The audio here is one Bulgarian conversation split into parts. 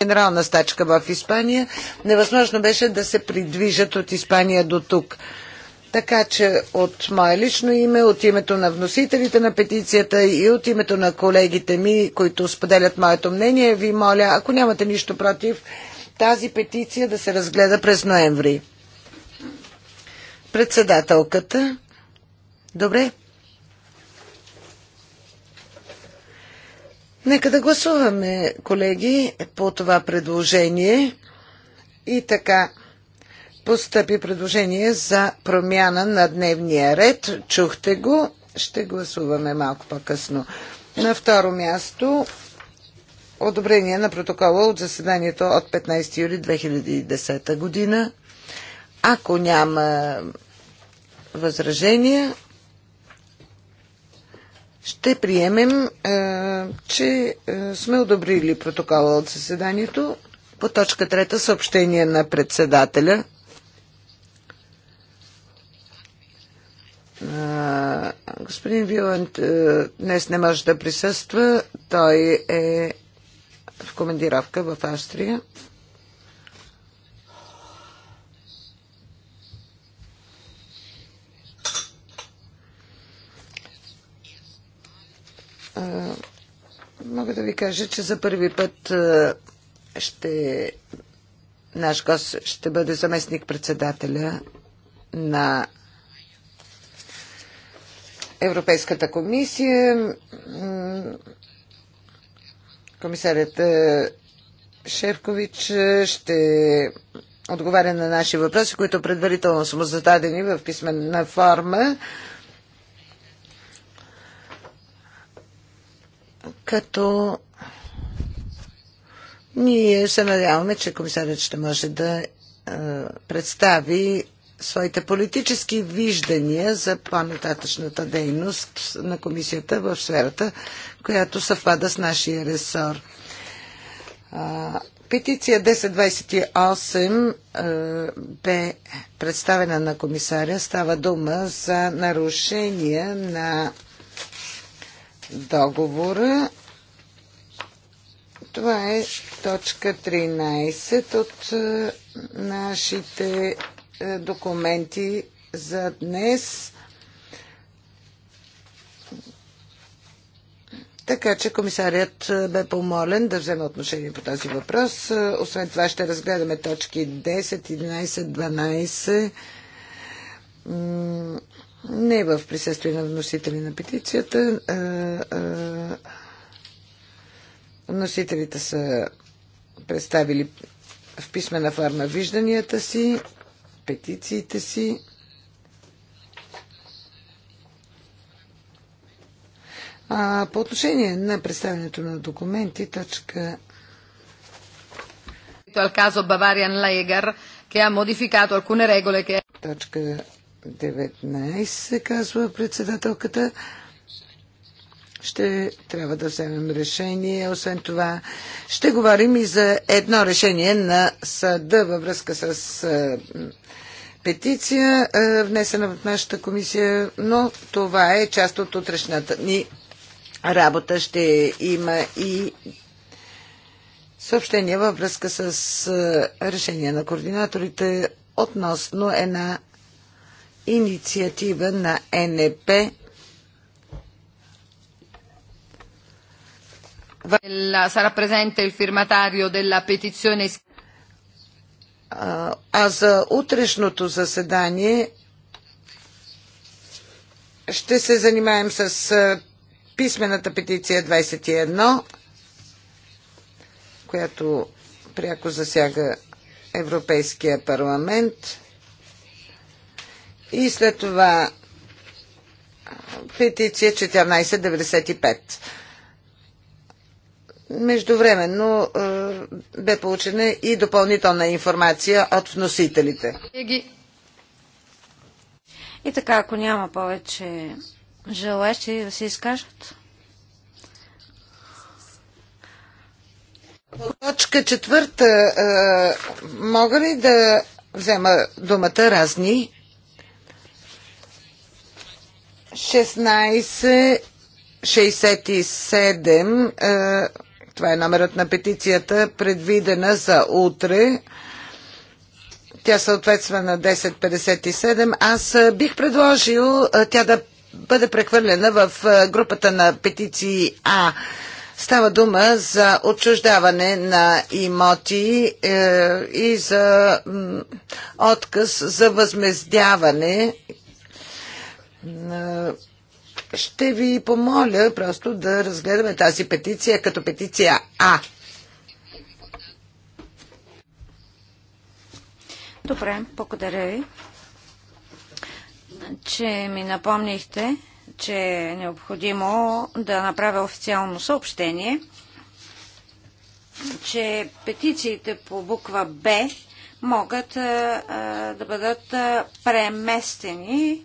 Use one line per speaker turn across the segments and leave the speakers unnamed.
генерална стачка в Испания. Невъзможно беше да се придвижат от Испания до тук. Така че от мое лично име, от името на вносителите на петицията и от името на колегите ми, които споделят моето мнение, ви моля, ако нямате нищо против, тази петиция да се разгледа през ноември. Председателката. Добре. Нека да гласуваме, колеги, по това предложение. И така, постъпи предложение за промяна на дневния ред. Чухте го. Ще гласуваме малко по-късно. На второ място одобрение на протокола от заседанието от 15 юли 2010 година. Ако няма възражения, ще приемем, че сме одобрили протокола от заседанието. По точка трета съобщение на председателя. Господин Виланд днес не може да присъства. Той е в командировка в Австрия. мога да ви кажа, че за първи път ще наш гост ще бъде заместник председателя на Европейската комисия. Комисарят Шевкович ще отговаря на наши въпроси, които предварително са му зададени в писмена форма. като ние се надяваме, че комисарят ще може да е, представи своите политически виждания за по-нататъчната дейност на комисията в сферата, която съвпада с нашия ресор. Петиция 1028 е, бе представена на комисаря. Става дума за нарушения на договора. Това е точка 13 от е, нашите е, документи за днес. Така че комисарият е, бе помолен да вземе отношение по този въпрос. Освен това ще разгледаме точки 10, 11, 12 не е в присъствие на вносители на петицията. Е, е, вносителите са представили в писмена форма вижданията си, петициите си. А, по отношение на представянето на документи, точка
al caso Bavarian Lager che ha modificato alcune regole che...
Точка 19, се казва председателката. Ще трябва да вземем решение. Освен това, ще говорим и за едно решение на съда във връзка с петиция, внесена в нашата комисия, но това е част от утрешната ни работа. Ще има и съобщение във връзка с решение на координаторите относно една инициатива
на НП. Sarà presente il firmatario della petizione.
А за утрешното заседание ще се занимаем с писмената петиция 21, която пряко засяга Европейския парламент. И след това петиция 1495. Междувременно е, бе получена и допълнителна информация от вносителите.
И така, ако няма повече желащи да се изкажат. точка четвърта, е,
мога ли да взема думата разни? 1667, е, това е номерът на петицията, предвидена за утре. Тя съответства на 1057. Аз е, бих предложил е, тя да бъде прехвърлена в групата на петиции А. Става дума за отчуждаване на имоти е, и за м, отказ за възмездяване ще ви помоля просто да разгледаме тази
петиция като петиция А. Добре, благодаря ви, че ми напомнихте, че е необходимо да направя официално съобщение, че петициите по буква Б могат а, да бъдат а, преместени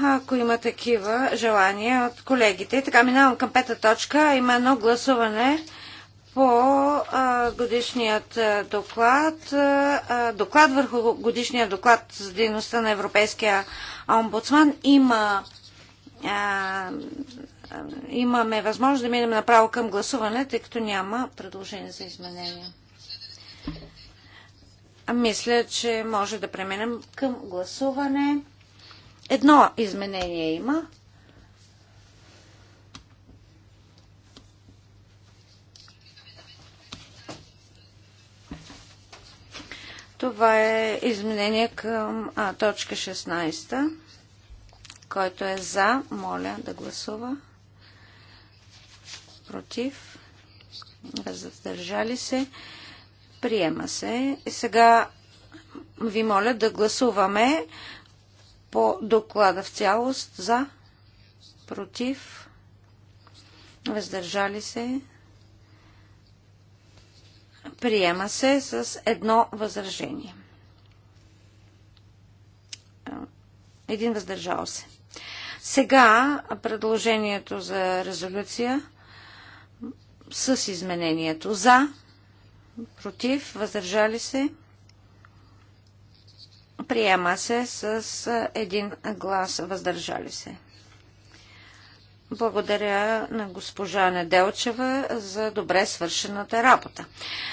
ако има такива желания от колегите. Така минавам към пета точка, има едно гласуване по годишният доклад, доклад върху годишния доклад за дейността на Европейския омбудсман. Има имаме възможност да минем направо към гласуване, тъй като няма предложение за изменение. Мисля, че може да преминем към гласуване. Едно изменение има. Това е изменение към а, точка 16. Който е за, моля да гласува. Против. Раздържали се. Приема се. И сега ви моля да гласуваме по доклада в цялост за, против, въздържали се, приема се с едно възражение. Един въздържал се. Сега предложението за резолюция с изменението за, против, въздържали се, Приема се с един глас въздържали се. Благодаря на госпожа Неделчева за добре свършената работа.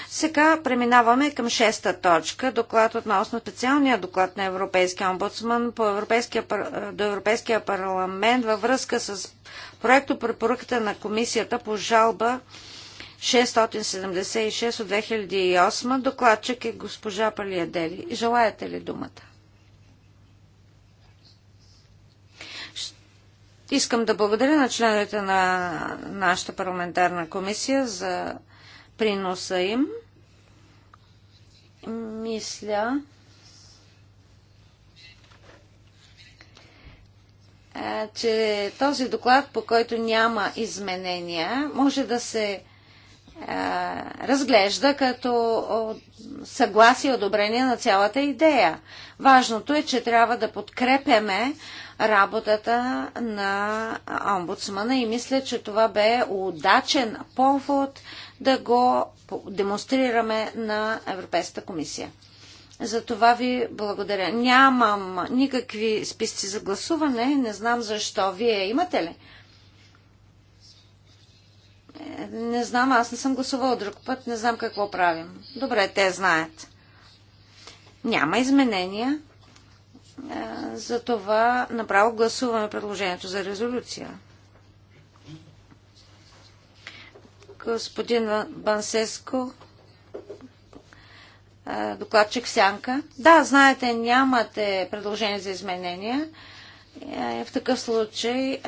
Сега преминаваме към шеста точка. Доклад относно специалния доклад на Европейския омбудсман по Европейския, до Европейския парламент във връзка с проекто препоръката на комисията по жалба 676 от 2008. Докладчик е госпожа Палиадели. Желаете ли думата? Искам да благодаря на членовете на нашата парламентарна комисия за приноса им. Мисля, че този доклад, по който няма изменения, може да се е, разглежда като съгласие и одобрение на цялата идея. Важното е, че трябва да подкрепяме работата на омбудсмана и мисля, че това бе удачен повод да го демонстрираме на Европейската комисия. За това ви благодаря. Нямам никакви списъци за гласуване, не знам защо. Вие имате ли? Не знам, аз не съм гласувал друг път, не знам какво правим. Добре, те знаят. Няма изменения. Е, Затова направо гласуваме предложението за резолюция. Господин Бансеско, е, докладчик Сянка. Да, знаете, нямате предложение за изменения. Е, в такъв случай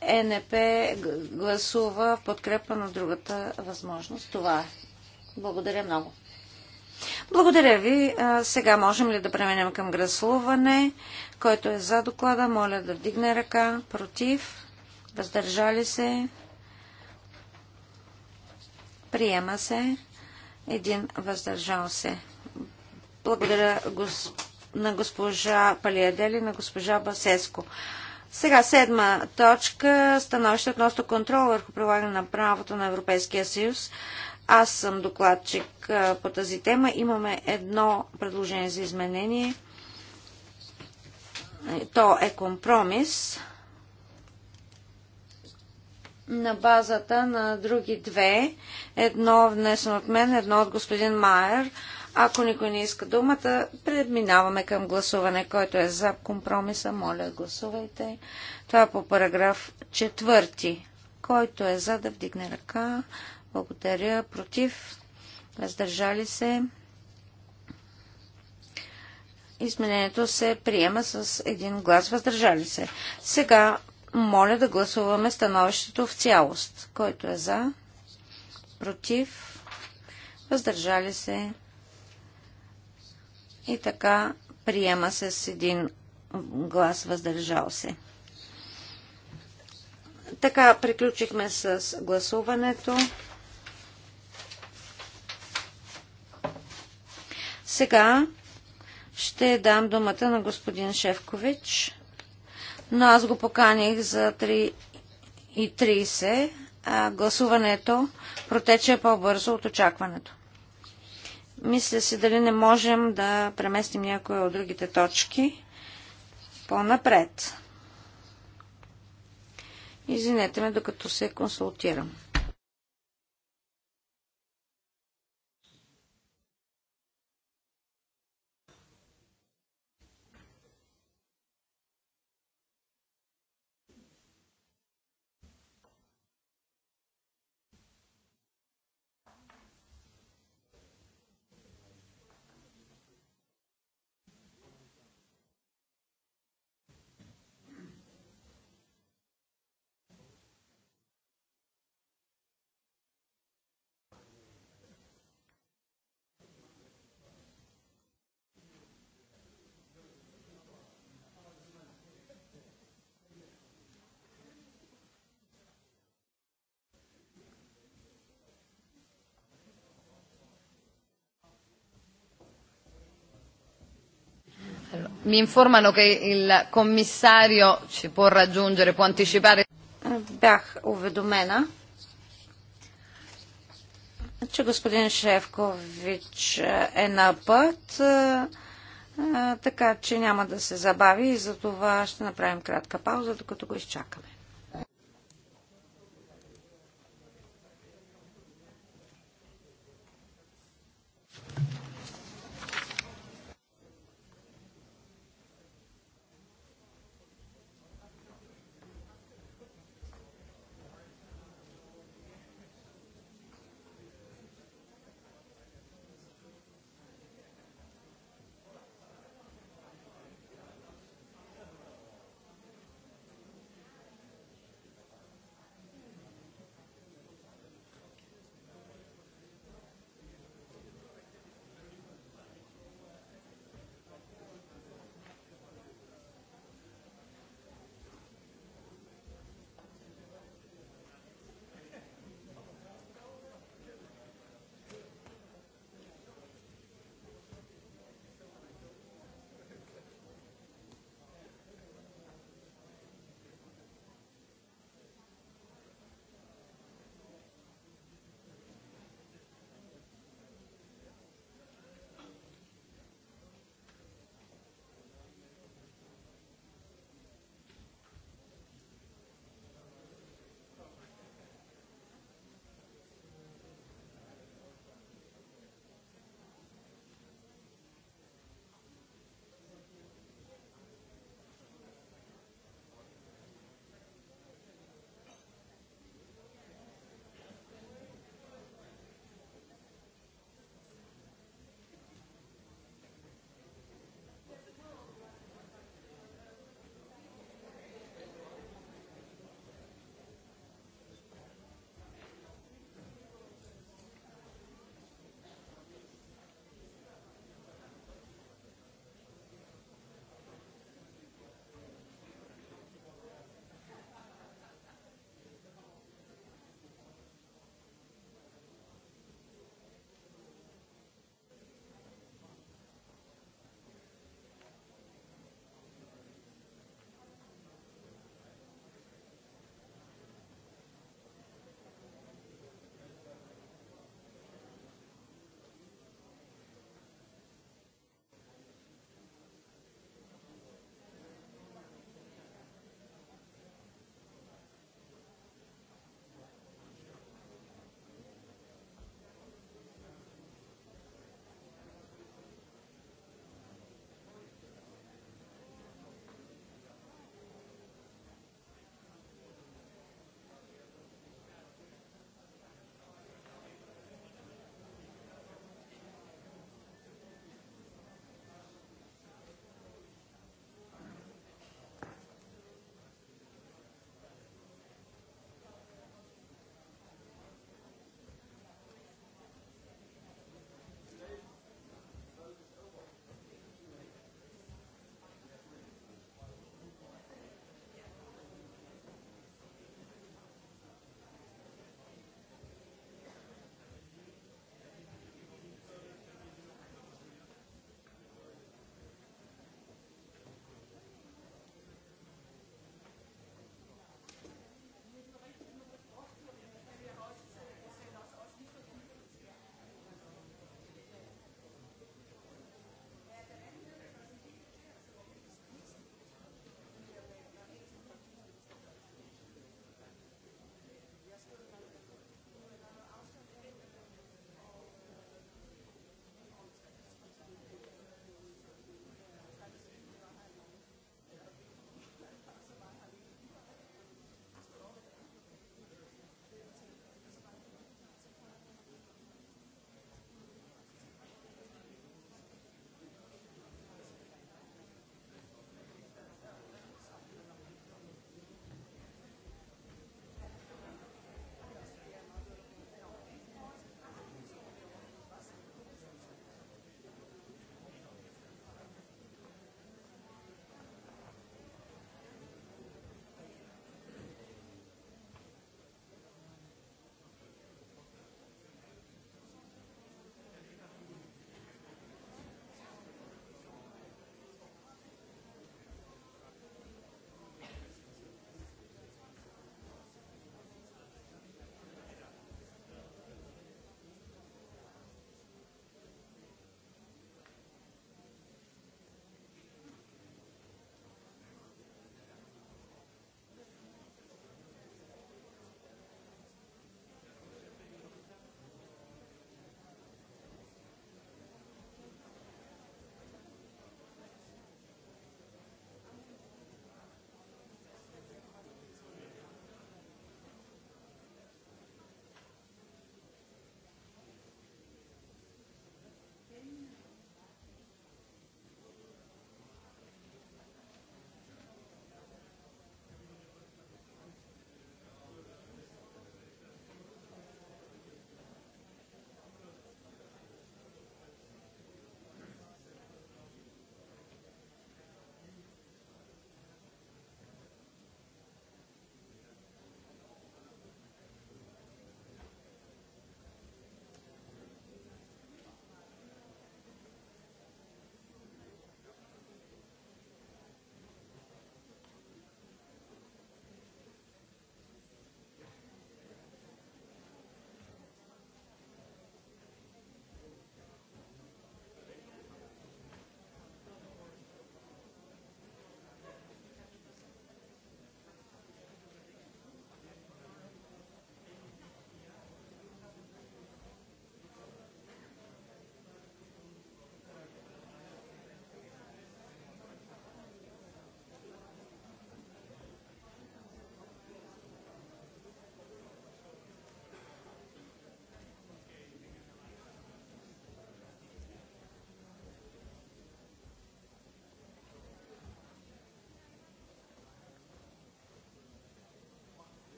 ЕНП е гласува в подкрепа на другата възможност. Това е. Благодаря много. Благодаря ви. Е, сега можем ли да преминем към гласуване? Който е за доклада, моля да вдигне ръка. Против? Въздържали се? Приема се. Един въздържал се. Благодаря, господин на госпожа Палиадели, на госпожа Басеско. Сега седма точка, становище относно контрол върху прилагане на правото на Европейския съюз. Аз съм докладчик по тази тема. Имаме едно предложение за изменение. То е компромис на базата на други две. Едно внесено от мен, едно от господин Майер ако никой не иска думата, преминаваме към гласуване, който е за компромиса. Моля, гласувайте. Това е по параграф 4, който е за да вдигне ръка. Благодаря. Против. Въздържали се. Изменението се приема с един глас въздържали се. Сега моля да гласуваме становището в цялост. Който е за, против, въздържали се, и така приема се с един глас въздържал се. Така приключихме с гласуването. Сега ще дам думата на господин Шевкович, но аз го поканих за 3.30. А гласуването протече по-бързо от очакването. Мисля си дали не можем да преместим някои от другите точки по-напред. Извинете ме, докато се консултирам.
Mi informano che il commissario
ci può raggiungere, può anticipare. Бях уведомена, че господин Шевкович е на път, така че няма да се забави и за това ще направим кратка пауза, докато го изчакаме.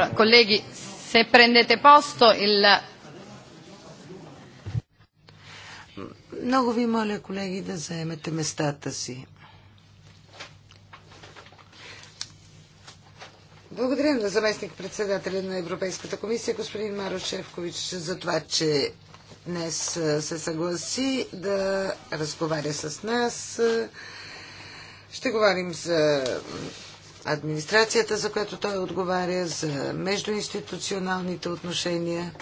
Allora, colleghi, se prendete posto il... Много ви моля, колеги, да заемете
местата си. Благодарим на заместник председателя на Европейската комисия, господин Маро Шевкович, за това, че днес се съгласи да разговаря с нас. Ще говорим за администрацията, за която той отговаря, за междуинституционалните отношения.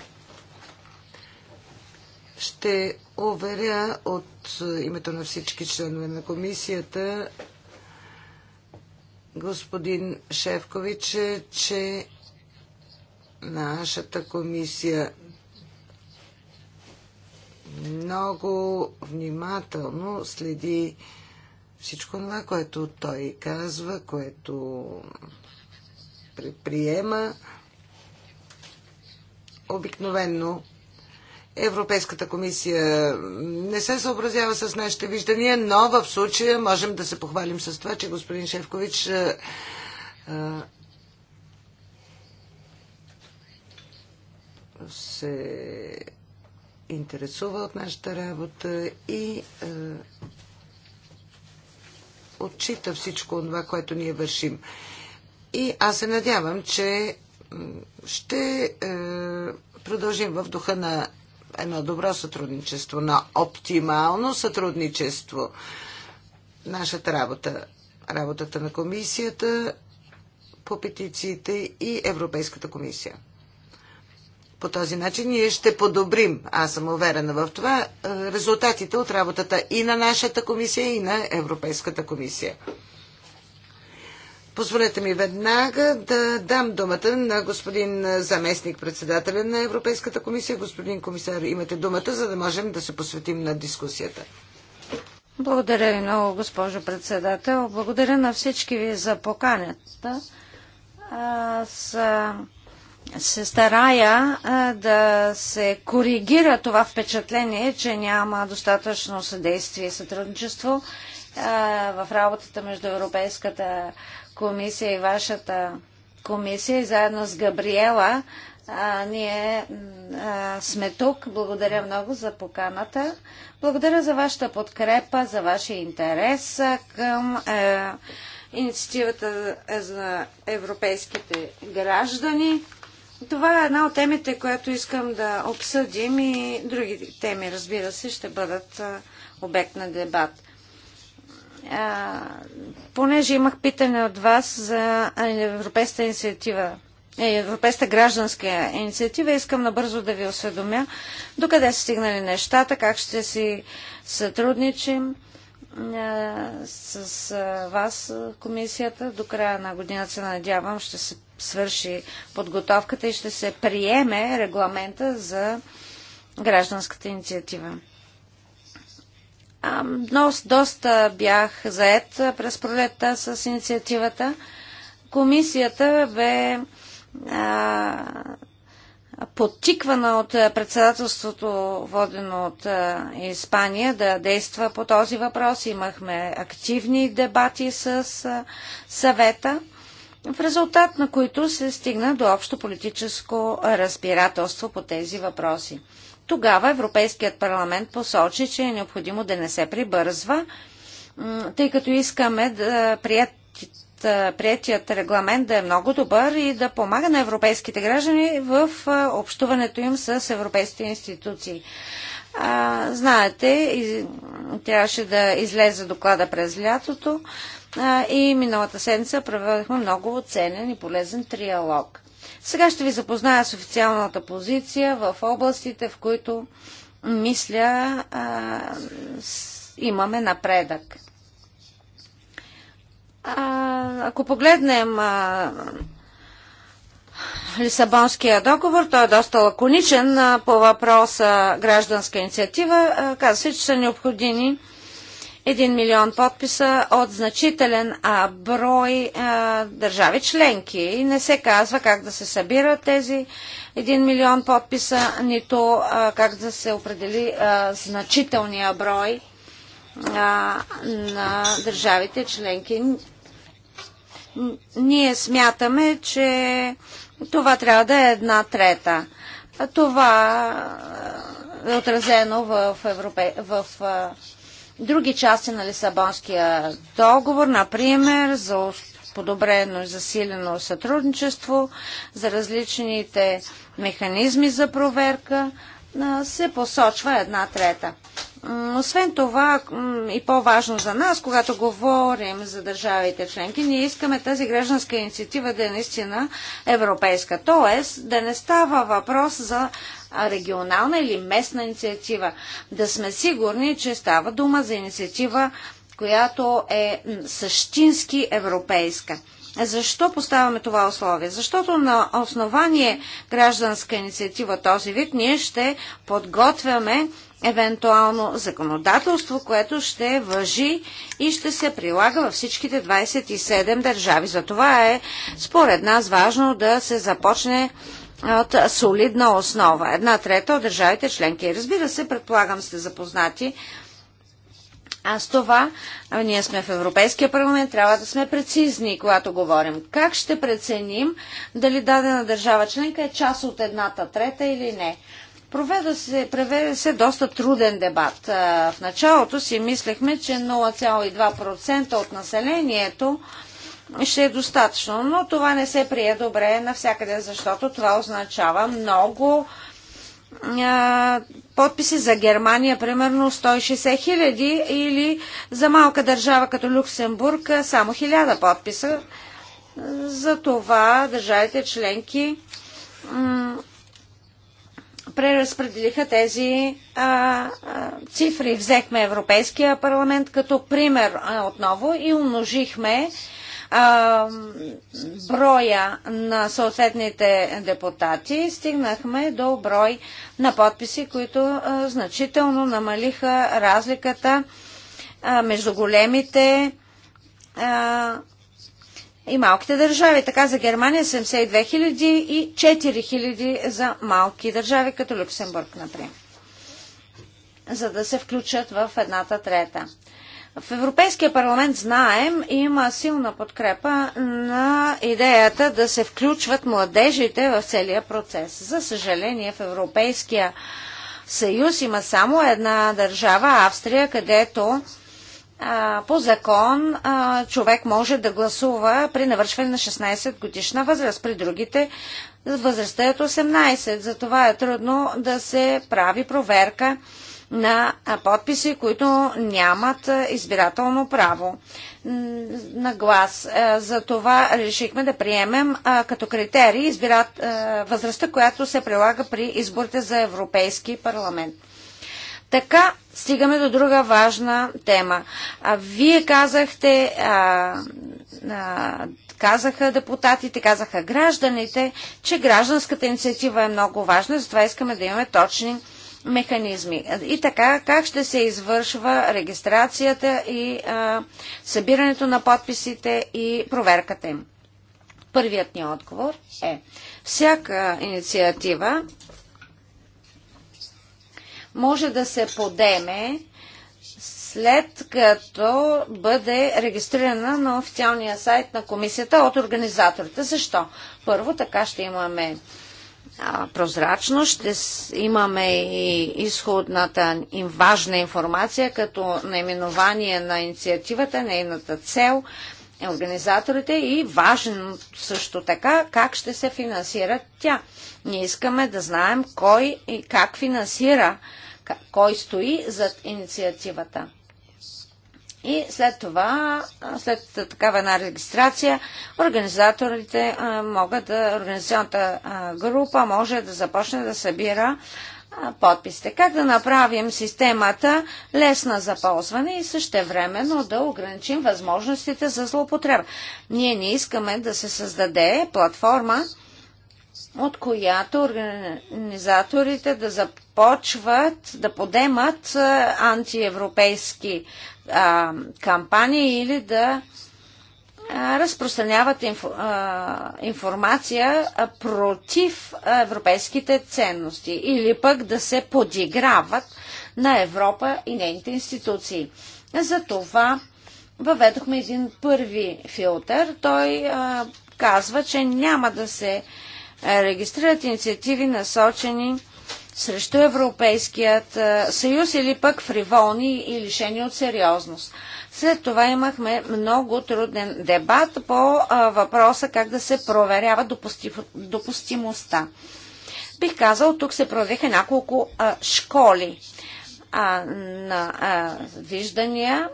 Ще уверя от името на всички членове на комисията господин Шевкович, че нашата комисия много внимателно следи всичко това, което той казва, което предприема, обикновенно Европейската комисия не се съобразява с нашите виждания, но в случая можем да се похвалим с това, че господин Шевкович е, е, се интересува от нашата работа и е, отчита всичко това, което ние вършим. И аз се надявам, че ще е, продължим в духа на едно добро сътрудничество, на оптимално сътрудничество. Нашата работа, работата на комисията по петициите и Европейската комисия. По този начин ние ще подобрим, аз съм уверена в това, е, резултатите от работата и на нашата комисия, и на Европейската комисия. Позволете ми веднага да дам думата на господин заместник председателя на Европейската комисия. Господин комисар, имате думата, за да можем да се посветим на дискусията.
Благодаря ви много, госпожо председател. Благодаря на всички ви за поканята. Аз се старая да се коригира това впечатление, че няма достатъчно съдействие и сътрудничество в работата между Европейската комисия и вашата комисия. И заедно с Габриела ние сме тук. Благодаря много за поканата. Благодаря за вашата подкрепа, за вашия интерес към. Е, инициативата за европейските граждани. Това е една от темите, която искам да обсъдим и други теми, разбира се, ще бъдат обект на дебат. А, понеже имах питане от вас за Европейската инициатива, е, Европейската гражданска инициатива, искам набързо да ви осведомя докъде са стигнали нещата, как ще си сътрудничим а, с а, вас, комисията. До края на годината се надявам, ще се свърши подготовката и ще се приеме регламента за гражданската инициатива. Но доста бях заед през пролетта с инициативата. Комисията бе а, подтиквана от председателството, водено от Испания, да действа по този въпрос. Имахме активни дебати с съвета в резултат на които се стигна до общо политическо разбирателство по тези въпроси. Тогава Европейският парламент посочи, че е необходимо да не се прибързва, тъй като искаме да прият приятият регламент да е много добър и да помага на европейските граждани в общуването им с европейските институции. А, знаете, из... трябваше да излезе доклада през лятото и миналата седмица проведохме много ценен и полезен триалог. Сега ще ви запозная с официалната позиция в областите, в които мисля имаме напредък. Ако погледнем Лисабонския договор. Той е доста лаконичен по въпроса гражданска инициатива. Казва се, че са необходими 1 милион подписа от значителен а, брой а, държави членки. И не се казва как да се събират тези 1 милион подписа, нито а, как да се определи а, значителния брой а, на държавите членки. Ние смятаме, че това трябва да е една трета. Това е отразено в, Европе... в други части на Лисабонския договор, например за подобрено и засилено сътрудничество, за различните механизми за проверка, се посочва една трета. Освен това, и по-важно за нас, когато говорим за държавите членки, ние искаме тази гражданска инициатива да е наистина европейска. Тоест, да не става въпрос за регионална или местна инициатива. Да сме сигурни, че става дума за инициатива, която е същински европейска. Защо поставяме това условие? Защото на основание гражданска инициатива този вид ние ще подготвяме евентуално законодателство, което ще въжи и ще се прилага във всичките 27 държави. Затова е според нас важно да се започне от солидна основа. Една трета от държавите членки. Разбира се, предполагам сте запознати а с това, а ние сме в Европейския парламент, трябва да сме прецизни, когато говорим. Как ще преценим дали дадена държава членка е част от едната трета или не? Проведа се, проведа се доста труден дебат. В началото си мислехме, че 0,2% от населението ще е достатъчно. Но това не се прие добре навсякъде, защото това означава много а, подписи за Германия, примерно 160 хиляди или за малка държава като Люксембург само 1000 подписа. За това държавите членки преразпределиха тези а, а, цифри. Взехме Европейския парламент като пример а, отново и умножихме а, броя на съответните депутати, стигнахме до брой на подписи, които а, значително намалиха разликата а, между големите а, и малките държави. Така за Германия 72 000 и 4 000 за малки държави, като Люксембург, например за да се включат в едната трета. В Европейския парламент знаем, има силна подкрепа на идеята да се включват младежите в целия процес. За съжаление, в Европейския съюз има само една държава, Австрия, където а, по закон а, човек може да гласува при навършване на 16 годишна възраст. При другите възрастта е от 18. Затова е трудно да се прави проверка на подписи, които нямат избирателно право на глас. Е, за това решихме да приемем като критерий избират, възрастта, която се прилага при изборите за Европейски парламент. Така стигаме до друга важна тема. А, вие казахте, а, а, казаха депутатите, казаха гражданите, че гражданската инициатива е много важна, затова искаме да имаме точни механизми. И така, как ще се извършва регистрацията и а, събирането на подписите и проверката им? Първият ни отговор е всяка инициатива може да се подеме след като бъде регистрирана на официалния сайт на комисията от организаторите. Защо? Първо, така ще имаме прозрачно, ще имаме и изходната им важна информация, като наименование на инициативата, нейната цел, е организаторите и важно също така как ще се финансира тя. Ние искаме да знаем кой и как финансира, кой стои зад инициативата. И след това, след такава една регистрация, организаторите могат да, организационната група може да започне да събира подписите. Как да направим системата лесна за ползване и същевременно да ограничим възможностите за злоупотреба. Ние не искаме да се създаде платформа, от която организаторите да започват да подемат антиевропейски а, кампании или да а, разпространяват инф, а, информация а, против европейските ценности или пък да се подиграват на Европа и нейните институции. Затова въведохме един първи филтър. Той а, казва, че няма да се регистрират инициативи насочени срещу Европейският съюз или пък фриволни и лишени от сериозност. След това имахме много труден дебат по а, въпроса как да се проверява допустимостта. Бих казал, тук се проведеха няколко а, школи а, на а, виждания.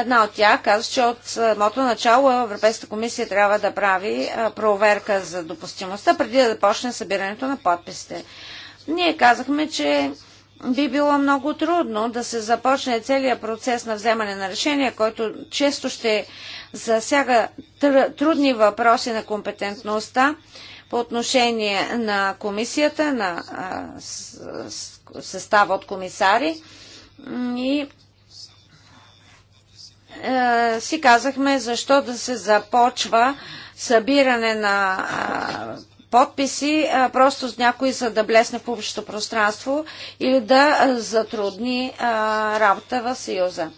Една от тях каза, че от самото начало Европейската комисия трябва да прави проверка за допустимостта, преди да започне събирането на подписите. Ние казахме, че би било много трудно да се започне целият процес на вземане на решения, който често ще засяга трудни въпроси на компетентността по отношение на комисията, на състава от комисари. И е, си казахме защо да се започва събиране на подписи, а, просто с някой за да блесне в публичното пространство или да затрудни а, работа в Съюза.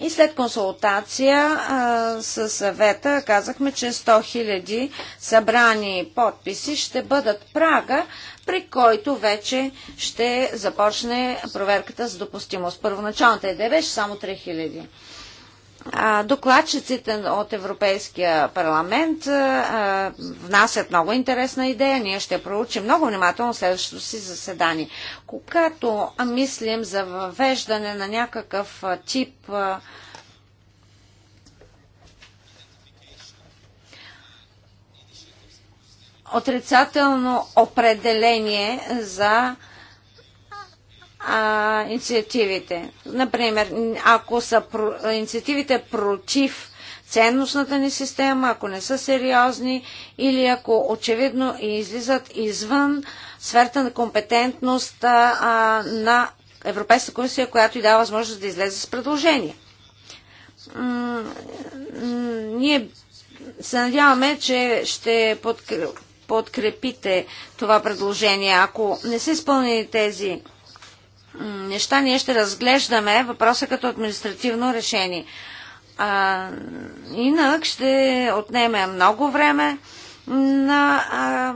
И след консултация а, с съвета казахме, че 100 000 събрани подписи ще бъдат прага, при който вече ще започне проверката за допустимост. Първоначалната идея беше само 3 000. Докладчиците от Европейския парламент внасят много интересна идея. Ние ще проучим много внимателно следващото си заседание. Когато мислим за въвеждане на някакъв тип отрицателно определение за а, инициативите. Например, ако са про, инициативите против ценностната ни система, ако не са сериозни или ако очевидно излизат извън сферата на компетентност а, на Европейската комисия, която и дава възможност да излезе с предложение. М ние се надяваме, че ще подкрепите това предложение. Ако не са изпълнени тези неща, ние ще разглеждаме въпроса като административно решение. А, инак ще отнеме много време на а,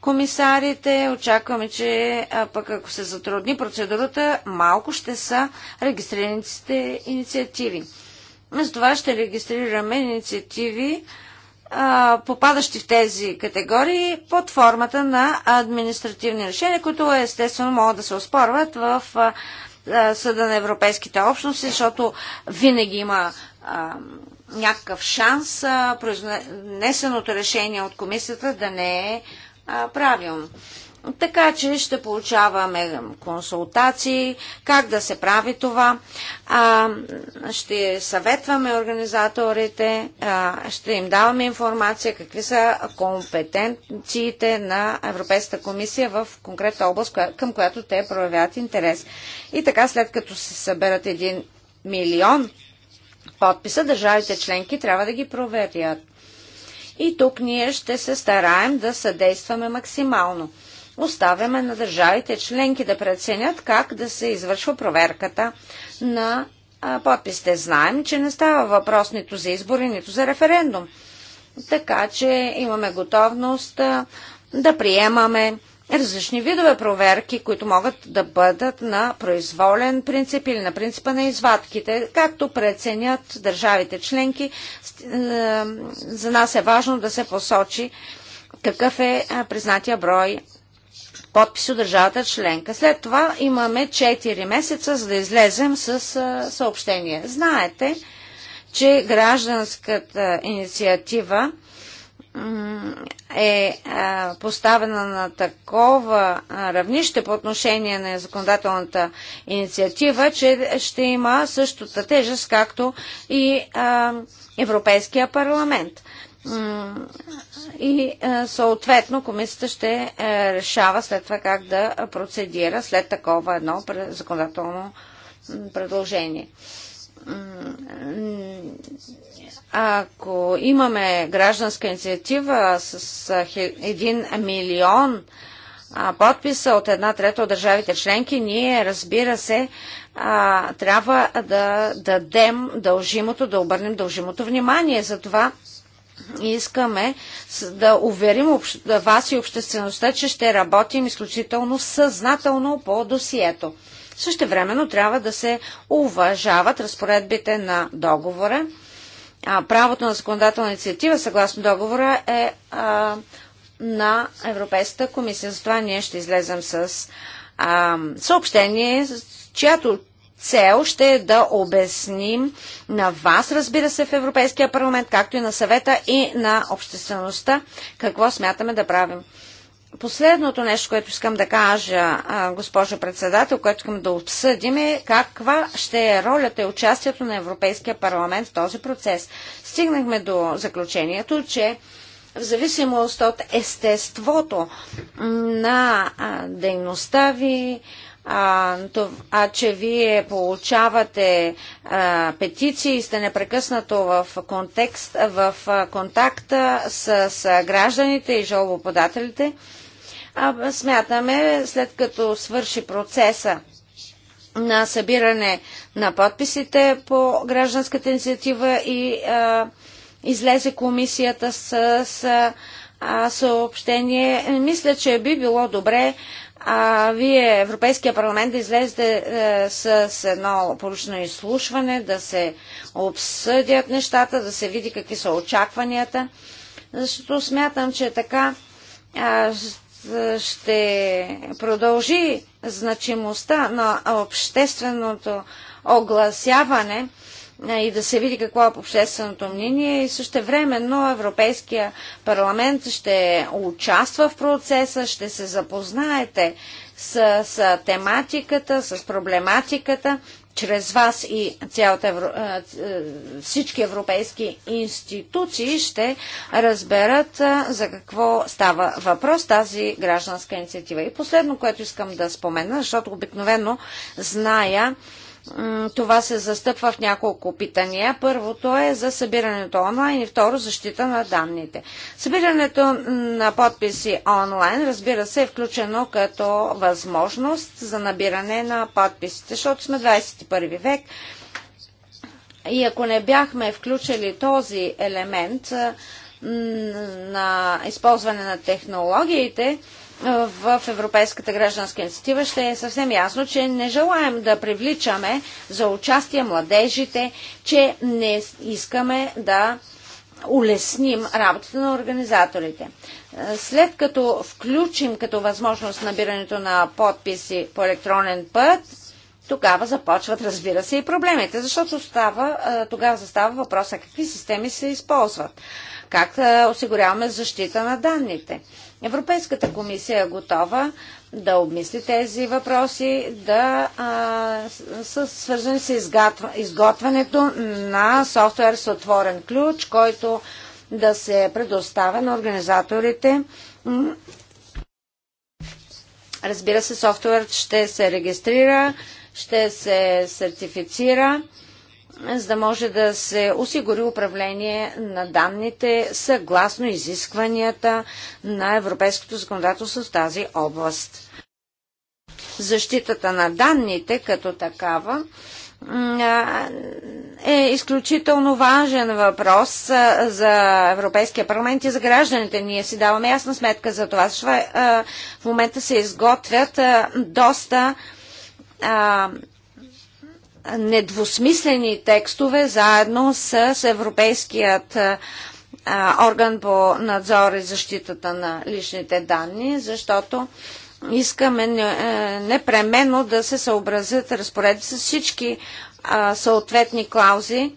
комисарите. Очакваме, че а, пък ако се затрудни процедурата, малко ще са регистрираните инициативи. За това ще регистрираме инициативи, попадащи в тези категории под формата на административни решения, които естествено могат да се оспорват в съда на европейските общности, защото винаги има някакъв шанс произнесеното решение от комисията да не е правилно. Така че ще получаваме консултации, как да се прави това. А, ще съветваме организаторите, а, ще им даваме информация какви са компетенциите на Европейската комисия в конкретна област, към която те проявяват интерес. И така, след като се съберат един милион подписа, държавите членки трябва да ги проверят. И тук ние ще се стараем да съдействаме максимално оставяме на държавите членки да преценят как да се извършва проверката на подписите. Знаем, че не става въпрос нито за избори, нито за референдум. Така че имаме готовност да приемаме различни видове проверки, които могат да бъдат на произволен принцип или на принципа на извадките, както преценят държавите членки. Е, за нас е важно да се посочи какъв е признатия брой подпис от държавата членка. След това имаме 4 месеца, за да излезем с съобщение. Знаете, че гражданската инициатива е поставена на такова равнище по отношение на законодателната инициатива, че ще има същата тежест, както и Европейския парламент. И съответно комисията ще е, решава след това как да процедира след такова едно законодателно предложение. Ако имаме гражданска инициатива с 1 милион подписа от една трета от държавите членки, ние, разбира се, трябва да дадем дължимото, да обърнем дължимото внимание. Затова искаме да уверим вас и обществеността, че ще работим изключително съзнателно по досието. времено трябва да се уважават разпоредбите на договора. А, правото на законодателна инициатива, съгласно договора, е а, на Европейската комисия. Затова ние ще излезем с а, съобщение, чиято цел ще е да обясним на вас, разбира се, в Европейския парламент, както и на съвета и на обществеността, какво смятаме да правим. Последното нещо, което искам да кажа, госпожо председател, което искам да обсъдим е каква ще е ролята и участието на Европейския парламент в този процес. Стигнахме до заключението, че в зависимост от естеството на дейността ви, а, че вие получавате а, петиции, сте непрекъснато в, контекст, в контакта с, с гражданите и жалбоподателите, а, смятаме, след като свърши процеса на събиране на подписите по гражданската инициатива и а, излезе комисията с, с а, съобщение, мисля, че би било добре а, вие, Европейския парламент, да излезете е, с, едно поручно изслушване, да се обсъдят нещата, да се види какви са очакванията, защото смятам, че така ще продължи значимостта на общественото огласяване е, и да се види какво е общественото мнение и също времено Европейския парламент ще участва в процеса, ще се запознаете с, с тематиката, с проблематиката, чрез вас и цялата евро... Е, е, всички европейски институции ще разберат за какво става въпрос тази гражданска инициатива. И последно, което искам да спомена, защото обикновено зная, това се застъпва в няколко питания. Първото е за събирането онлайн и второ защита на данните. Събирането на подписи онлайн, разбира се, е включено като възможност за набиране на подписите, защото сме 21 век и ако не бяхме включили този елемент на използване на технологиите, в Европейската гражданска инициатива ще е съвсем ясно, че не желаем да привличаме за участие младежите, че не искаме да улесним работата на организаторите. След като включим като възможност набирането на подписи по електронен път, тогава започват, разбира се, и проблемите, защото става, тогава застава въпроса какви системи се използват, как осигуряваме защита на данните. Европейската комисия е готова да обмисли тези въпроси, да а, са свързани с изготвянето на софтуер с отворен ключ, който да се предоставя на организаторите. Разбира се, софтуерът ще се регистрира, ще се сертифицира за да може да се осигури управление на данните съгласно изискванията на европейското законодателство в тази област. Защитата на данните като такава е изключително важен въпрос за Европейския парламент и за гражданите. Ние си даваме ясна сметка за това, защото в момента се изготвят доста недвусмислени текстове заедно с Европейският орган по надзор и защитата на личните данни, защото искаме е, непременно да се съобразят разпореди с всички съответни клаузи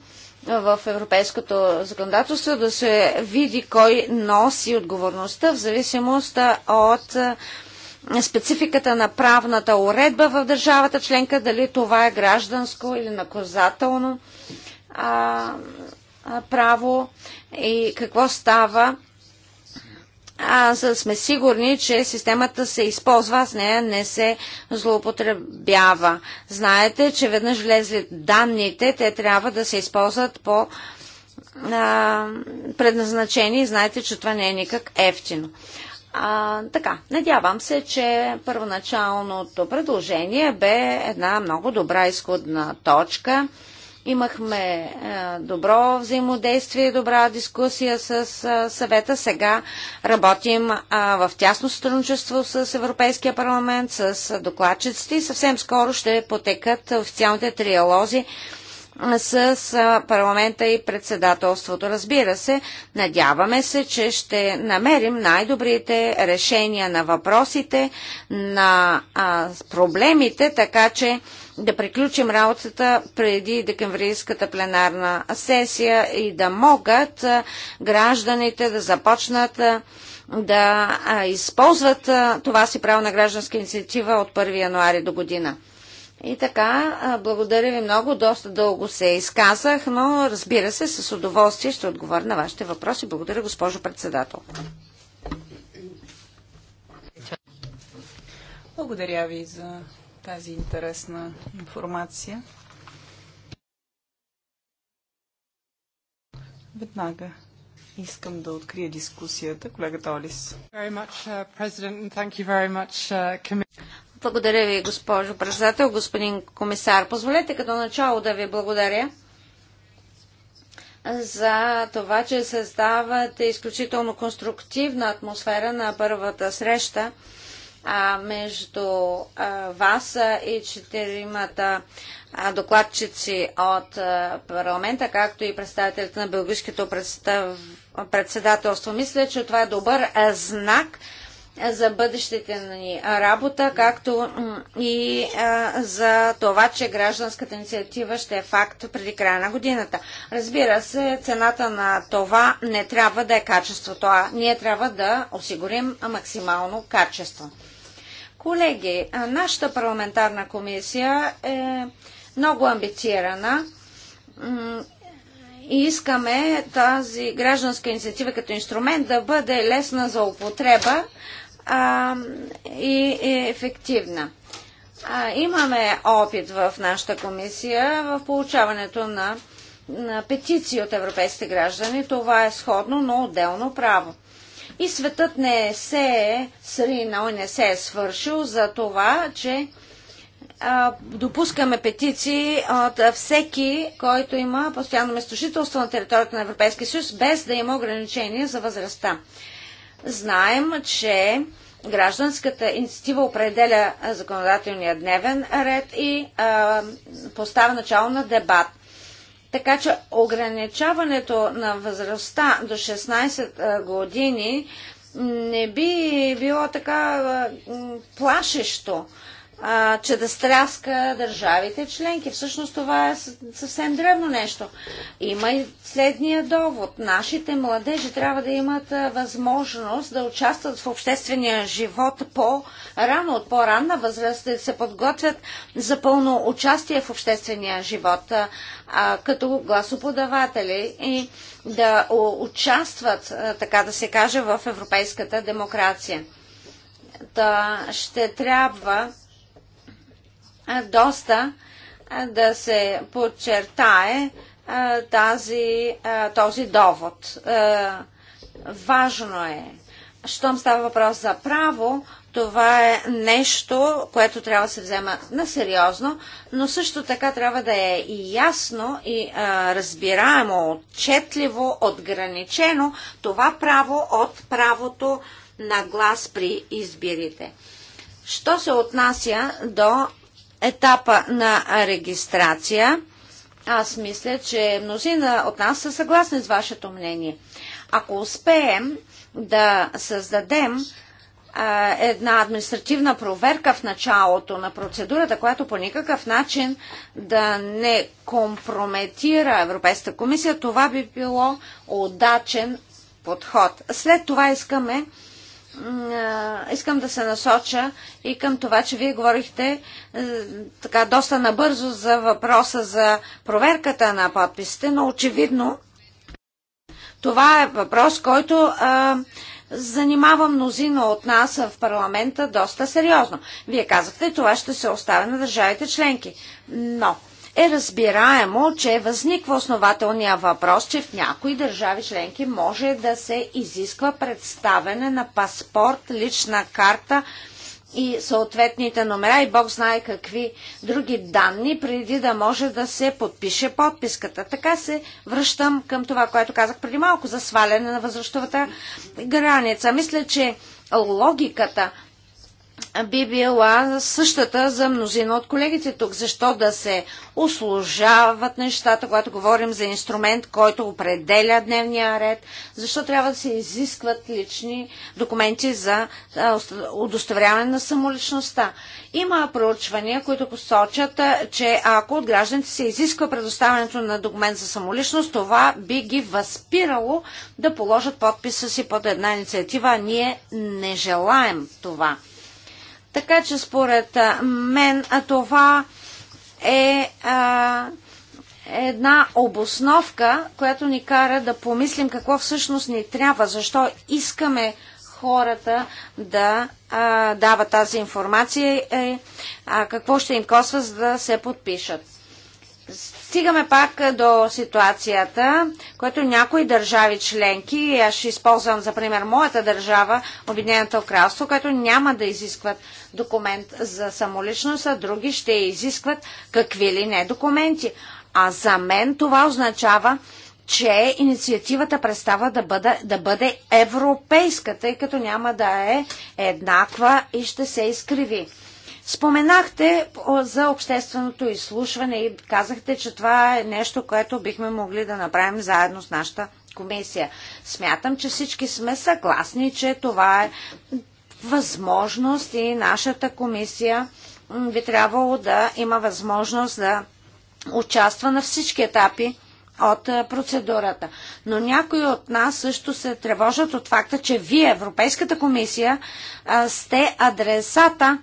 в европейското законодателство, да се види кой носи отговорността в зависимост от спецификата на правната уредба в държавата членка, дали това е гражданско или наказателно а, право и какво става, а, за да сме сигурни, че системата се използва, с нея не се злоупотребява. Знаете, че веднъж влезли данните, те трябва да се използват по а, предназначение. Знаете, че това не е никак ефтино. А, така, надявам се, че първоначалното предложение бе една много добра изходна точка. Имахме е, добро взаимодействие, добра дискусия с е, съвета. Сега работим е, в тясно сътрудничество с Европейския парламент, с докладчиците и съвсем скоро ще потекат официалните триалози с парламента и председателството. Разбира се, надяваме се, че ще намерим най-добрите решения на въпросите, на проблемите, така че да приключим работата преди декемврийската пленарна сесия и да могат гражданите да започнат да използват това си право на гражданска инициатива от 1 януари до година. И така, благодаря ви много. Доста дълго се изказах, но разбира се, с удоволствие ще отговоря на вашите въпроси. Благодаря, госпожо председател.
Благодаря ви за тази интересна информация. Веднага искам да открия дискусията. Колегата Олис.
Благодаря ви, госпожо председател, господин комисар. Позволете като начало да ви благодаря за това, че създавате изключително конструктивна атмосфера на първата среща а, между а, вас и четиримата а, докладчици от а, парламента, както и представителите на Белгийското председателство. Мисля, че това е добър а, знак за бъдещите ни работа, както и за това, че гражданската инициатива ще е факт преди края на годината. Разбира се, цената на това не трябва да е качеството, а ние трябва да осигурим максимално качество. Колеги, нашата парламентарна комисия е много амбицирана и искаме тази гражданска инициатива като инструмент да бъде лесна за употреба а, и е ефективна. А, имаме опит в нашата комисия в получаването на, на петиции от европейските граждани. Това е сходно, но отделно право. И светът не се е сринал и не се е свършил за това, че а, допускаме петиции от всеки, който има постоянно местожителство на територията на Европейския съюз, без да има ограничения за възрастта. Знаем, че гражданската инициатива определя законодателния дневен ред и а, поставя начало на дебат. Така че ограничаването на възрастта до 16 години не би било така плашещо а, че да страска държавите членки. Всъщност това е съвсем древно нещо. Има и следния довод. Нашите младежи трябва да имат възможност да участват в обществения живот по-рано, от по-ранна възраст, да се подготвят за пълно участие в обществения живот а, а, като гласоподаватели и да участват, а, така да се каже, в европейската демокрация. Та ще трябва доста да се подчертае тази, този довод. Важно е. Щом става въпрос за право, това е нещо, което трябва да се взема на сериозно, но също така трябва да е и ясно, и а, разбираемо, отчетливо, отграничено това право от правото на глас при избирите. Що се отнася до етапа на регистрация. Аз мисля, че мнозина от нас са съгласни с вашето мнение. Ако успеем да създадем а, една административна проверка в началото на процедурата, която по никакъв начин да не компрометира Европейската комисия, това би било удачен подход. След това искаме искам да се насоча и към това, че вие говорихте е, така доста набързо за въпроса за проверката на подписите, но очевидно това е въпрос, който а, занимава мнозина от нас в парламента доста сериозно. Вие казахте, това ще се оставя на държавите членки. Но е разбираемо, че възниква основателния въпрос, че в някои държави членки може да се изисква представене на паспорт, лична карта и съответните номера и Бог знае какви други данни, преди да може да се подпише подписката. Така се връщам към това, което казах преди малко за сваляне на възрастовата граница. Мисля, че логиката би била същата за мнозина от колегите тук. Защо да се услужават нещата, когато говорим за инструмент, който определя дневния ред? Защо трябва да се изискват лични документи за удостоверяване на самоличността? Има проучвания, които посочат, че ако от гражданите се изисква предоставянето на документ за самоличност, това би ги възпирало да положат подписа си под една инициатива, а ние не желаем това. Така че според мен това е а, една обосновка, която ни кара да помислим какво всъщност ни трябва, защо искаме хората да а, дават тази информация и а, какво ще им коства, за да се подпишат. Стигаме пак до ситуацията, която някои държави членки, аз ще използвам за пример моята държава, Обединеното кралство, което няма да изискват документ за самоличност, а други ще изискват какви ли не документи. А за мен това означава, че инициативата представа да бъде, да бъде европейска, тъй като няма да е еднаква и ще се изкриви. Споменахте за общественото изслушване и казахте, че това е нещо, което бихме могли да направим заедно с нашата комисия. Смятам, че всички сме съгласни, че това е възможност и нашата комисия би трябвало да има възможност да участва на всички етапи от е, процедурата. Но някои от нас също се тревожат от факта, че вие, Европейската комисия, сте адресата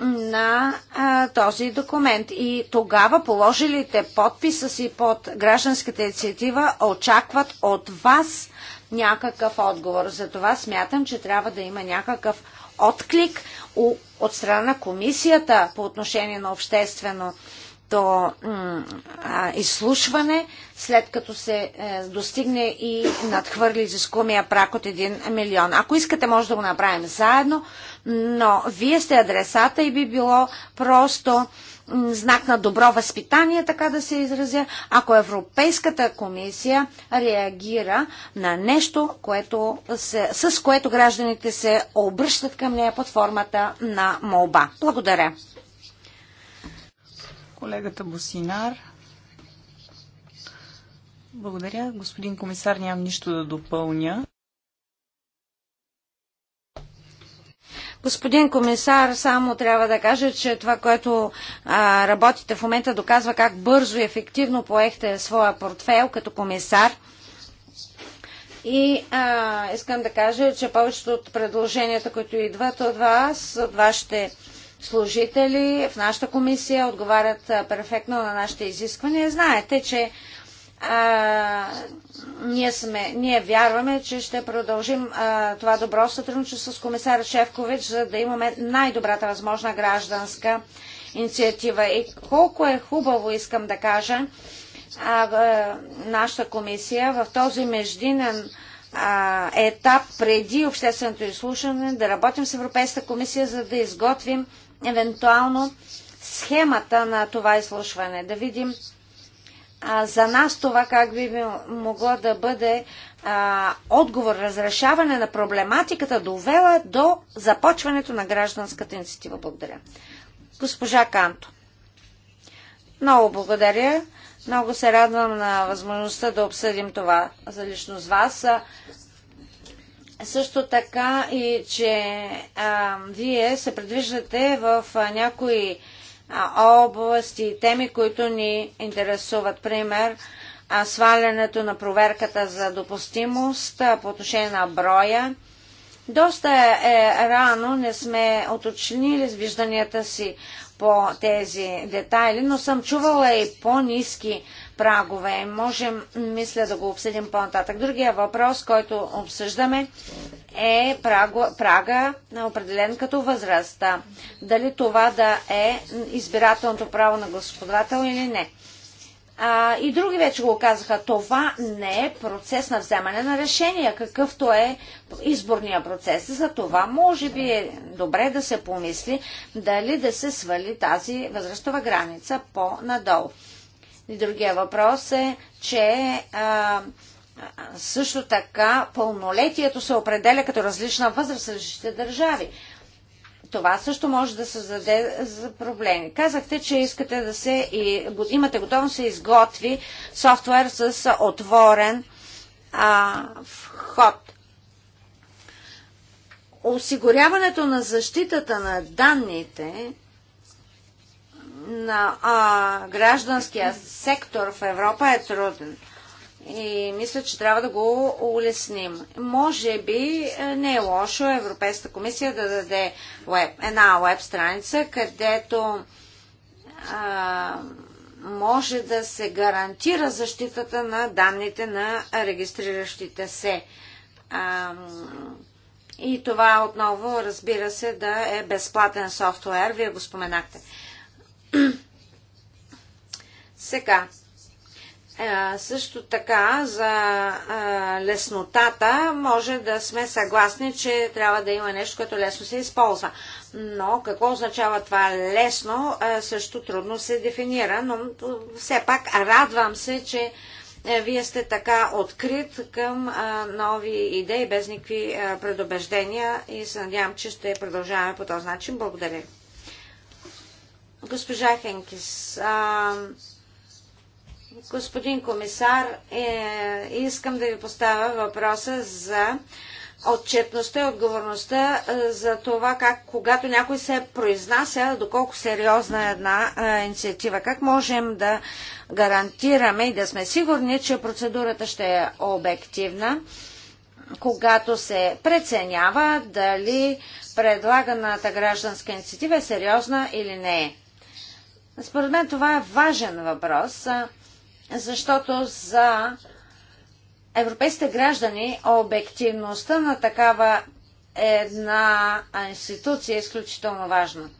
на а, този документ. И тогава положилите подписа си под гражданската инициатива очакват от вас някакъв отговор. Затова смятам, че трябва да има някакъв отклик от страна на комисията по отношение на обществено до изслушване, след като се е, достигне и надхвърли изискумия прак от 1 милион. Ако искате, може да го направим заедно, но вие сте адресата и би било просто знак на добро възпитание, така да се изразя, ако Европейската комисия реагира на нещо, което се, с което гражданите се обръщат към нея под формата на молба. Благодаря.
Колегата Босинар. Благодаря. Господин комисар, нямам нищо да допълня.
Господин комисар, само трябва да кажа, че това, което а, работите в момента, доказва как бързо и ефективно поехте своя портфел като комисар. И а, искам да кажа, че повечето от предложенията, които идват от вас, от вашите служители в нашата комисия отговарят перфектно на нашите изисквания. Знаете, че а, ние, сме, ние вярваме, че ще продължим а, това добро сътрудничество с комисар Шефкович, за да имаме най-добрата възможна гражданска инициатива. И колко е хубаво, искам да кажа, а, а, нашата комисия в този междинен а, етап преди общественото изслушване да работим с Европейската комисия, за да изготвим евентуално схемата на това изслушване. Да видим а, за нас това как би могло да бъде а, отговор, разрешаване на проблематиката, довела до започването на гражданската инициатива. Благодаря. Госпожа Канто. Много благодаря. Много се радвам на възможността да обсъдим това за лично с вас. Също така и, че а, вие се предвиждате в а, някои а, области и теми, които ни интересуват. Пример, а, свалянето на проверката за допустимост а, по отношение на броя. Доста е, е рано, не сме оточнили с вижданията си по тези детайли, но съм чувала и по-низки прагове. Можем, мисля, да го обсъдим по-нататък. Другия въпрос, който обсъждаме е праго, прага, определен като възрастта. Дали това да е избирателното право на господател или не. А, и други вече го казаха, това не е процес на вземане на решения, какъвто е изборния процес. За това може би е добре да се помисли дали да се свали тази възрастова граница по-надолу. И другия въпрос е, че а, също така пълнолетието се определя като различна възраст в различните държави. Това също може да създаде за проблеми. Казахте, че искате да се и, имате готовност да се изготви софтуер с отворен а, вход. Осигуряването на защитата на данните на а, гражданския сектор в Европа е труден. И мисля, че трябва да го улесним. Може би е, не е лошо Европейската комисия да даде веб, една веб страница, където а, може да се гарантира защитата на данните на регистриращите се. А, и това отново, разбира се, да е безплатен софтуер. Вие го споменахте. Сега, също така за леснотата може да сме съгласни, че трябва да има нещо, което лесно се използва. Но какво означава това лесно, също трудно се дефинира, но все пак радвам се, че вие сте така открит към нови идеи без никакви предубеждения и се надявам, че ще продължаваме по този начин. Благодаря. Госпожа Хенкис, а, господин комисар, е, искам да ви поставя въпроса за отчетността и отговорността за това, как, когато някой се произнася, доколко сериозна е една а, инициатива. Как можем да гарантираме и да сме сигурни, че процедурата ще е обективна, когато се преценява дали предлаганата гражданска инициатива е сериозна или не е. Според мен това е важен въпрос, защото за европейските граждани обективността на такава една институция е изключително важна.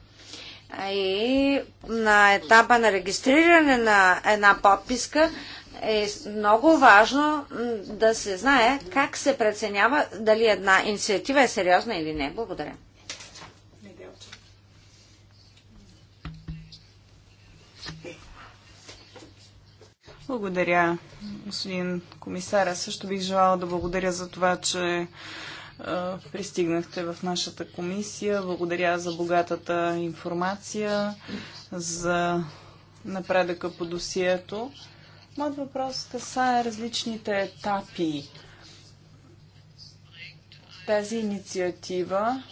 И на етапа на регистриране на една подписка е много важно да се знае как се преценява дали една инициатива е сериозна или не. Благодаря.
Благодаря, господин комисар. Аз също бих желала да благодаря за това, че е, пристигнахте в нашата комисия. Благодаря за богатата информация, за напредъка по досието. Моят въпрос касае различните етапи. Тази инициатива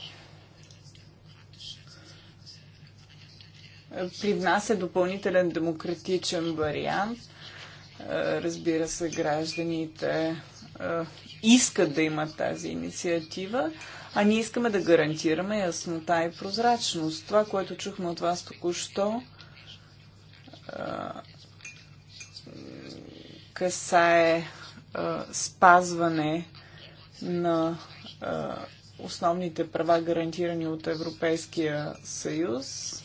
привнася допълнителен демократичен вариант е, разбира се, гражданите е, искат да имат тази инициатива, а ние искаме да гарантираме яснота и прозрачност. Това, което чухме от вас току-що, е, касае спазване на основните права, гарантирани от Европейския съюз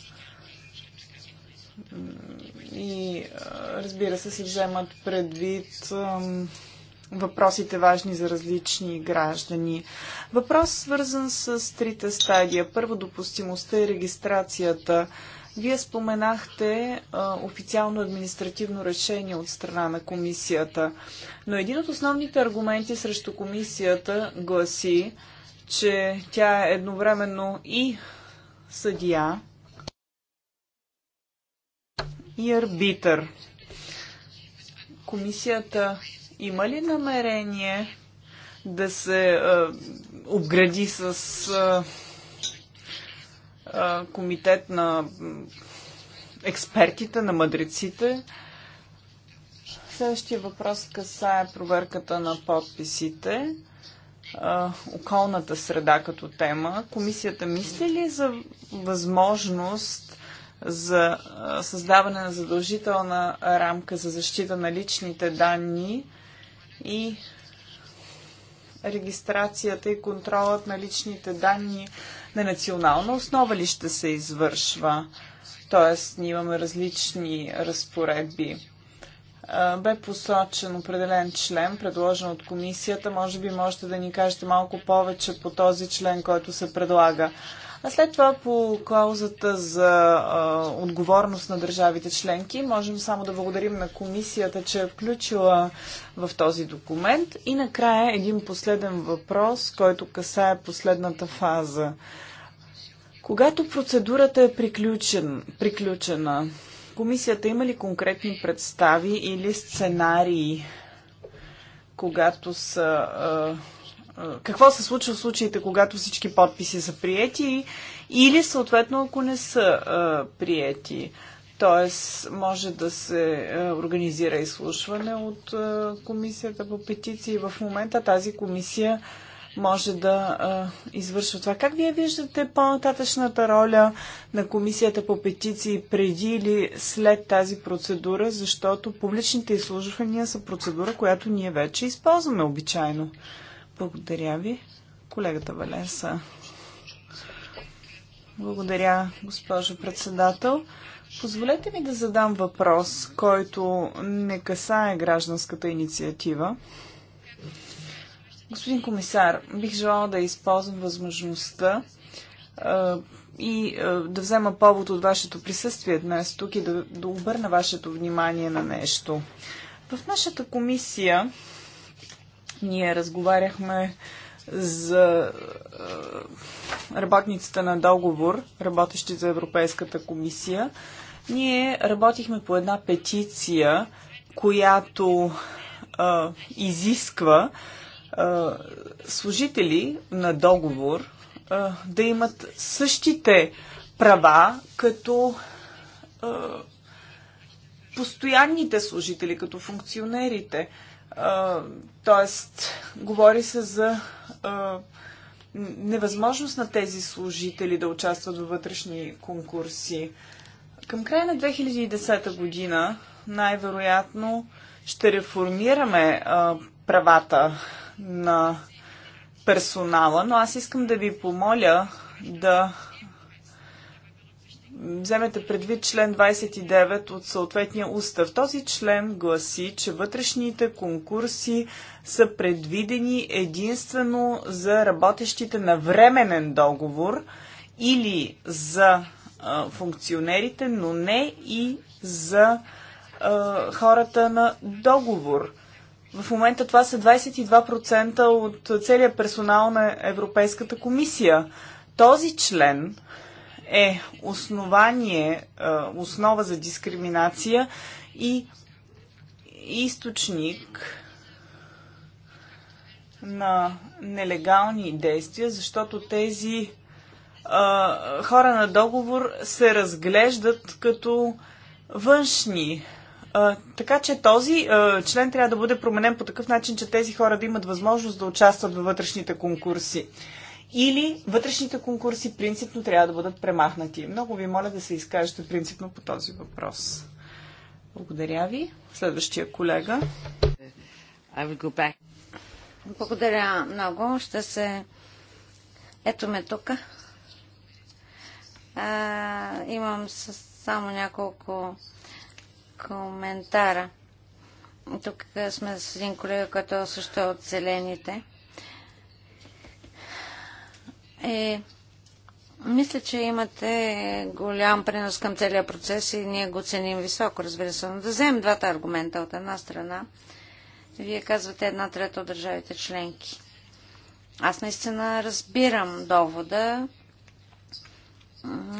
и разбира се, се вземат предвид въпросите важни за различни граждани. Въпрос свързан с трите стадия. Първо допустимостта и регистрацията. Вие споменахте а, официално административно решение от страна на комисията, но един от основните аргументи срещу комисията гласи, че тя е едновременно и съдия, и арбитър. Комисията има ли намерение да се а, обгради с а, а, комитет на експертите, на мъдреците? Следващия въпрос касае проверката на подписите околната среда като тема. Комисията мисли ли за възможност за създаване на задължителна рамка за защита на личните данни и регистрацията и контролът на личните данни на национална основа ли ще се извършва? Тоест, ние имаме различни разпоредби. Бе посочен определен член, предложен от комисията. Може би можете да ни кажете малко повече по този член, който се предлага. А след това по клаузата за а, отговорност на държавите членки можем само да благодарим на комисията, че е включила в този документ. И накрая един последен въпрос, който касае последната фаза. Когато процедурата е приключен, приключена, комисията има ли конкретни представи или сценарии, когато са. А, какво се случва в случаите, когато всички подписи са приети или съответно ако не са а, приети. Тоест, може да се организира изслушване от а, комисията по петиции. В момента тази комисия може да а, извършва това. Как вие виждате по-нататъчната роля на комисията по петиции преди или след тази процедура, защото публичните изслужвания са процедура, която ние вече използваме обичайно. Благодаря ви. Колегата Валенса. Благодаря, госпожо председател. Позволете ми да задам въпрос, който не касае гражданската инициатива. Господин комисар, бих желала да използвам възможността и да взема повод от вашето присъствие днес тук и да, да обърна вашето внимание на нещо. В нашата комисия ние разговаряхме за е, работниците на договор, работещи за Европейската комисия. Ние работихме по една петиция, която а, е, изисква а, е, служители на договор а, да имат същите права като а, постоянните служители, като функционерите. А, Тоест, говори се за а, невъзможност на тези служители да участват във вътрешни конкурси. Към края на 2010 година най-вероятно ще реформираме а, правата на персонала, но аз искам да ви помоля да вземете предвид член 29 от съответния устав. Този член гласи, че вътрешните конкурси са предвидени единствено за работещите на временен договор или за а, функционерите, но не и за а, хората на договор. В момента това са 22% от целия персонал на Европейската комисия. Този член е основание, е, основа за дискриминация и източник на нелегални действия, защото тези а, е, хора на договор се разглеждат като външни. А, е, така че този а, член трябва да бъде променен по такъв начин, че тези хора да имат възможност да участват във вътрешните конкурси или вътрешните конкурси принципно трябва да бъдат премахнати. Много ви моля да се изкажете принципно по този въпрос. Благодаря ви. Следващия колега.
Благодаря много. Ще се... Ето ме тук. имам само няколко коментара. Тук сме с един колега, който е също е от зелените е мисля, че имате голям принос към целия процес и ние го ценим високо, разбира се. Но да вземем двата аргумента от една страна. Вие казвате една трета от държавите членки. Аз наистина разбирам довода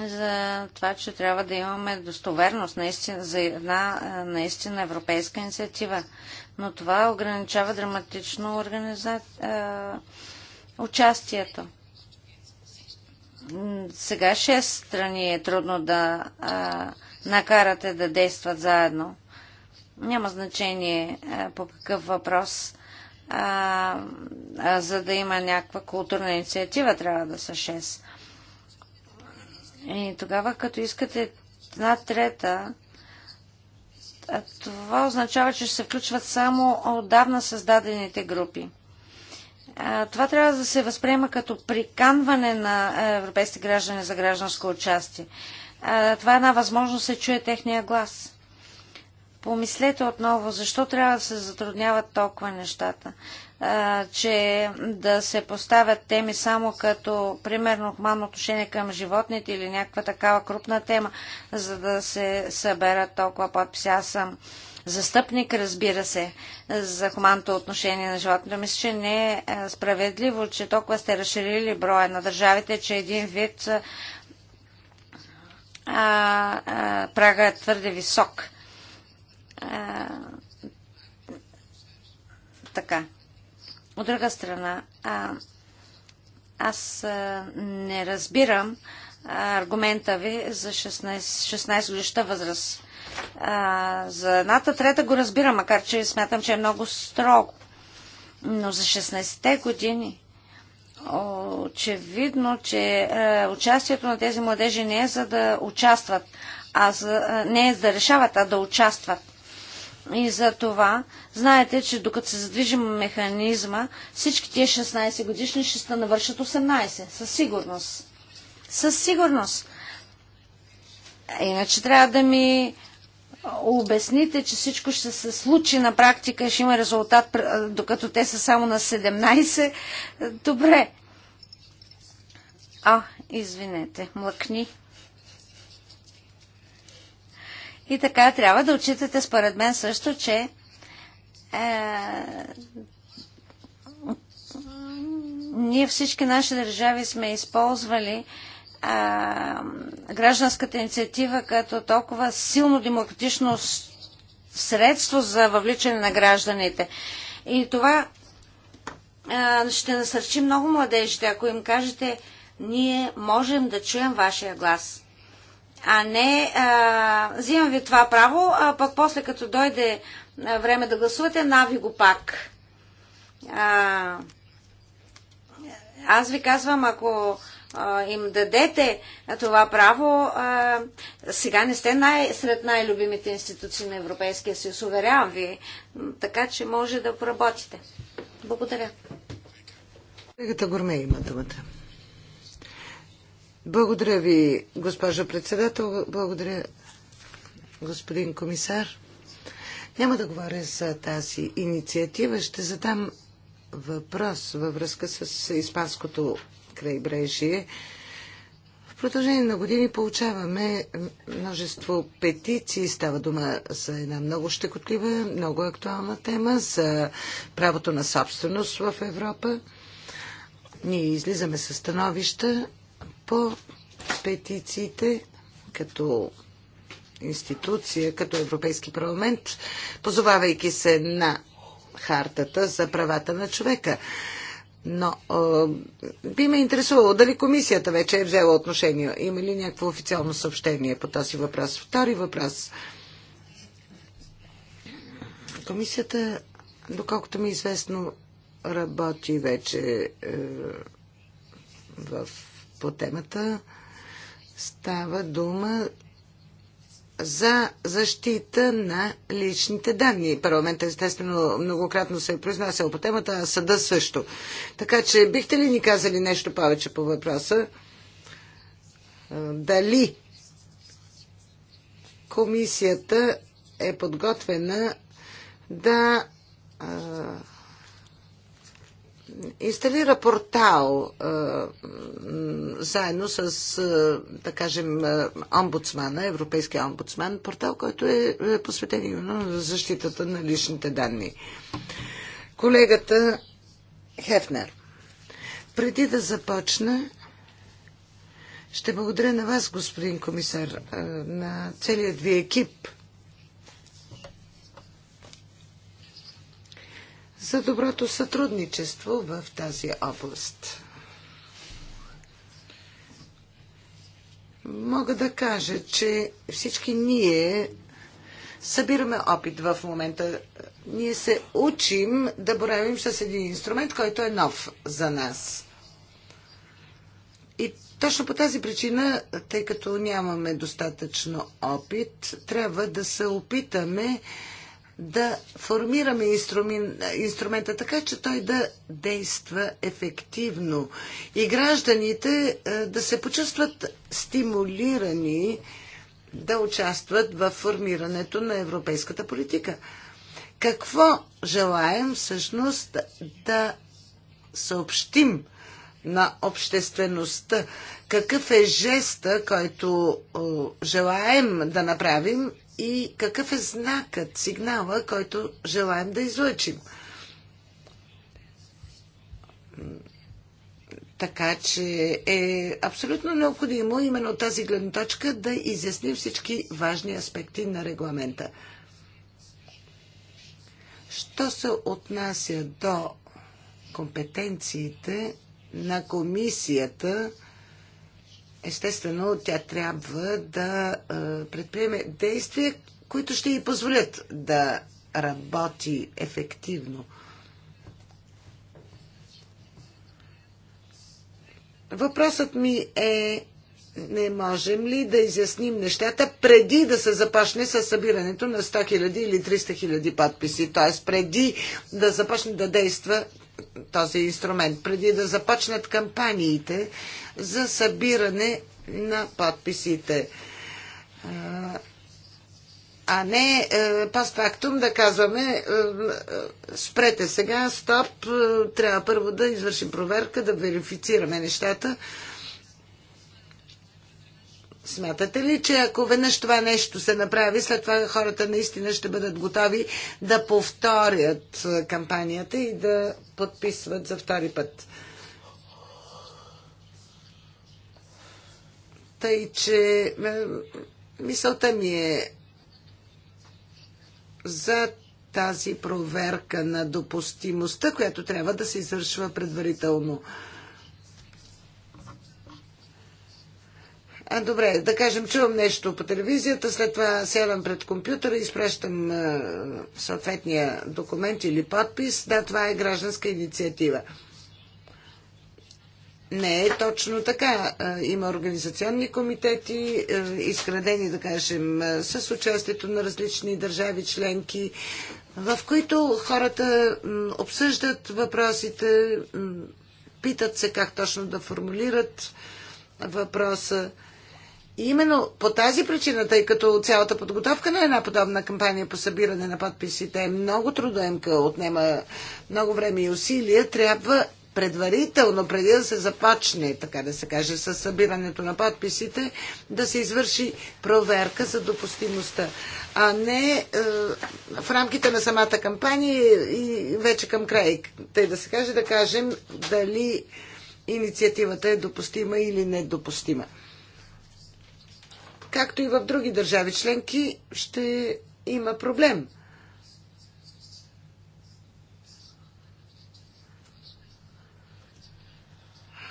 за това, че трябва да имаме достоверност наистина, за една наистина европейска инициатива. Но това ограничава драматично организа... участието сега шест страни е трудно да а, накарате да действат заедно. Няма значение а, по какъв въпрос. А, а, за да има някаква културна инициатива, трябва да са шест. И тогава, като искате една трета, това означава, че се включват само отдавна създадените групи. Това трябва да се възприема като приканване на европейските граждани за гражданско участие. Това е една възможност да се чуе техния глас. Помислете отново, защо трябва да се затрудняват толкова нещата, че да се поставят теми само като, примерно, хуманно отношение към животните или някаква такава крупна тема, за да се съберат толкова подписи. Аз съм застъпник, разбира се, за хуманното отношение на животното. Мисля, че не е, е справедливо, че толкова сте разширили броя на държавите, че един вид е, а, а, прага е твърде висок. А, е, така. От друга страна, а, аз а, не разбирам аргумента ви за 16 годишта 16 възраст. А, за едната трета го разбира, макар че смятам, че е много строго. Но за 16-те години очевидно, че е, участието на тези младежи не е за да участват, а за, е, не е за да решават, а да участват. И за това, знаете, че докато се задвижим механизма, всички тези 16 годишни ще ста навършат 18. Със сигурност. Със сигурност. Иначе трябва да ми обясните, че всичко ще се случи на практика, ще има резултат, докато те са само на 17, добре. А, извинете, млъкни. И така трябва да отчитате според мен също, че е, ние всички наши държави сме използвали а, гражданската инициатива като толкова силно демократично средство за въвличане на гражданите. И това а, ще насърчи много младежите, ако им кажете, ние можем да чуем вашия глас. А не, а, взимам ви това право, а пък после като дойде време да гласувате, нави го пак. А, аз ви казвам, ако им дадете това право, сега не сте най- сред най-любимите институции на Европейския съюз, уверявам ви, така че може да поработите. Благодаря.
Колегата Горме има думата. Благодаря ви, госпожа председател. Благодаря, господин комисар. Няма да говоря за тази инициатива. Ще задам въпрос във връзка с Испанското крайбрежие. В продължение на години получаваме множество петиции. Става дума за една много щекотлива, много актуална тема за правото на собственост в Европа. Ние излизаме със становища по петициите като институция, като Европейски парламент, позовавайки се на хартата за правата на човека. Но а, би ме интересувало дали комисията вече е взела отношение. Има ли някакво официално съобщение по този въпрос? Втори въпрос. Комисията, доколкото ми е известно, работи вече е, в, по темата. Става дума за защита на личните данни. Парламентът естествено многократно се е произнасял по темата, а съда също. Така че бихте ли ни казали нещо повече по въпроса? Дали комисията е подготвена да инсталира портал е, заедно с, е, да кажем, е, омбудсмана, европейския омбудсман, портал, който е, е посветен именно на защитата на личните данни. Колегата Хефнер, преди да започна, ще благодаря на вас, господин комисар, на целият ви екип – за доброто сътрудничество в тази област. Мога да кажа, че всички ние събираме опит в момента. Ние се учим да боравим с един инструмент, който е нов за нас. И точно по тази причина, тъй като нямаме достатъчно опит, трябва да се опитаме да формираме инструмента така, че той да действа ефективно и гражданите е, да се почувстват стимулирани да участват в формирането на европейската политика. Какво желаем всъщност да съобщим на обществеността? Какъв е жеста, който е, желаем да направим и какъв е знакът, сигнала, който желаем да излъчим. Така че е абсолютно необходимо именно от тази гледна точка да изясним всички важни аспекти на регламента. Що се отнася до компетенциите на комисията, естествено тя трябва да предприеме действия, които ще й позволят да работи ефективно. Въпросът ми е не можем ли да изясним нещата преди да се започне с събирането на 100 000 или 300 000 подписи, т.е. преди да започне да действа този инструмент, преди да започнат кампаниите за събиране на подписите. А не е, пастфактум да казваме е, е, спрете сега, стоп, трябва първо да извършим проверка, да верифицираме нещата. Смятате ли, че ако веднъж това нещо се направи, след това хората наистина ще бъдат готови да повторят кампанията и да подписват за втори път? Тъй, че е, мисълта ми е за тази проверка на допустимостта, която трябва да се извършва предварително. А, добре, да кажем, чувам нещо по телевизията, след това сядам пред компютъра и изпращам е, съответния документ или подпис. Да, това е гражданска инициатива. Не е точно така. Има организационни комитети, изградени, да кажем, с участието на различни държави членки, в които хората обсъждат въпросите, питат се как точно да формулират въпроса. И именно по тази причина, тъй като цялата подготовка на една подобна кампания по събиране на подписите е много трудоемка, отнема много време и усилия, трябва предварително, преди да се започне, така да се каже, с събирането на подписите, да се извърши проверка за допустимостта, а не е, в рамките на самата кампания и вече към край, тъй да се каже, да кажем дали инициативата е допустима или недопустима. Както и в други държави членки, ще има проблем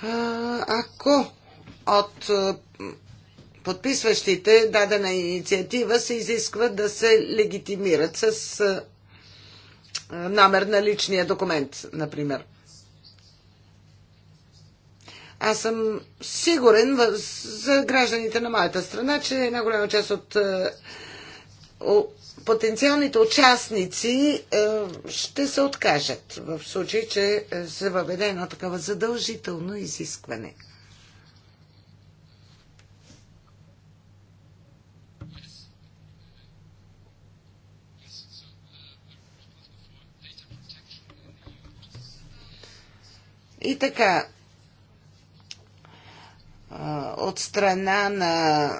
ако от подписващите дадена инициатива се изисква да се легитимират с номер на личния документ, например. Аз съм сигурен за гражданите на моята страна, че една голяма част от потенциалните участници е, ще се откажат в случай, че е, се въведе едно такова задължително изискване. И така, е, от страна на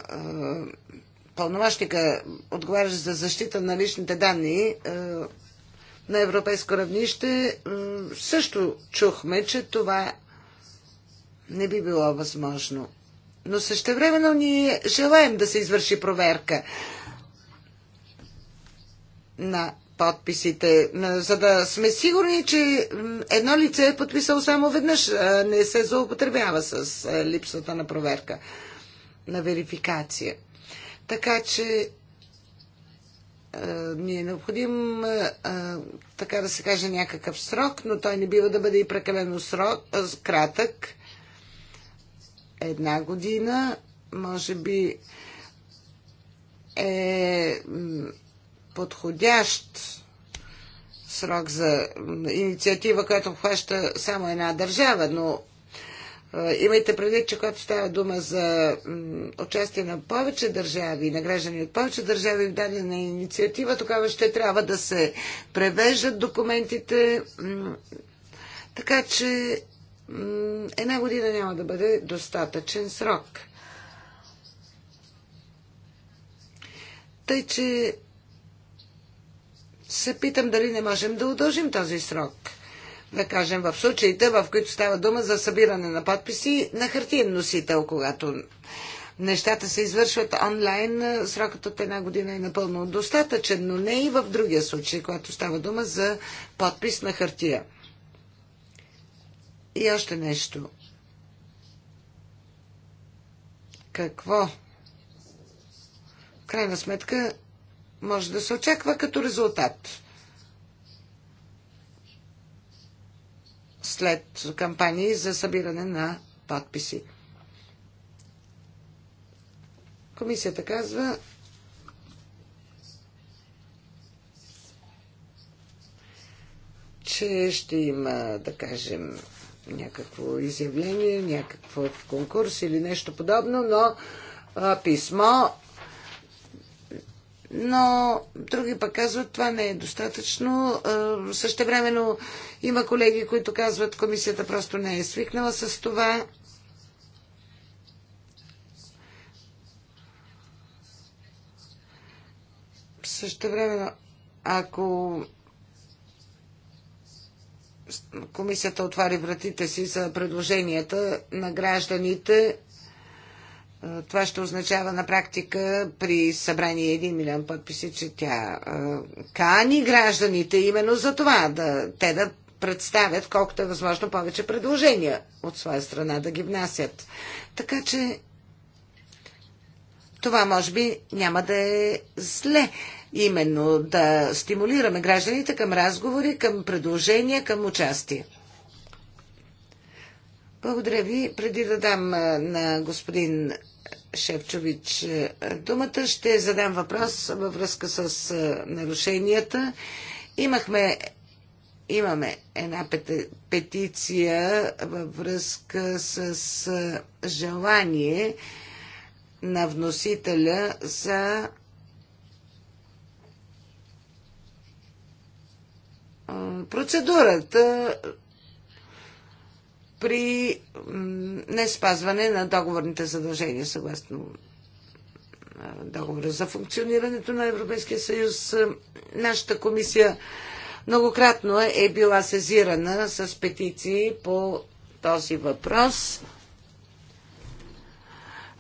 пълномащика отговарящ за защита на личните данни е, на европейско равнище, също чухме, че това не би било възможно. Но същевременно ние желаем да се извърши проверка на подписите, за да сме сигурни, че едно лице е подписало само веднъж, не се злоупотребява с е, липсата на проверка, на верификация. Така че ми е необходим, така да се каже, някакъв срок, но той не бива да бъде и прекалено срок, кратък. Една година, може би, е подходящ срок за инициатива, която обхваща само една държава, но Имайте предвид, че когато става дума за участие на повече държави, на граждани от повече държави в дадена инициатива, тогава ще трябва да се превеждат документите. Така че една година няма да бъде достатъчен срок. Тъй, че се питам дали не можем да удължим този срок – да кажем, в случаите, в които става дума за събиране на подписи на хартиен носител, когато нещата се извършват онлайн, срокът от една година е напълно достатъчен, но не и в другия случай, когато става дума за подпис на хартия. И още нещо. Какво? В крайна сметка може да се очаква като резултат след кампании за събиране на подписи. Комисията казва, че ще има, да кажем, някакво изявление, някакъв конкурс или нещо подобно, но а, писмо но други пък казват, това не е достатъчно. Същевременно има колеги, които казват, комисията просто не е свикнала с това. Същевременно, ако комисията отваря вратите си за предложенията на гражданите, е, това ще означава на практика при събрание 1 милион подписи, че тя е, кани гражданите именно за това, да, те да представят колкото е възможно повече предложения от своя страна да ги внасят. Така че това може би няма да е зле. Именно да стимулираме гражданите към разговори, към предложения, към участие. Благодаря ви. Преди да дам е, на господин Шевчович е, думата. Ще задам въпрос във връзка с е, нарушенията. Имахме имаме една петиция във връзка с е, желание на вносителя за процедурата при не спазване на договорните задължения, съгласно договора за функционирането на Европейския съюз. Е, нашата комисия многократно е, е била сезирана с петиции по този въпрос.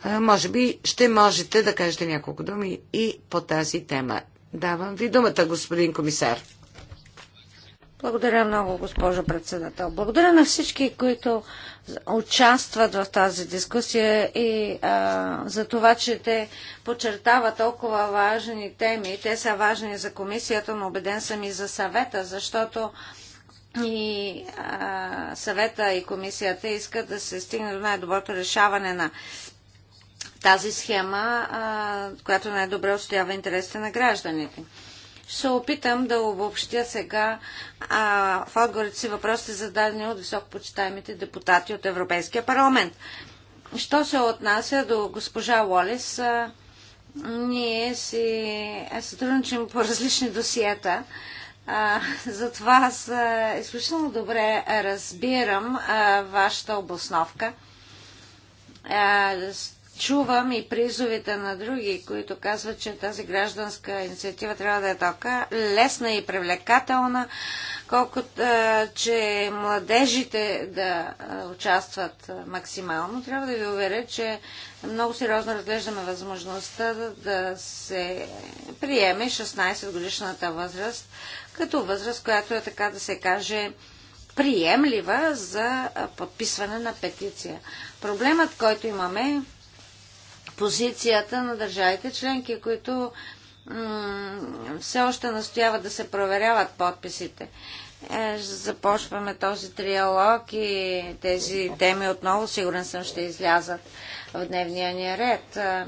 Е, може би ще можете да кажете няколко думи и по тази тема. Давам ви думата, господин комисар.
Благодаря много, госпожо председател. Благодаря на всички, които участват в тази дискусия и а, за това, че те подчертават толкова важни теми. Те са важни за комисията, но убеден съм и за съвета, защото и а, съвета и комисията искат да се стигне до най-доброто решаване на тази схема, а, която най-добре отстоява интересите на гражданите. Ще опитам да обобщя сега а, в отговорите си въпросите зададени от високопочитаемите депутати от Европейския парламент. Що се отнася до госпожа Уолис, а, ние си сътрудничим по различни досиета. А, затова аз а, изключително добре разбирам а, вашата обосновка. А, чувам и призовите на други, които казват, че тази гражданска инициатива трябва да е така лесна и привлекателна, колкото че младежите да участват максимално. Трябва да ви уверя, че много сериозно разглеждаме възможността да се приеме 16-годишната възраст като възраст, която е така да се каже приемлива за подписване на петиция. Проблемът, който имаме позицията на държавите членки, които все още настояват да се проверяват подписите. Е, започваме този триалог и тези теми отново, сигурен съм, ще излязат в дневния ни ред. Е,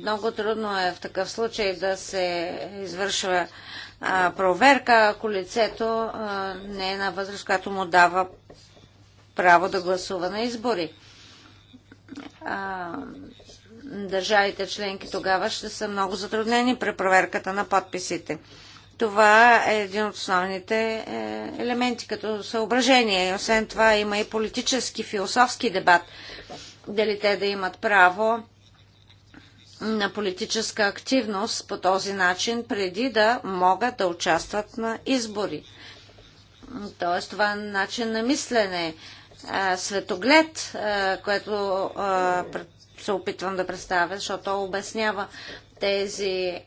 много трудно е в такъв случай да се извършва а, е, проверка, ако лицето а, е, не е на възраст, която му дава право да гласува на избори а, държавите членки тогава ще са много затруднени при проверката на подписите. Това е един от основните е, елементи като съображение. И освен това има и политически, философски дебат. Дали те да имат право на политическа активност по този начин, преди да могат да участват на избори. Тоест, това е начин на мислене светоглед, което се опитвам да представя, защото обяснява тези е,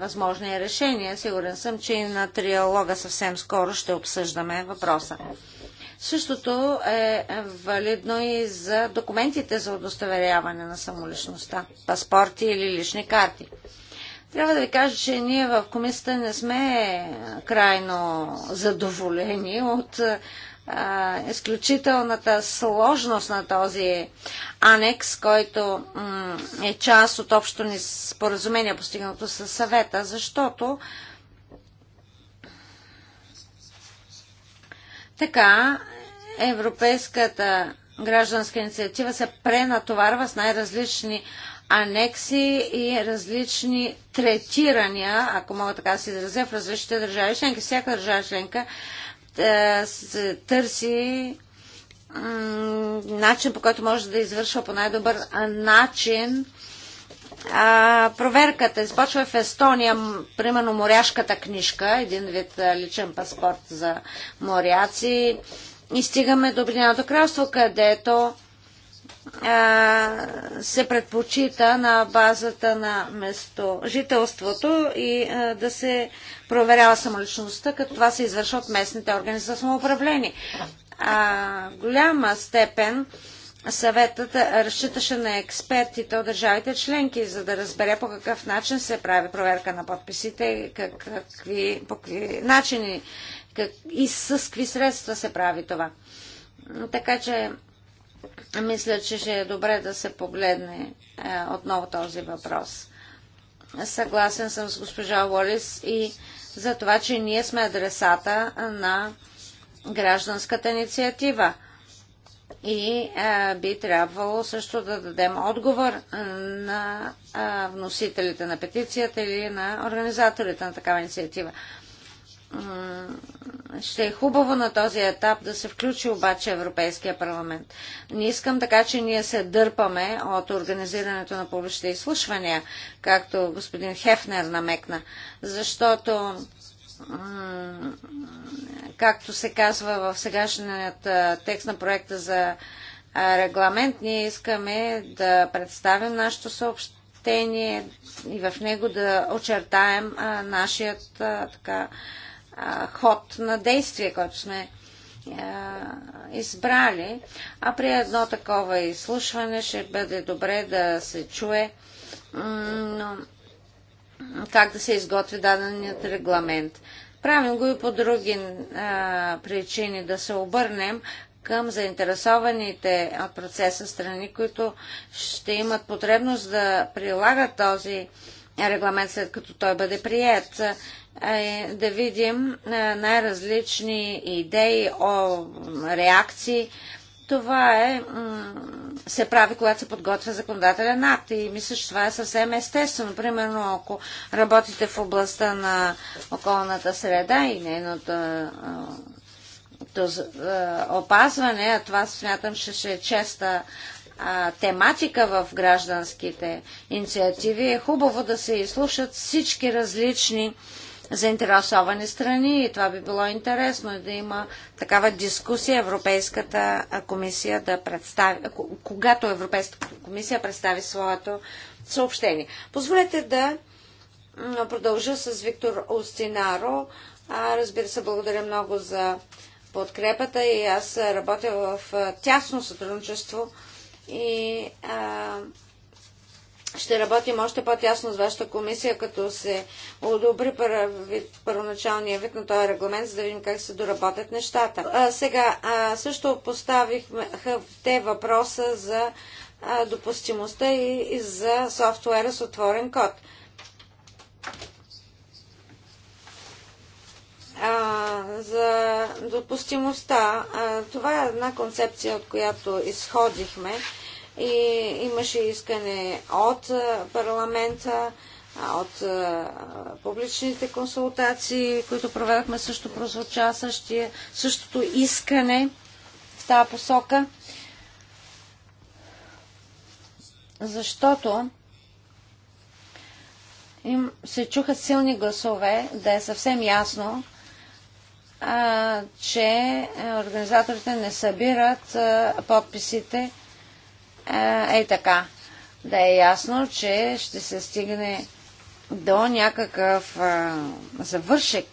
възможни решения. Сигурен съм, че и на триалога съвсем скоро ще обсъждаме въпроса. Същото е валидно и за документите за удостоверяване на самоличността, паспорти или лични карти. Трябва да ви кажа, че ние в комисията не сме крайно задоволени от изключителната сложност на този анекс, който е част от общото ни споразумение, постигнато със съвета, защото така Европейската гражданска инициатива се пренатоварва с най-различни анекси и различни третирания, ако мога така да се изразя, в различните държави членки. Всяка държава членка се търси начин, по който може да извършва по най-добър начин а, проверката. Изпочва в Естония, примерно, моряшката книжка, един вид личен паспорт за моряци. И стигаме до Обединеното кралство, където се предпочита на базата на место жителството и да се проверява самоличността, като това се извършва от местните органи за самоуправление. А, голяма степен съветът разчиташе на експертите от държавите членки, за да разбере по какъв начин се прави проверка на подписите, как, какви, по какви начини как, и с какви средства се прави това. Така че мисля, че ще е добре да се погледне е, отново този въпрос. Съгласен съм с госпожа Уолис и за това, че ние сме адресата на гражданската инициатива. И а, е, би трябвало също да дадем отговор на а, е, вносителите на петицията или на организаторите на такава инициатива ще е хубаво на този етап да се включи обаче Европейския парламент. Не искам така, че ние се дърпаме от организирането на публичните изслушвания, както господин Хефнер намекна, защото както се казва в сегашният текст на проекта за регламент, ние искаме да представим нашето съобщение и в него да очертаем нашият така, ход на действие, който сме избрали. А при едно такова изслушване ще бъде добре да се чуе как да се изготви даденият регламент. Правим го и по други а, причини да се обърнем към заинтересованите от процеса страни, които ще имат потребност да прилагат този регламент след като той бъде прият. Е да видим е, най-различни идеи, о, реакции. Това е, се прави, когато се подготвя законодателен акт и мисля, че това е съвсем естествено. Примерно, ако работите в областта на околната среда и нейното е, опазване, а това смятам, че ще е честа тематика в гражданските инициативи, е хубаво да се изслушат всички различни а, заинтересовани страни и това би било интересно да има такава дискусия Европейската комисия да представи, когато Европейската комисия представи своето съобщение. Позволете да продължа с Виктор Остинаро. Разбира се, благодаря много за подкрепата и аз работя в тясно сътрудничество и а, ще работим още по-тясно с вашата комисия, като се одобри първоначалния вид на този регламент, за да видим как се доработят нещата. А, сега, а, също поставихме те въпроса за а, допустимостта и, и за софтуера с отворен код. а, за допустимостта. А, това е една концепция, от която изходихме и имаше искане от парламента, от публичните консултации, които проведахме също прозвуча същия, същото искане в тази посока. Защото им се чуха силни гласове, да е съвсем ясно, а, че организаторите не събират а, подписите е така. Да е ясно, че ще се стигне до някакъв а, завършек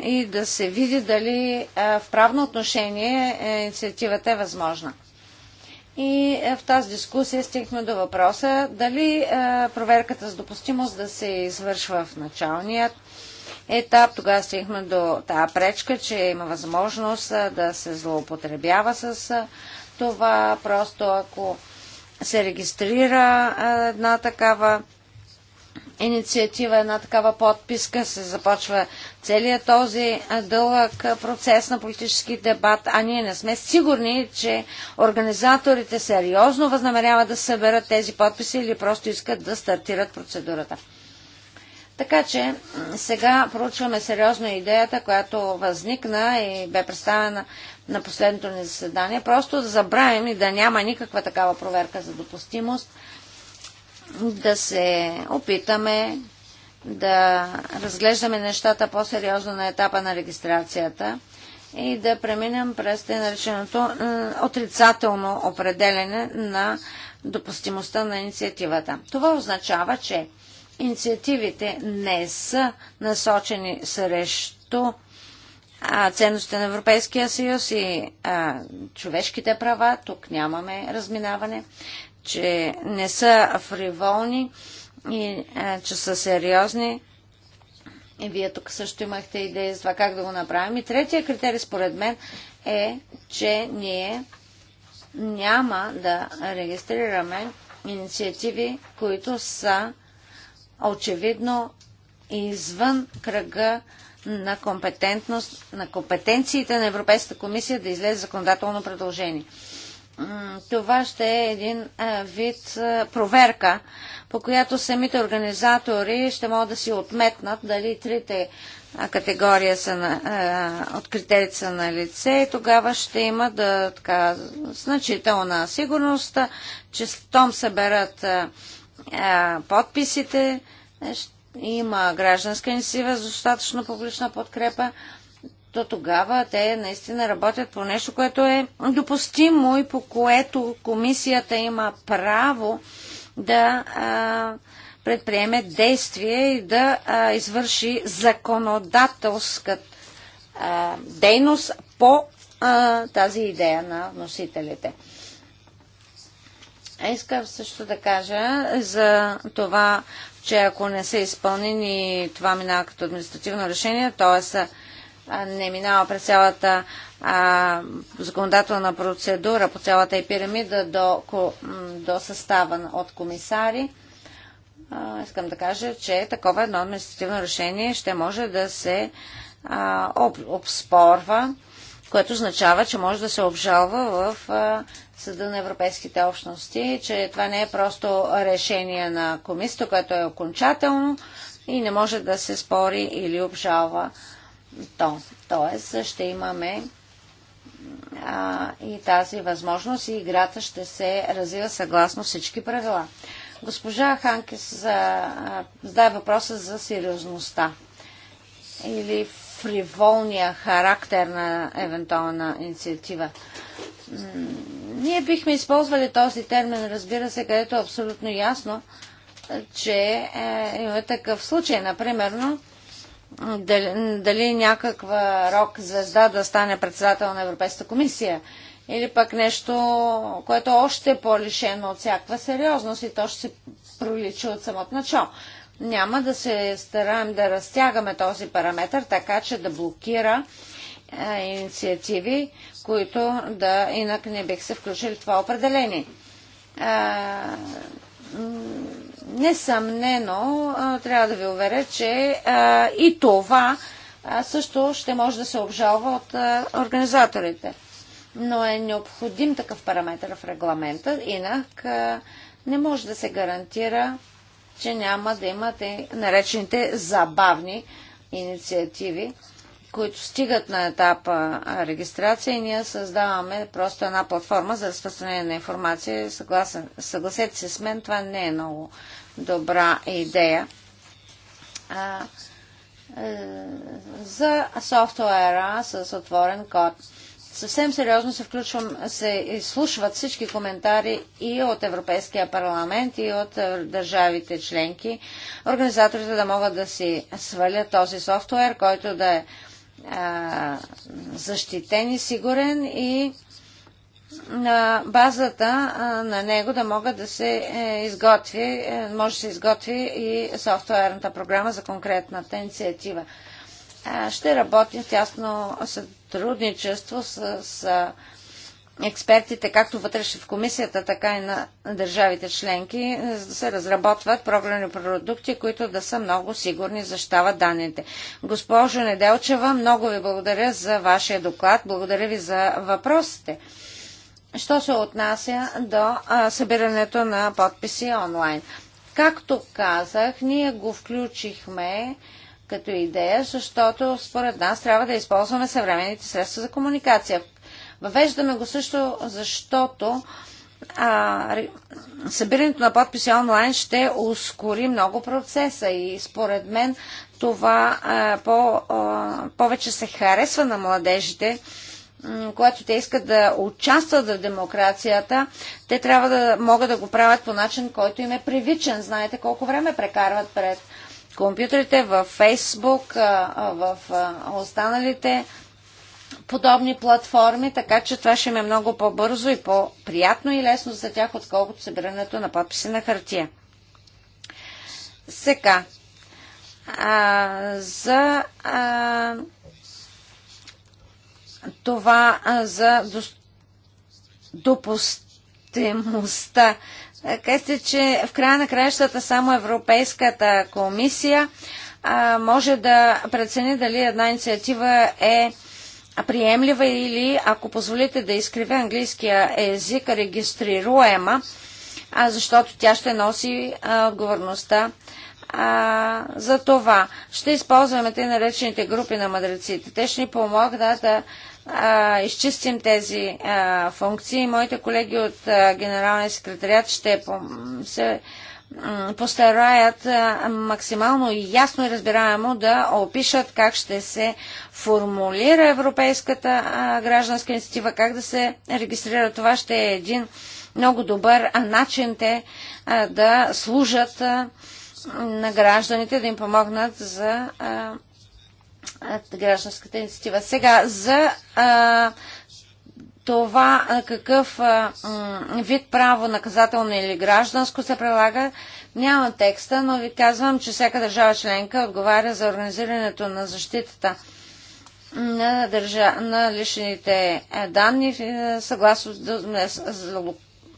и да се види дали в правно отношение е, инициативата е възможна. И е, в тази дискусия стигнахме до въпроса дали проверката с допустимост да се извършва в началният етап. Тогава стигнахме до тази пречка, че има възможност да се злоупотребява с това. Просто ако се регистрира една такава инициатива, една такава подписка, се започва целият този дълъг процес на политически дебат, а ние не сме сигурни, че организаторите сериозно възнамеряват да съберат тези подписи или просто искат да стартират процедурата. Така че сега проучваме сериозно идеята, която възникна и бе представена на последното ни заседание, просто да забравим и да няма никаква такава проверка за допустимост, да се опитаме да разглеждаме нещата по-сериозно на етапа на регистрацията и да преминем през те нареченото отрицателно определене на допустимостта на инициативата. Това означава, че инициативите не са насочени срещу ценностите на Европейския съюз и а, човешките права. Тук нямаме разминаване, че не са фриволни и а, че са сериозни. И вие тук също имахте идеи за това как да го направим. И третия критерий, според мен, е, че ние няма да регистрираме инициативи, които са очевидно извън кръга на, компетентност, на компетенциите на Европейската комисия да излезе законодателно предложение. Това ще е един вид проверка, по която самите организатори ще могат да си отметнат дали трите категория са на, от критерите са на лице и тогава ще има да, така, значителна сигурност, че щом съберат подписите, ще има гражданска инициатива с достатъчно публична подкрепа, то тогава те наистина работят по нещо, което е допустимо и по което комисията има право да а, предприеме действие и да а, извърши законодателска а, дейност по а, тази идея на носителите. Искам също да кажа за това че ако не са изпълнени, това минава като административно решение, т.е. не минава през цялата а, законодателна процедура по цялата и пирамида до, до състава от комисари. А, искам да кажа, че такова едно административно решение ще може да се а, об, обспорва, което означава, че може да се обжалва в а, Съда на Европейските общности, че това не е просто решение на комисията, което е окончателно и не може да се спори или обжалва то. Тоест ще имаме а, и тази възможност и играта ще се развива съгласно всички правила. Госпожа Ханкес задава въпроса за сериозността или фриволния характер на евентуална инициатива. Ние бихме използвали този термин, разбира се, където е абсолютно ясно, че е, има такъв случай. Например, дали, дали някаква рок звезда да стане председател на Европейската комисия или пък нещо, което още е по-лишено от всякаква сериозност и то ще се проличи от самото начало. Няма да се стараем да разтягаме този параметр, така че да блокира а, е, инициативи, които да инак не бих се включили в това определение. А, е, несъмнено е, трябва да ви уверя, че а, и това а, също ще може да се обжалва от а, организаторите. Но е необходим такъв параметр в регламента, инак не може да се гарантира че няма да имате наречените забавни инициативи, които стигат на етапа регистрация и ние създаваме просто една платформа за разпространение на информация. Съгласен, съгласете се с мен, това не е много добра идея. А, е, за софтуера с отворен код съвсем сериозно се, включвам, се изслушват всички коментари и от Европейския парламент, и от е, държавите членки. Организаторите да могат да си свалят този софтуер, който да е а, защитен и сигурен и на базата а, на него да могат да се е, изготви, е, може да се изготви и софтуерната програма за конкретната инициатива. А, ще работим тясно сътрудничество с, с експертите, както вътрешно в комисията, така и на държавите членки, за да се разработват програмни продукти, които да са много сигурни, защитават данните. Госпожо Неделчева, много ви благодаря за вашия доклад, благодаря ви за въпросите. Що се отнася до а, събирането на подписи онлайн? Както казах, ние го включихме като идея, защото според нас трябва да използваме съвременните средства за комуникация. Въвеждаме го също, защото а, събирането на подписи онлайн ще ускори много процеса и според мен това а, по, а, повече се харесва на младежите, когато те искат да участват в демокрацията, те трябва да могат да го правят по начин, който им е привичен. Знаете колко време прекарват пред компютрите, в Фейсбук, в останалите подобни платформи, така че това ще им е много по-бързо и по-приятно и лесно за тях, отколкото събирането на подписи на хартия. Сега, а, за а, това а, за допустимостта Казахте, че в края на краищата само Европейската комисия а, може да прецени дали една инициатива е приемлива или, ако позволите да изкривя английския език, регистрируема, а, защото тя ще носи а, отговорността а, за това. Ще използваме те наречените групи на мъдреците. Те ще ни помогнат да, да а, изчистим тези а, функции. Моите колеги от а, Генералния секретариат ще по, се постараят а, максимално ясно и разбираемо да опишат как ще се формулира Европейската а, гражданска инициатива, как да се регистрира. Това ще е един много добър начин те а, да служат а, на гражданите, да им помогнат за а, гражданската инициатива. Сега за а, това а, какъв а, вид право, наказателно или гражданско се прилага, няма текста, но ви казвам, че всяка държава членка отговаря за организирането на защитата на, държа... на личните данни съгласно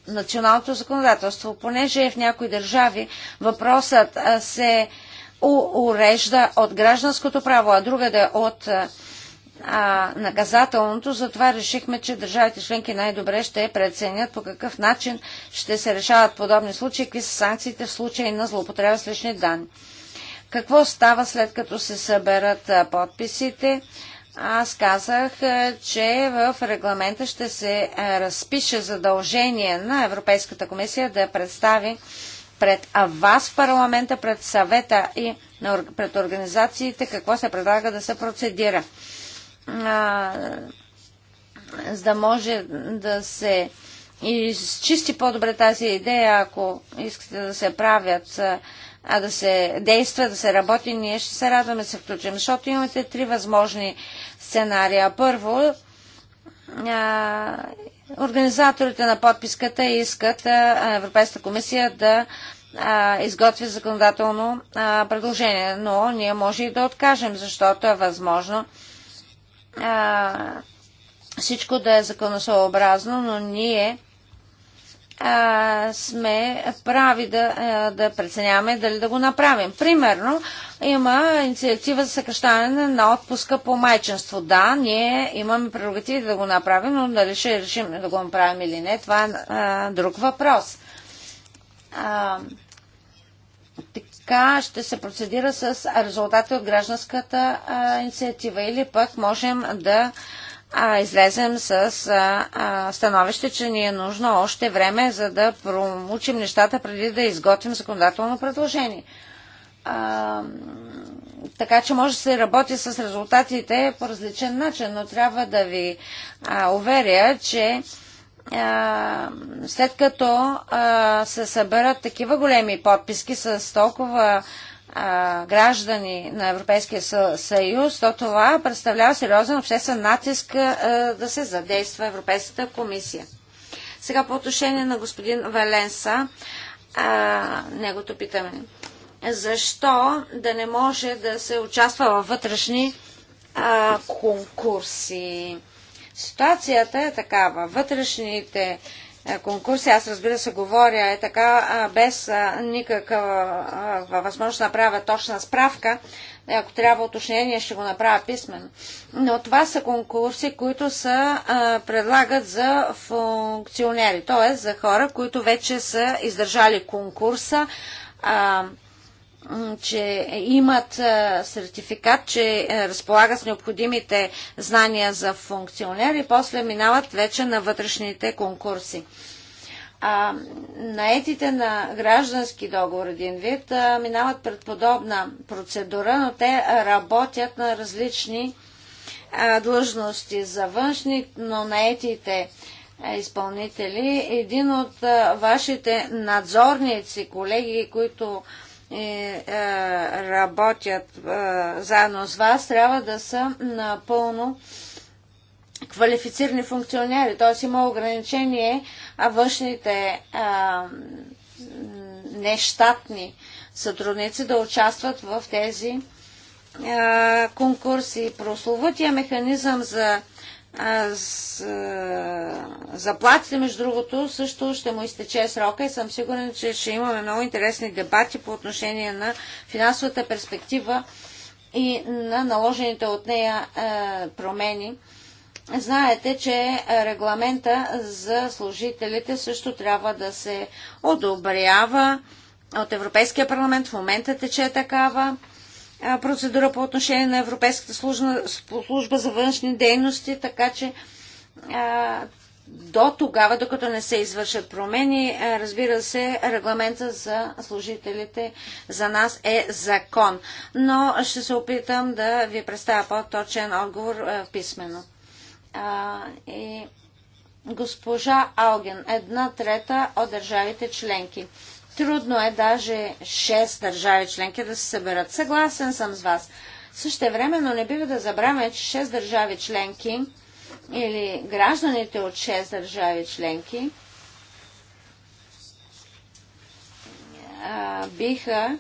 националното законодателство. Понеже в някои държави въпросът се урежда от гражданското право, а да е от а, наказателното, затова решихме, че държавите членки най-добре ще преценят по какъв начин ще се решават подобни случаи, какви са санкциите в случай на злоупотреба с лични данни. Какво става след като се съберат подписите? Аз казах, че в регламента ще се разпише задължение на Европейската комисия да представи пред вас в парламента, пред съвета и пред организациите, какво се предлага да се процедира. А, за да може да се изчисти по-добре тази идея, ако искате да се правят, а да се действа, да се работи, ние ще се радваме да се включим, защото имате три възможни сценария. Първо, Организаторите на подписката искат Европейската комисия да изготви законодателно предложение, но ние може и да откажем, защото е възможно всичко да е законосъобразно, но ние а, сме прави да, да преценяваме дали да го направим. Примерно, има инициатива за съкръщаване на отпуска по майчинство. Да, ние имаме прерогативи да го направим, но дали ще решим да го направим или не, това е а, друг въпрос. А, така ще се процедира с резултати от гражданската а, инициатива или пък можем да а, а, излезем с а, а, становище, че ни е нужно още време, за да проучим нещата преди да изготвим законодателно предложение. А, така че може да се работи с резултатите по различен начин, но трябва да ви а, уверя, че а, след като а, се съберат такива големи подписки с толкова а, граждани на Европейския съюз, то това представлява сериозен обществен натиск да се задейства Европейската комисия. Сега по отношение на господин Валенса, негото питаме. Защо да не може да се участва във вътрешни а, конкурси? Ситуацията е такава. Вътрешните е, конкурси. Аз разбира се говоря е така, без никаква възможност да направя точна справка. Е, ако трябва уточнение, ще го направя писменно. Но това са конкурси, които са предлагат за функционери, т.е. за хора, които вече са издържали конкурса, а, че имат е, сертификат, че е, разполагат с необходимите знания за функционер и после минават вече на вътрешните конкурси. А, наетите на граждански договор един вид е, минават пред подобна процедура, но те работят на различни длъжности за външни, но наетите изпълнители. Един от вашите надзорници, колеги, които и, е, работят е, заедно с вас, трябва да са напълно квалифицирани функционери. Т.е. има ограничение, а външните а, е, нещатни сътрудници да участват в тези а, е, конкурси. Прословутия механизъм за заплатите, между другото, също ще му изтече срока и съм сигурен, че ще имаме много интересни дебати по отношение на финансовата перспектива и на наложените от нея промени. Знаете, че регламента за служителите също трябва да се одобрява от Европейския парламент. В момента тече такава процедура по отношение на Европейската служба, служба за външни дейности, така че а, до тогава, докато не се извършат промени, разбира се, регламента за служителите за нас е закон. Но ще се опитам да ви представя по-точен отговор а, писменно. А, и госпожа Алген, една трета от държавите членки. Трудно е даже 6 държави членки да се съберат. Съгласен съм с вас. Също но не бива да забравяме, че 6 държави членки или гражданите от 6 държави членки а, биха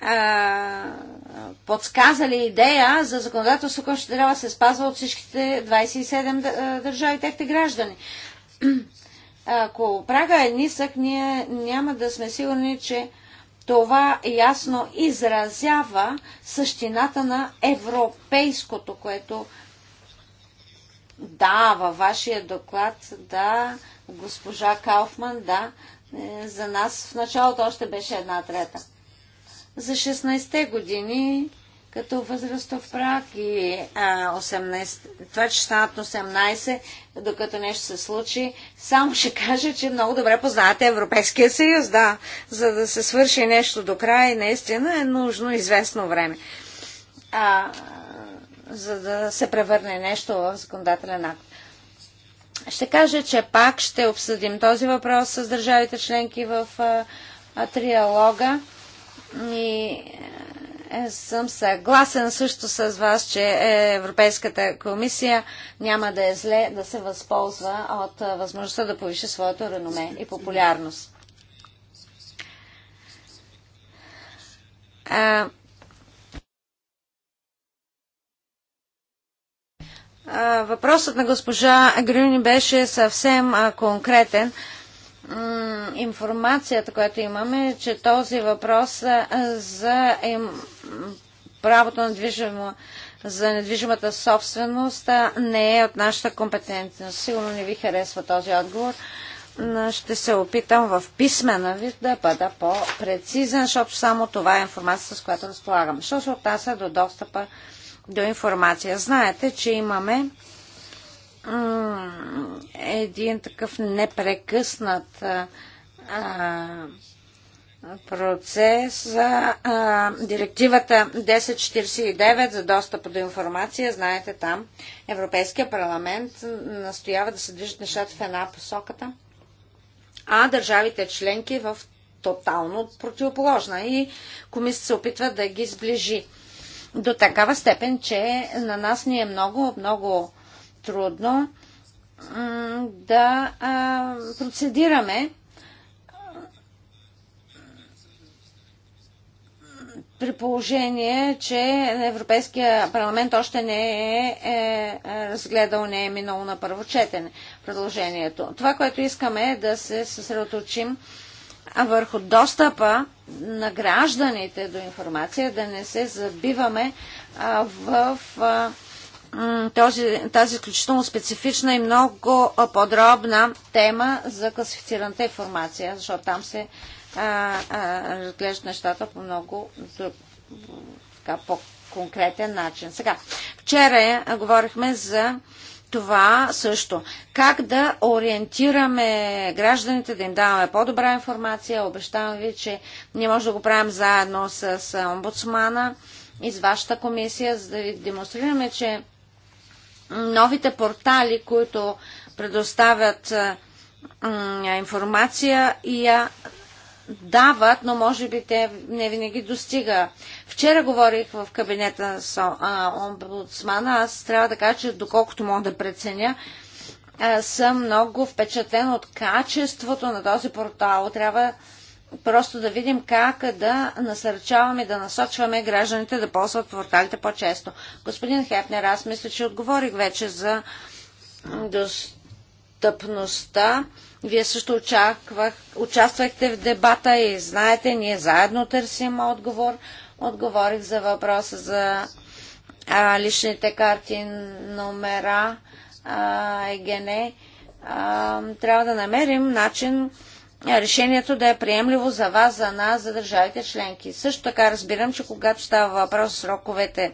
а, подсказали идея за законодателство, което ще трябва да се спазва от всичките 27 държави, техните граждани. Ако прага е нисък, ние няма да сме сигурни, че това ясно изразява същината на европейското, което да, във вашия доклад, да, госпожа Кауфман, да, е, за нас в началото още беше една трета. За 16-те години като възрастов прак и а, 18, това, че станат 18, докато нещо се случи, само ще кажа, че много добре познавате Европейския съюз, да. За да се свърши нещо до края, и наистина е нужно известно време. А, за да се превърне нещо в законодателен акт. Ще кажа, че пак ще обсъдим този въпрос с държавите членки в а, а, триалога. И е, съм съгласен също с вас, че е, Европейската комисия няма да е зле да се възползва от е, възможността да повиши своето реноме и популярност. въпросът на госпожа Грюни беше съвсем конкретен информацията, която имаме, е, че този въпрос за правото на движимо за недвижимата собственост не е от нашата компетентност. Сигурно не ви харесва този отговор. Ще се опитам в писмена вид да бъда по-прецизен, защото само това е информацията, с която разполагам. Що се отнася до достъпа до информация? Знаете, че имаме един такъв непрекъснат процес за директивата 1049 за достъп до информация. Знаете там, Европейския парламент настоява да се движат нещата в една посоката, а държавите членки в тотално противоположна и комисията се опитва да ги сближи до такава степен, че на нас ни е много, много трудно да процедираме при положение, че Европейския парламент още не е, е, е разгледал, не е минало на първо четене предложението. Това, което искаме е да се съсредоточим върху достъпа на гражданите до информация, да не се забиваме а, в а, този, тази изключително специфична и много подробна тема за класифицираната информация, защото там се разглеждат нещата по много така, по-конкретен начин. Сега, вчера говорихме за това също. Как да ориентираме гражданите, да им даваме по-добра информация. Обещавам ви, че ние може да го правим заедно с омбудсмана и с вашата комисия, за да ви демонстрираме, че новите портали, които предоставят е, информация и я дават, но може би те не винаги достига. Вчера говорих в кабинета с омбудсмана. Аз трябва да кажа, че доколкото мога да преценя, е, съм много впечатлен от качеството на този портал. Трябва просто да видим как да насърчаваме, да насочваме гражданите да ползват порталите по-често. Господин Хепнер, аз мисля, че отговорих вече за достъпността. Вие също очаквах, участвахте в дебата и знаете, ние заедно търсим отговор. Отговорих за въпроса за а, личните карти, номера, а, ЕГН. А, трябва да намерим начин решението да е приемливо за вас, за нас, за държавите членки. Също така разбирам, че когато става въпрос сроковете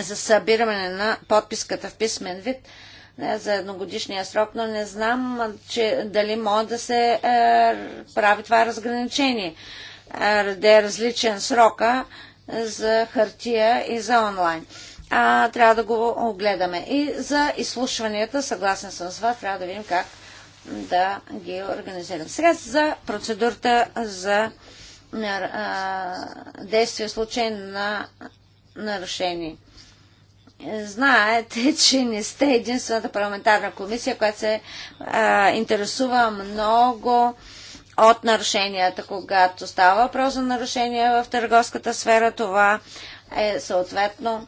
за събиране на подписката в писмен вид за едногодишния срок, но не знам че, дали може да се е, прави това разграничение, е, да е различен срока за хартия и за онлайн. А, трябва да го огледаме. И за изслушванията, съгласен съм с вас, трябва да видим как да ги организират. Сега за процедурата за действие в случай на нарушение. Знаете, че не сте единствената парламентарна комисия, която се а, интересува много от нарушенията. Когато става въпрос за нарушения в търговската сфера, това е съответно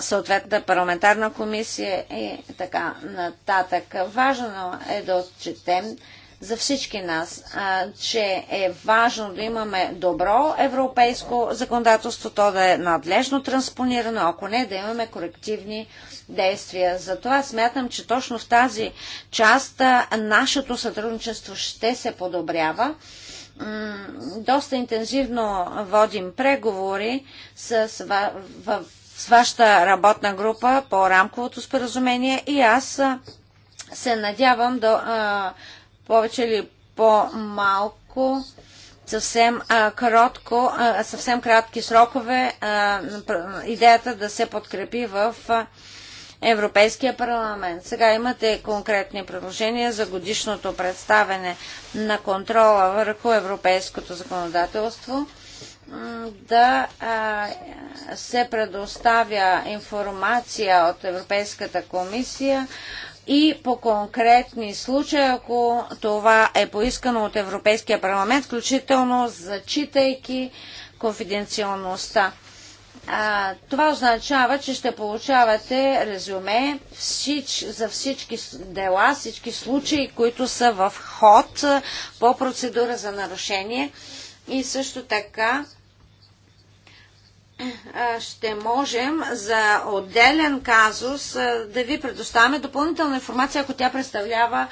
съответната парламентарна комисия и така нататък. Важно е да отчетем за всички нас, че е важно да имаме добро европейско законодателство, то да е надлежно транспонирано, ако не да имаме корективни действия. Затова смятам, че точно в тази част нашето сътрудничество ще се подобрява. доста интензивно водим преговори с, в, в с вашата работна група по рамковото споразумение и аз се надявам да а, повече или по-малко съвсем а, а, съвсем кратки срокове а, идеята да се подкрепи в а, Европейския парламент. Сега имате конкретни предложения за годишното представене на контрола върху европейското законодателство да се предоставя информация от Европейската комисия и по конкретни случаи, ако това е поискано от Европейския парламент, включително зачитайки конфиденциалността. А, това означава, че ще получавате резюме всич, за всички дела, всички случаи, които са в ход по процедура за нарушение. И също така ще можем за отделен казус да ви предоставяме допълнителна информация, ако тя представлява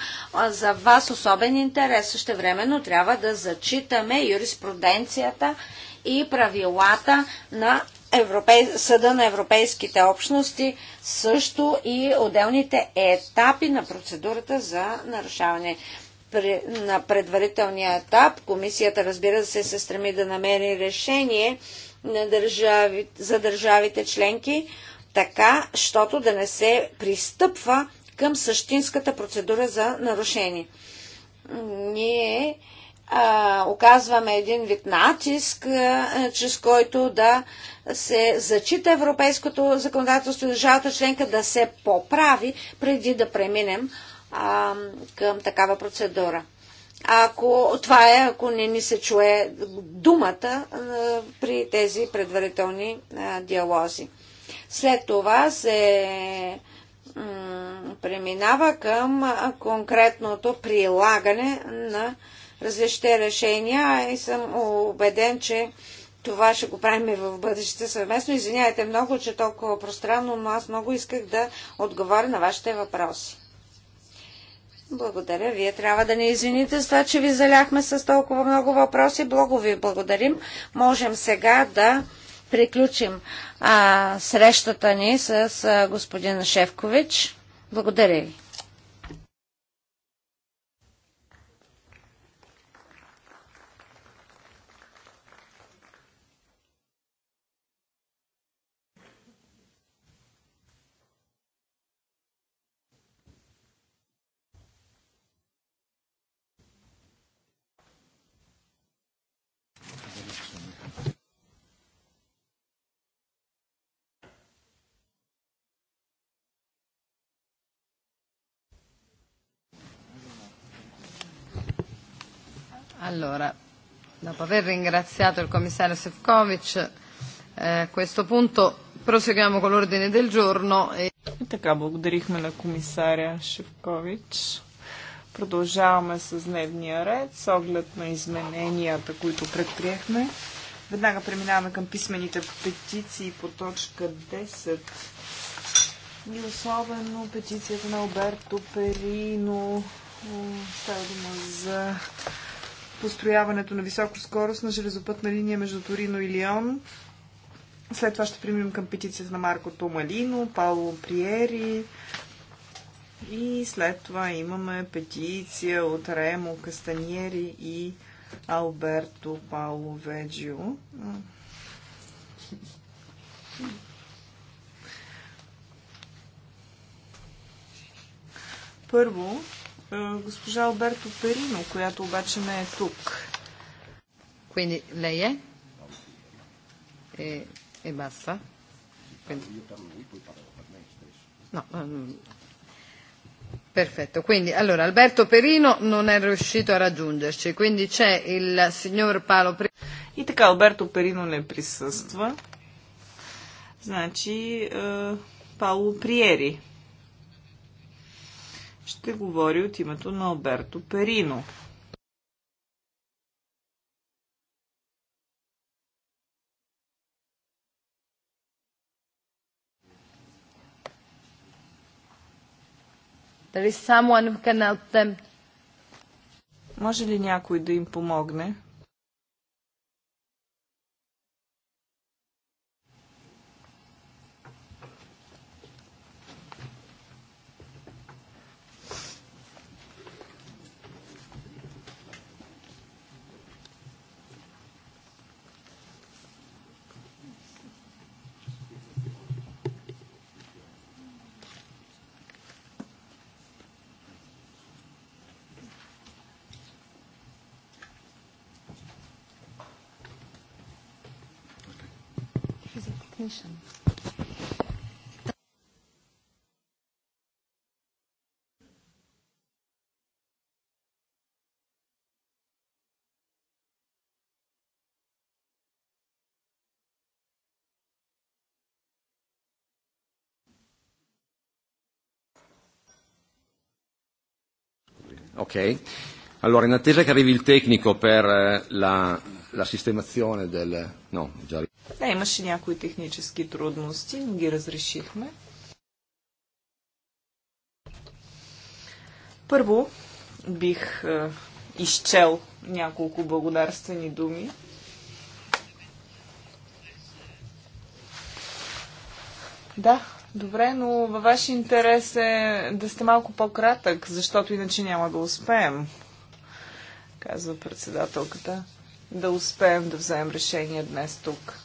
за вас особен интерес. Също времено трябва да зачитаме юриспруденцията и правилата на Европей... Съда на Европейските общности, също и отделните етапи на процедурата за нарушаване на предварителния етап. Комисията, разбира се, се стреми да намери решение на държави, за държавите членки, така, щото да не се пристъпва към същинската процедура за нарушение. Ние а, оказваме един вид натиск, а, чрез който да се зачита европейското законодателство и държавата членка да се поправи преди да преминем а, към такава процедура. Ако, това е, ако не ни се чуе думата при тези предварителни диалози. След това се преминава към конкретното прилагане на различните решения и съм убеден, че това ще го правим и в бъдеще съвместно. Извинявайте много, че толкова пространно, но аз много исках да отговоря на вашите въпроси. Благодаря. Вие трябва да ни извините за това, че ви заляхме с толкова много въпроси. Благо ви благодарим. Можем сега да приключим а, срещата ни с а, господин Шевкович. Благодаря ви.
Allora, dopo aver ringraziato il commissario Sefcovic, eh, a questo punto proseguiamo con l'ordine del giorno. E... И така, благодарихме
на комисаря Шевкович. Продължаваме с дневния ред, с оглед на измененията, които предприехме. Веднага преминаваме към писмените петиции по точка 10. И особено петицията на Алберто Перино. Става дума за построяването на на железопътна линия между Торино и Лион. След това ще преминем към петицията на Марко Томалино, Пауло Приери. И след това имаме петиция от Ремо Кастаниери и Алберто Пауло Веджио. Първо, госпожа Алберто Перино, която обаче
не е тук. Quindi lei è? E, e basta? Quindi... No, um... Perfetto, quindi allora Alberto Perino non è riuscito a raggiungerci, quindi c'è il signor Paolo Perino. И
така, Алберто Перино не присъства. Значи, е, Пауло Приери ще говори от името на Алберто Перино. Може ли някой да им помогне?
attention.
Ok. Allora, in attesa che arrivi il tecnico per la, la sistemazione del... No, già
имаше някои технически трудности, но ги разрешихме. Първо бих е, изчел няколко благодарствени думи. Да, добре, но във ваш интерес е да сте малко по-кратък, защото иначе няма да успеем, казва председателката, да успеем да вземем решение днес тук.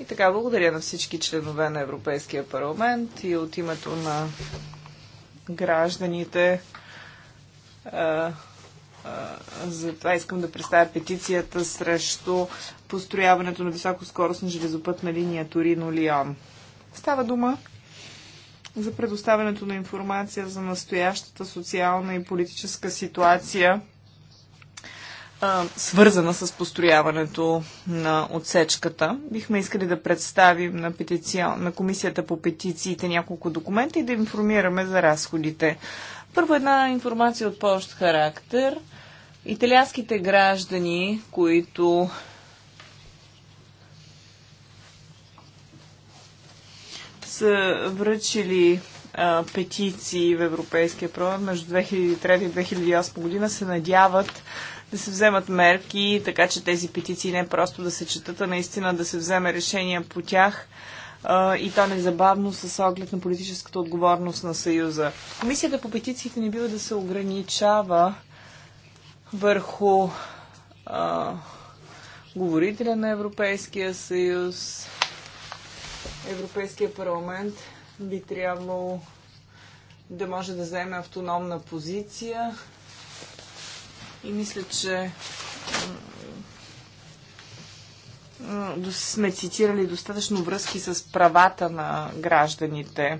И така, благодаря на всички членове на Европейския парламент и от името на гражданите. А, а, затова искам да представя петицията срещу построяването на високоскоростна железопътна линия Торино-Лион. Става дума за предоставянето на информация за настоящата социална и политическа ситуация свързана с построяването на отсечката. Бихме искали да представим на, петиция, на комисията по петициите няколко документа и да информираме за разходите. Първо една информация от пощ характер. Италианските граждани, които са връчили а, петиции в Европейския парламент между 2003 и 2008 година, се надяват да се вземат мерки, така че тези петиции не просто да се четат, а наистина да се вземе решение по тях и то незабавно с оглед на политическата отговорност на Съюза. Комисията по петициите не бива да се ограничава върху а, говорителя на Европейския съюз. Европейския парламент би трябвало да може да вземе автономна позиция и мисля, че сме цитирали достатъчно връзки с правата на гражданите.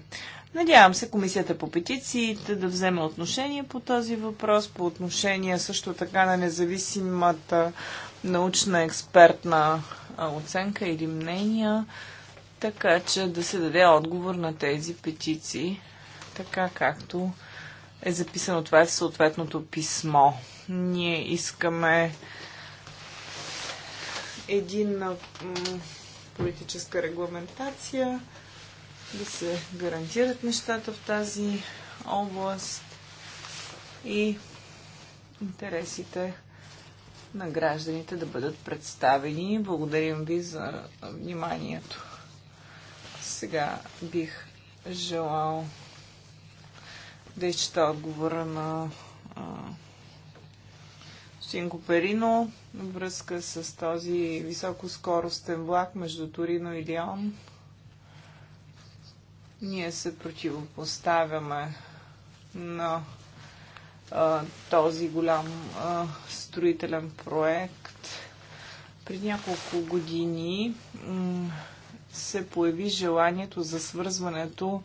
Надявам се комисията по петициите да вземе отношение по този въпрос, по отношение също така на независимата научна експертна оценка или мнения, така че да се даде отговор на тези петиции, така както е записано това е в съответното писмо. Ние искаме един политическа регламентация, да се гарантират нещата в тази област и интересите на гражданите да бъдат представени. Благодарим ви за вниманието. Сега бих желал да изчета отговора на Синко Перино връзка с този високоскоростен влак между Торино и Лион. Ние се противопоставяме на а, този голям а, строителен проект. При няколко години се появи желанието за свързването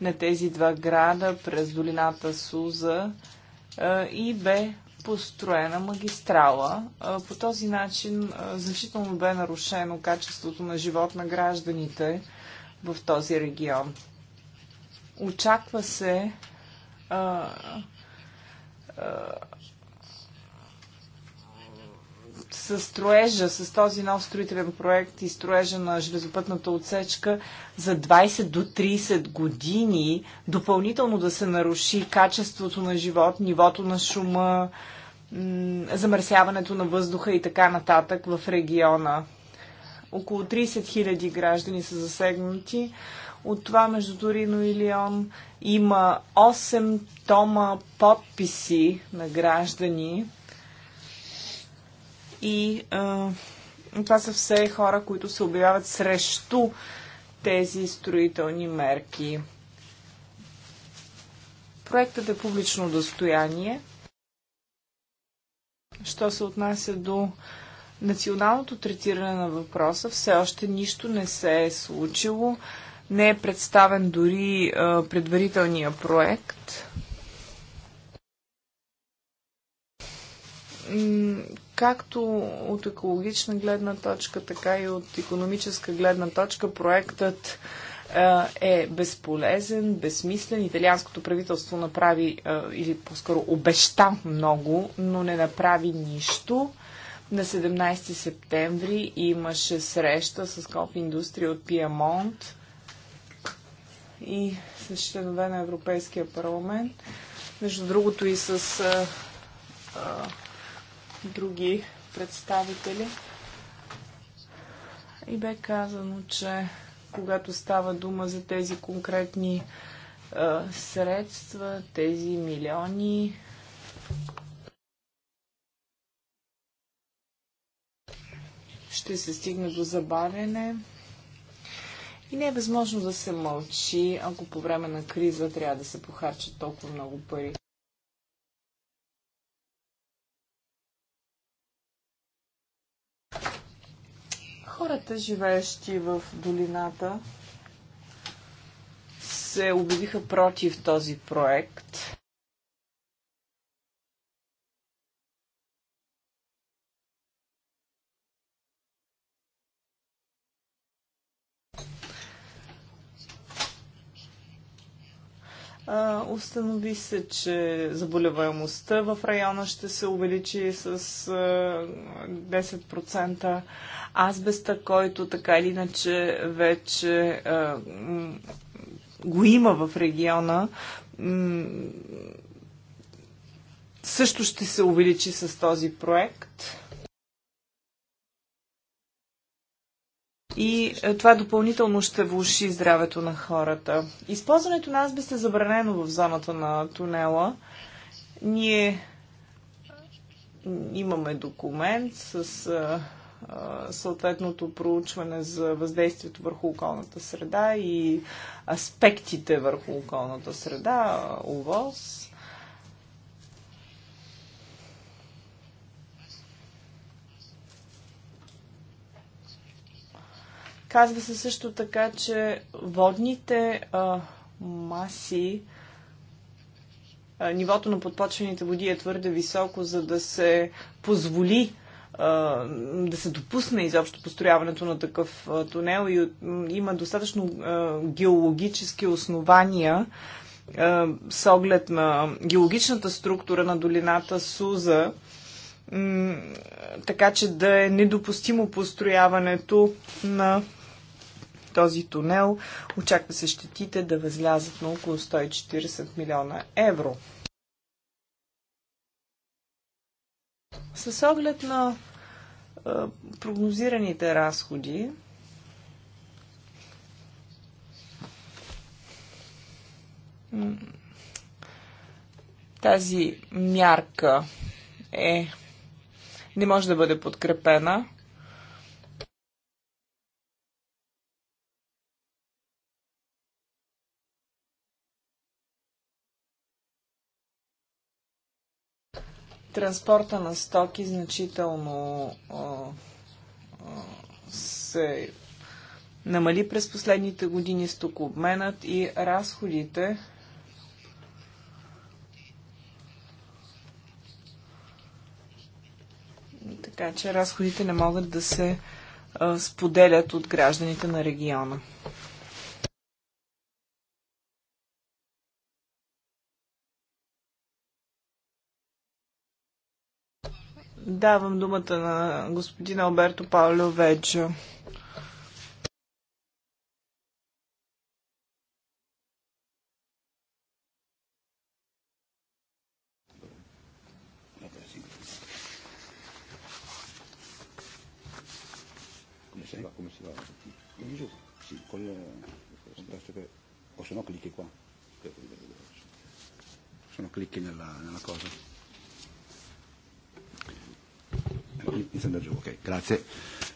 на тези два града през долината Суза е, и бе построена магистрала. Е, по този начин е, значително бе нарушено качеството на живот на гражданите в този регион. Очаква се с строежа, с този нов строителен проект и строежа на железопътната отсечка за 20 до 30 години допълнително да се наруши качеството на живот, нивото на шума, замърсяването на въздуха и така нататък в региона. Около 30 000 граждани са засегнати. От това между Торино и Лион има 8 тома подписи на граждани, и а, това са все хора, които се обявяват срещу тези строителни мерки. Проектът е публично достояние. Що се отнася до националното третиране на въпроса, все още нищо не се е случило. Не е представен дори а, предварителния проект както от екологична гледна точка, така и от економическа гледна точка проектът е безполезен, безсмислен. Италианското правителство направи, или по-скоро обеща много, но не направи нищо. На 17 септември имаше среща с Коп Индустрия от Пиемонт и с членове на Европейския парламент. Между другото и с а, а, други представители. И бе казано, че когато става дума за тези конкретни е, средства, тези милиони, ще се стигне до забавяне. И не е възможно да се мълчи, ако по време на криза трябва да се похарчат толкова много пари. хората, живеещи в долината, се обявиха против този проект. установи се, че заболеваемостта в района ще се увеличи с а, 10%. Азбеста, който така или иначе вече а, го има в региона, също ще се увеличи с този проект. и е, това допълнително ще влуши здравето на хората. Използването на азбест е забранено в зоната на тунела. Ние е, имаме документ с а, е, а, съответното проучване за въздействието върху околната среда и аспектите върху околната среда, ОВОз. Казва се също така, че водните а, маси, а, нивото на подпочвените води е твърде високо, за да се позволи да се допусне изобщо построяването на такъв тунел и има достатъчно геологически основания с оглед на геологичната структура на долината Суза, така че да е недопустимо построяването на този тунел. Очаква се щетите да възлязат на около 140 милиона евро. С оглед на е, прогнозираните разходи, тази мярка е не може да бъде подкрепена. Транспорта на стоки значително а, се намали през последните години стокообменът и разходите така че разходите не могат да се а, споделят от гражданите на региона. Давам думата на господин Алберто Павлио Веджо.
Sono clicchi nella, nella cosa. mi sembra giù, ok, grazie.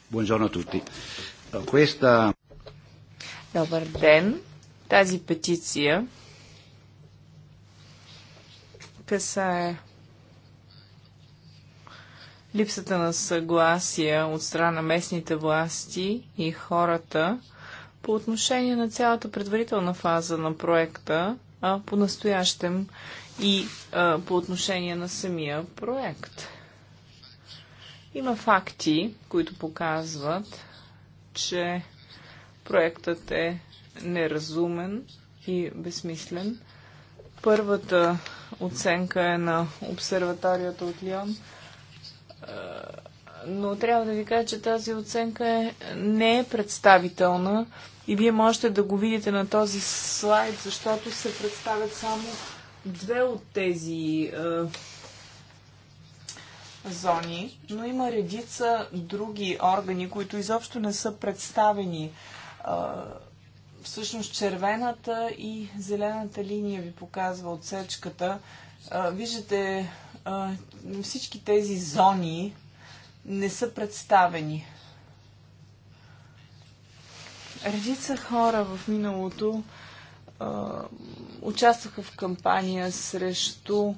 Buongiorno a tutti. Questa...
Добър ден. Тази петиция касае липсата на съгласие от страна на местните власти и хората по отношение на цялата предварителна фаза на проекта, а по настоящем и а, по отношение на самия проект. Има факти, които показват, че проектът е неразумен и безсмислен. Първата оценка е на обсерваторията от Лион, е, но трябва да ви кажа, че тази оценка е, не е представителна и вие можете да го видите на този слайд, защото се представят само две от тези е, зони, но има редица други органи, които изобщо не са представени. Всъщност червената и зелената линия ви показва отсечката. Виждате, всички тези зони не са представени. Редица хора в миналото участваха в кампания срещу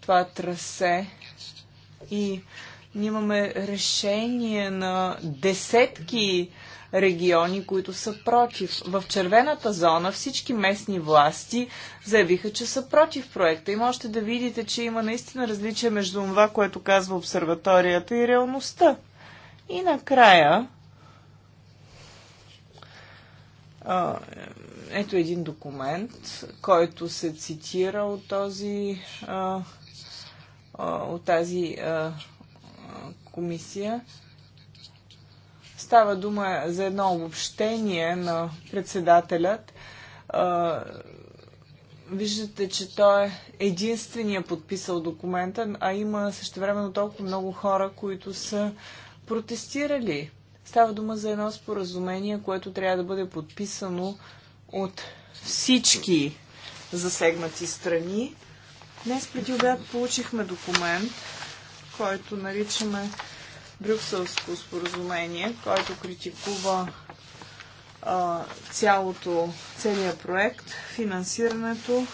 това трасе и ние имаме решение на десетки региони, които са против. В червената зона всички местни власти заявиха, че са против проекта. И можете да видите, че има наистина различие между това, което казва обсерваторията и реалността. И накрая, ето един документ, който се цитира от този от тази комисия. Става дума за едно обобщение на председателят. Виждате, че той е единствения подписал документа, а има същевременно толкова много хора, които са протестирали. Става дума за едно споразумение, което трябва да бъде подписано от всички засегнати страни Днес преди обяд получихме документ, който наричаме Брюкселско споразумение, който критикува а, цялото, целият проект, финансирането,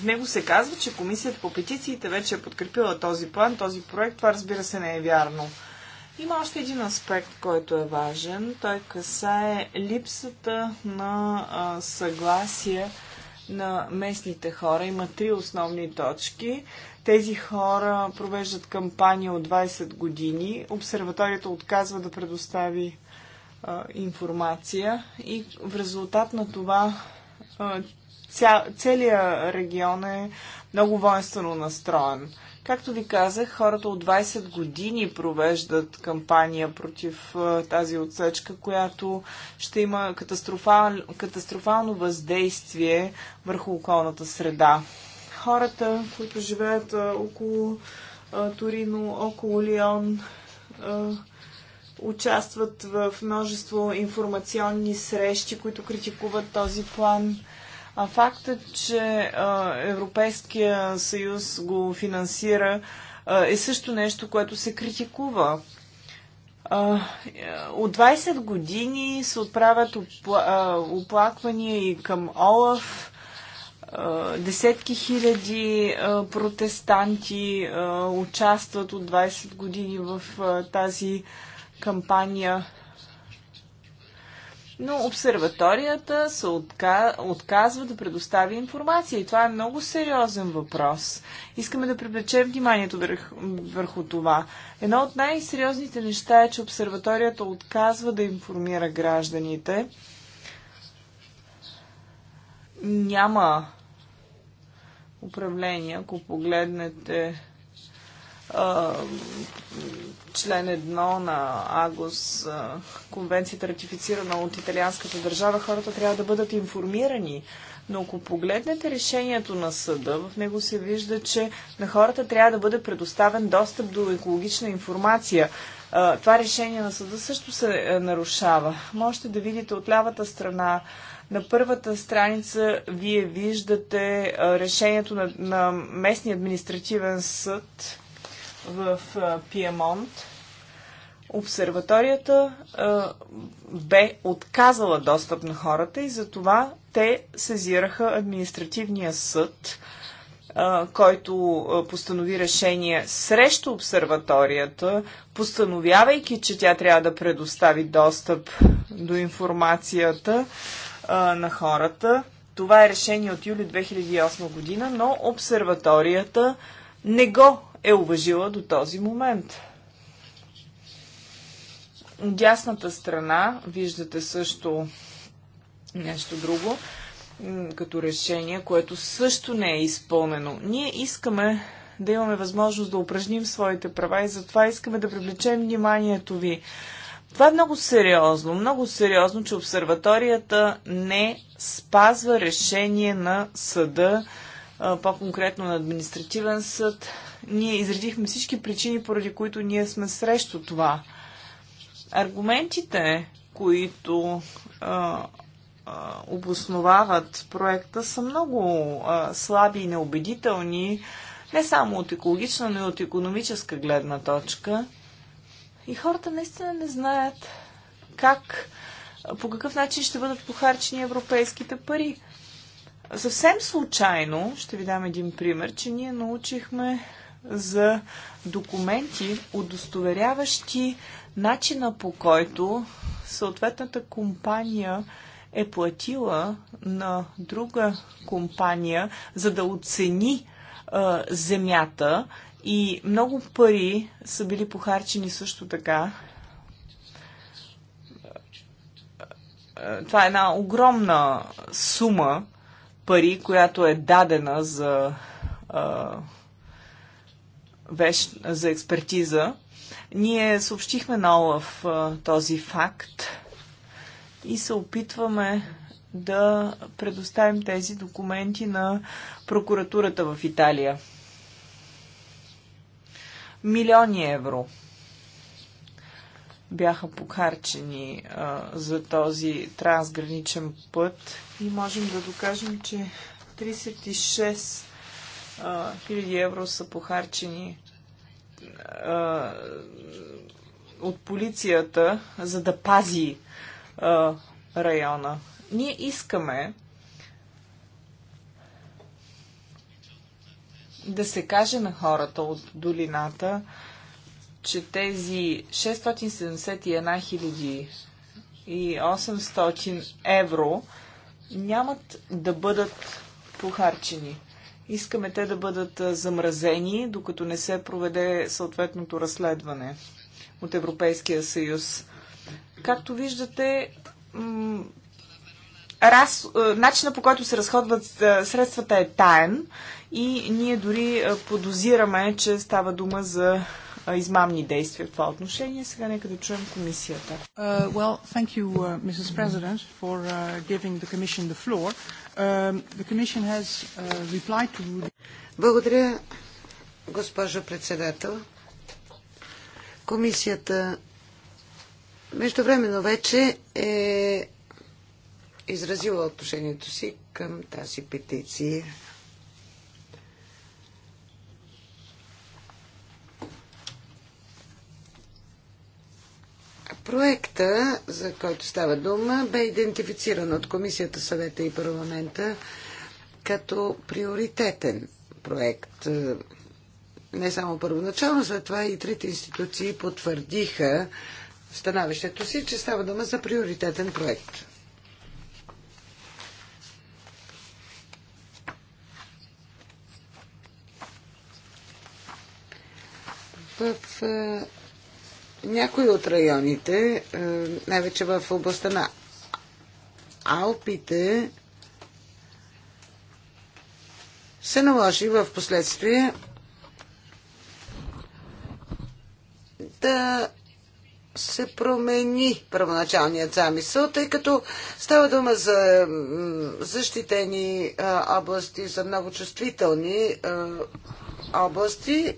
в него се казва, че комисията по петициите вече е подкрепила този план, този проект. Това разбира се не е вярно. Има още един аспект, който е важен. Той касае липсата на а, съгласие на местните хора. Има три основни точки. Тези хора провеждат кампания от 20 години. Обсерваторията отказва да предостави а, информация и в резултат на това а, ця, целият регион е много воинствено настроен. Както ви казах, хората от 20 години провеждат кампания против тази отсечка, която ще има катастрофал, катастрофално въздействие върху околната среда. Хората, които живеят около Торино, около Лион, участват в множество информационни срещи, които критикуват този план а факта, че Европейския съюз го финансира, е също нещо, което се критикува. От 20 години се отправят оплаквания и към Олаф. Десетки хиляди протестанти участват от 20 години в тази кампания но обсерваторията се отка... отказва да предостави информация и това е много сериозен въпрос. Искаме да привлечем вниманието върх... върху това. Едно от най-сериозните неща е, че обсерваторията отказва да информира гражданите. Няма управление, ако погледнете член едно на АГОС, конвенцията ратифицирана от италианската държава, хората трябва да бъдат информирани. Но ако погледнете решението на съда, в него се вижда, че на хората трябва да бъде предоставен достъп до екологична информация. Това решение на съда също се е, нарушава. Можете да видите от лявата страна на първата страница вие виждате решението на, на местния административен съд в Пиемонт, обсерваторията а, бе отказала достъп на хората и затова те сезираха административния съд, а, който а, постанови решение срещу обсерваторията, постановявайки, че тя трябва да предостави достъп до информацията а, на хората. Това е решение от юли 2008 година, но обсерваторията не го е уважила до този момент. Дясната страна, виждате също нещо друго, като решение, което също не е изпълнено. Ние искаме да имаме възможност да упражним своите права и затова искаме да привлечем вниманието ви. Това е много сериозно, много сериозно, че обсерваторията не спазва решение на съда, по-конкретно на административен съд ние изредихме всички причини, поради които ние сме срещу това. Аргументите, които а, а, обосновават проекта, са много а, слаби и неубедителни, не само от екологична, но и от економическа гледна точка. И хората наистина не знаят как, по какъв начин ще бъдат похарчени европейските пари. Съвсем случайно, ще ви дам един пример, че ние научихме за документи, удостоверяващи начина по който съответната компания е платила на друга компания, за да оцени а, земята и много пари са били похарчени също така. Това е една огромна сума пари, която е дадена за а, вещ за експертиза. Ние съобщихме на Олаф този факт и се опитваме да предоставим тези документи на прокуратурата в Италия. Милиони евро бяха похарчени а, за този трансграничен път и можем да докажем, че 36 хиляди евро са похарчени от полицията, за да пази района. Ние искаме да се каже на хората от долината, че тези 671 хиляди и 800 евро нямат да бъдат похарчени. Искаме те да бъдат замразени, докато не се проведе съответното разследване от Европейския съюз. Както виждате, раз, начина по който се разходват средствата е таен и ние дори подозираме, че става дума за измамни действия в това отношение. Сега нека да чуем комисията.
Uh, well, thank you, uh, Mrs. President, for uh, giving the Commission the floor. Um, uh, Благодаря, госпожо председател. Комисията междувременно вече е изразила отношението си към тази петиция. Проекта, за който става дума, бе идентифициран от Комисията, съвета и парламента като приоритетен проект. Не само първоначално, след това и трите институции потвърдиха становището си, че става дума за приоритетен проект. В някои от районите, е, най-вече в областта на Алпите, се наложи в последствие да се промени първоначалният замисъл, тъй като става дума за защитени области, за много чувствителни области,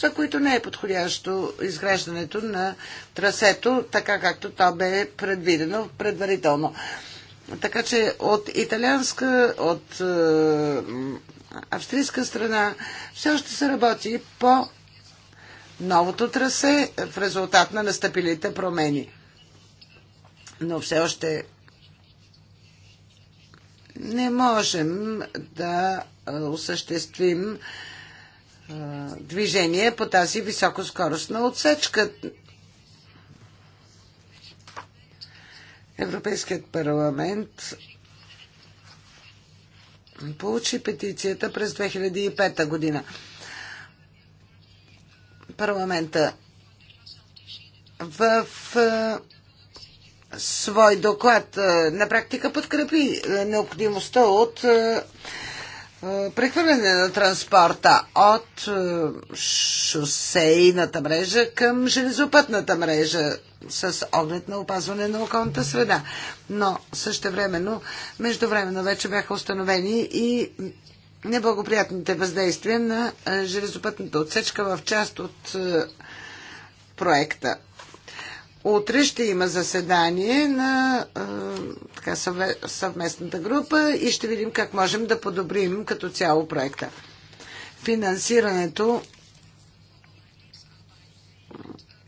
за които не е подходящо изграждането на трасето, така както то бе предвидено предварително. Така че от италианска, от е, австрийска страна все още се работи по новото трасе в резултат на настъпилите промени. Но все още не можем да е, осъществим движение по тази високоскоростна отсечка. Европейският парламент получи петицията през 2005 година. Парламента в свой доклад на практика подкрепи необходимостта от прехвърляне на транспорта от шосейната мрежа към железопътната мрежа с оглед на опазване на околната среда. Но същевременно, междувременно вече бяха установени и неблагоприятните въздействия на железопътната отсечка в част от проекта. Утре ще има заседание на а, така, съвместната група и ще видим как можем да подобрим като цяло проекта. Финансирането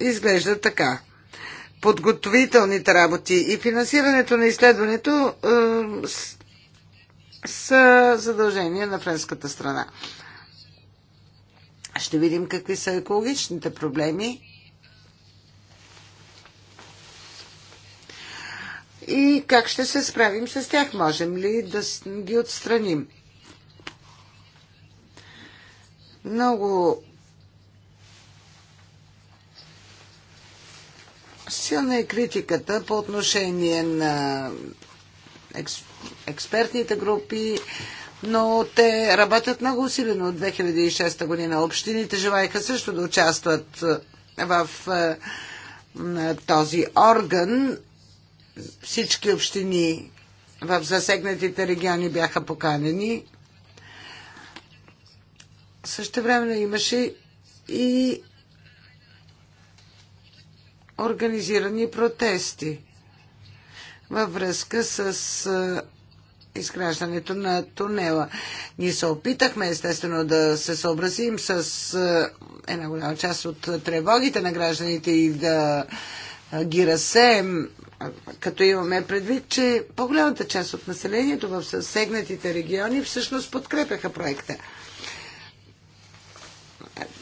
изглежда така. Подготовителните работи и финансирането на изследването а, с, са задължения на френската страна. Ще видим какви са екологичните проблеми и как ще се справим с тях? Можем ли да ги отстраним? Много силна е критиката по отношение на експертните групи, но те работят много усилено от 2006 година. Общините желаяха също да участват в е, този орган всички общини в засегнатите региони бяха поканени. Също време имаше и организирани протести във връзка с изграждането на тунела. Ние се опитахме, естествено, да се съобразим с една голяма част от тревогите на гражданите и да ги разсеем като имаме предвид, че по-голямата част от населението в съсегнатите региони всъщност подкрепяха проекта.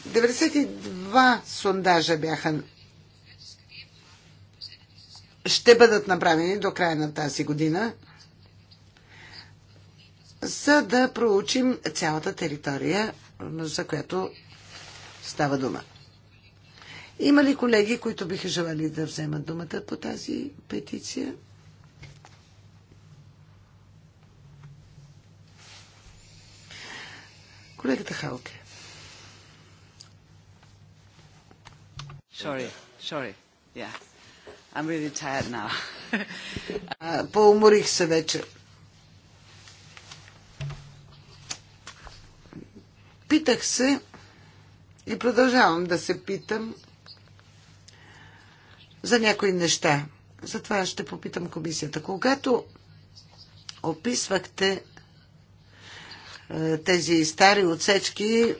92 сондажа бяха ще бъдат направени до края на тази година, за да проучим цялата територия, за която става дума. Има ли колеги, които биха желали да вземат думата по тази петиция? Колегата Халке. Sorry, sorry. Yeah. I'm really tired now. Поуморих се вече. Питах се и продължавам да се питам за някои неща. Затова ще попитам комисията. Когато описвахте е, тези стари отсечки,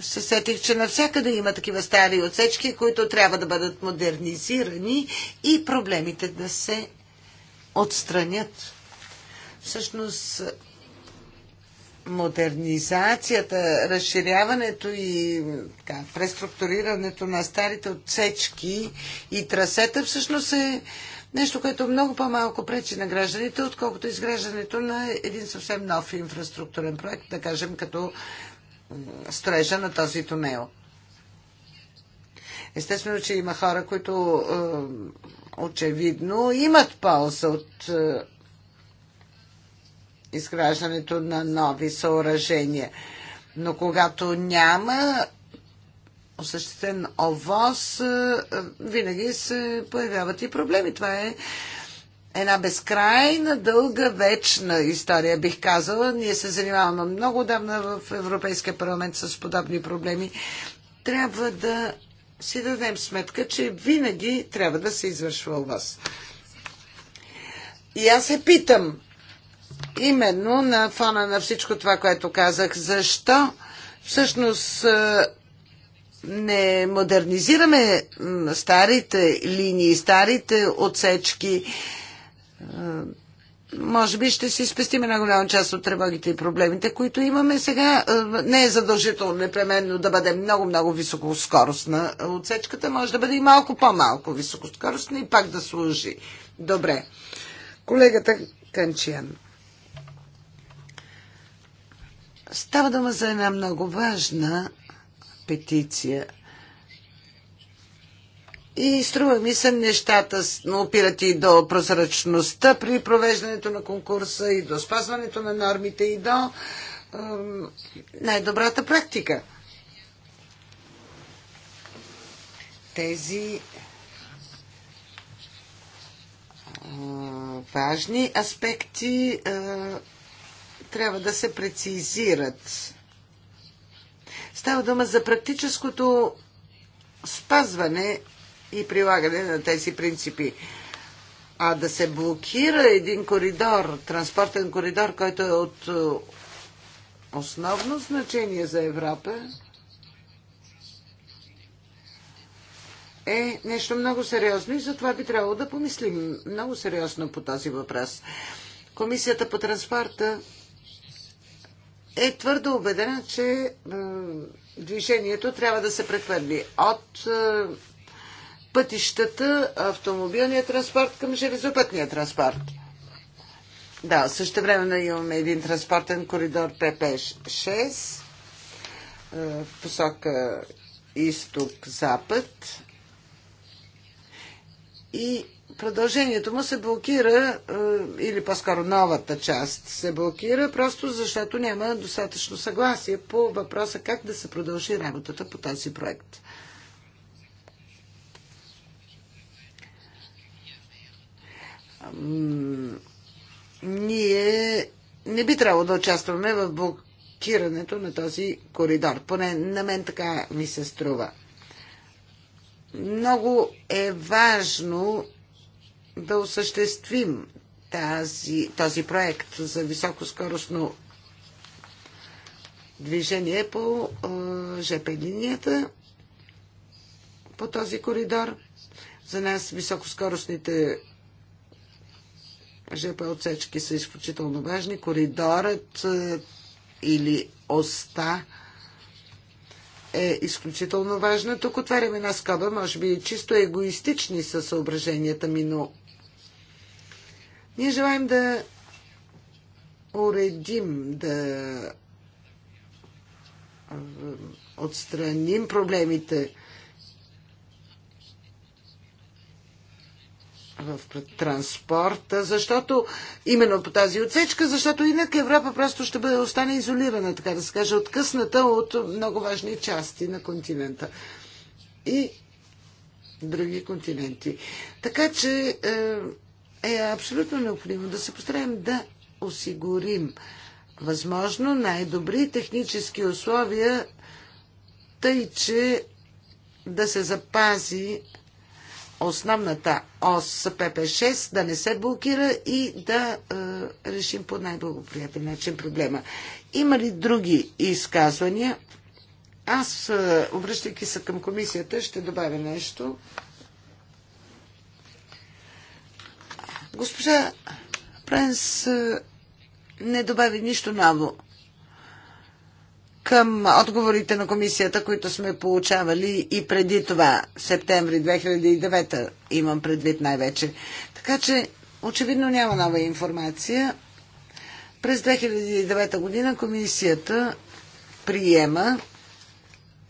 се сетих, че навсякъде има такива стари отсечки, които трябва да бъдат модернизирани и проблемите да се отстранят. Всъщност, модернизацията, разширяването и така, преструктурирането на старите отсечки и трасета всъщност е нещо, което много по-малко пречи на гражданите, отколкото изграждането на един съвсем нов инфраструктурен проект, да кажем като строежа на този тунел. Естествено, че има хора, които очевидно имат полза от изграждането на нови съоръжения. Но когато няма осъществен овоз, е, винаги се появяват и проблеми. Това е една безкрайна, дълга, вечна история, бих казала. Ние се занимаваме много давна в Европейския парламент с подобни проблеми. Трябва да си дадем сметка, че винаги трябва да се извършва у вас. И аз се питам, именно на фона на всичко това, което казах. Защо всъщност не модернизираме старите линии, старите отсечки? Може би ще си спестим една голяма част от тревогите и проблемите, които имаме сега. Не е задължително непременно да бъде много-много високоскоростна отсечката. Може да бъде и малко по-малко високоскоростна и пак да служи. Добре. Колегата Канчиян. Става дума за една много важна петиция. И струва ми се, нещата опират и до прозрачността при провеждането на конкурса, и до спазването на нормите, и до е, най-добрата практика. Тези важни аспекти е, трябва да се прецизират. Става дума за практическото спазване и прилагане на тези принципи. А да се блокира един коридор, транспортен коридор, който е от е, основно значение за Европа, е нещо много сериозно и затова би трябвало да помислим много сериозно по този въпрос. Комисията по транспорта е твърдо убедена, че движението трябва да се прехвърли от е, пътищата, автомобилния транспорт към железопътния транспорт. Да, също време имаме един транспортен коридор ПП-6 в е, посока изток-запад и продължението му се блокира, е, или по-скоро новата част се блокира, просто защото няма достатъчно съгласие по въпроса как да се продължи работата по този проект. Ние не би трябвало да участваме в блокирането на този коридор. Поне на мен така ми се струва много е важно да осъществим тази, този проект за високоскоростно движение по ЖП линията по този коридор. За нас високоскоростните ЖП отсечки са изключително важни. Коридорът или оста е изключително важна. Тук отваряме една скоба, може би чисто егоистични са съображенията ми, но ние желаем да уредим, да отстраним проблемите в транспорта, защото именно по тази отсечка, защото инак Европа просто ще бъде остане изолирана, така да се каже, откъсната от много важни части на континента и други континенти. Така че е, е абсолютно необходимо да се постараем да осигурим възможно най-добри технически условия, тъй че да се запази основната ОС ПП6 да не се блокира и да е, решим по най-благоприятен начин проблема. Има ли други изказвания? Аз, е, обръщайки се към комисията, ще добавя нещо. Госпожа Пренс е, не добави нищо ново към отговорите на комисията, които сме получавали и преди това, септември 2009, имам предвид най-вече. Така че, очевидно няма нова информация. През 2009 година комисията приема,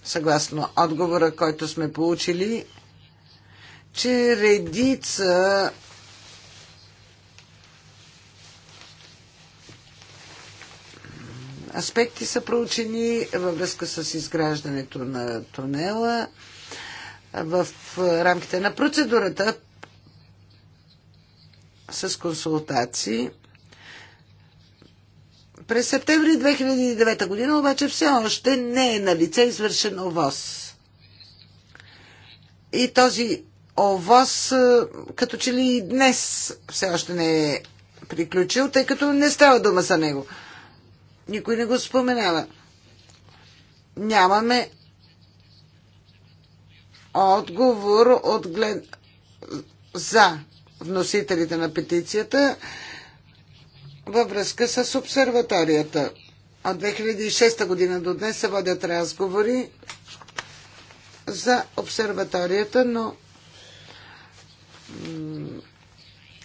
съгласно отговора, който сме получили, че редица аспекти са проучени във връзка с изграждането на тунела. В рамките на процедурата с консултации. През септември 2009 година обаче все още не е на лице извършен ОВОз. И този ОВОз като че ли и днес все още не е приключил, тъй като не става дума за него. Никой не го споменава. Нямаме отговор от глед... за вносителите на петицията във връзка с обсерваторията. От 2006 година до днес се водят разговори за обсерваторията, но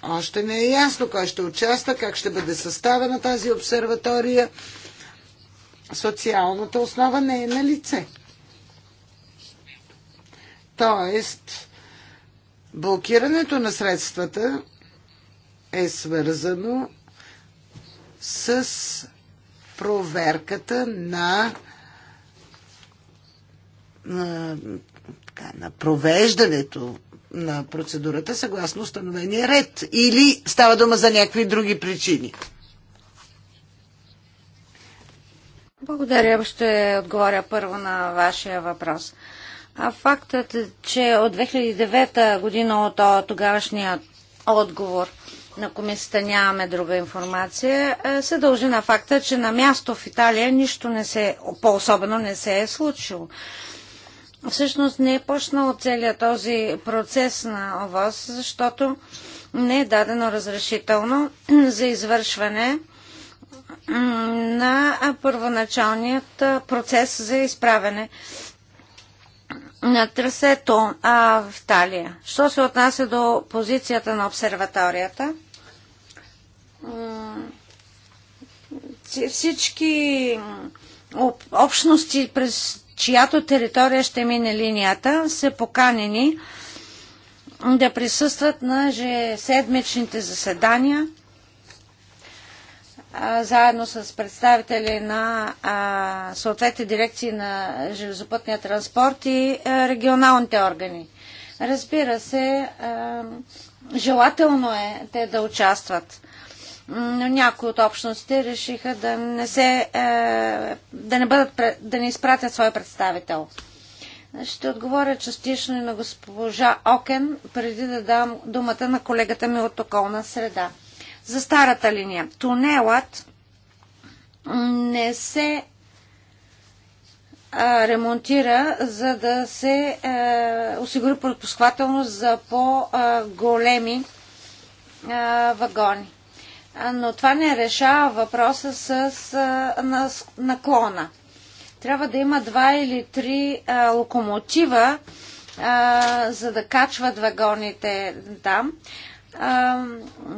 още не е ясно кой ще участва, как ще бъде съставена тази обсерватория. Социалната основа не е на лице. Тоест, блокирането на средствата е свързано с проверката на, на, на провеждането на процедурата съгласно установения ред или става дума за някакви други причини?
Благодаря. Ще отговоря първо на вашия въпрос. А фактът, че от 2009 година от тогавашния отговор на комисията нямаме друга информация, е, се дължи на факта, че на място в Италия нищо не се, по-особено не се е случило всъщност не е почнал целият този процес на ОВОС, защото не е дадено разрешително за извършване на първоначалният процес за изправене на трасето а, в Талия. Що се отнася до позицията на обсерваторията? Всички общности през чиято територия ще мине линията, са поканени да присъстват на седмичните заседания заедно с представители на съответните дирекции на железопътния транспорт и регионалните органи. Разбира се, желателно е те да участват но някои от общностите решиха да не, се, е, да не, бъдат, да не изпратят своя представител. Ще отговоря частично и на госпожа Окен, преди да дам думата на колегата ми от околна среда. За старата линия. Тунелът не се а, е, ремонтира, за да се а, е, осигури пропусквателност за по-големи вагони но това не решава въпроса с наклона. Трябва да има два или три локомотива, за да качват вагоните там.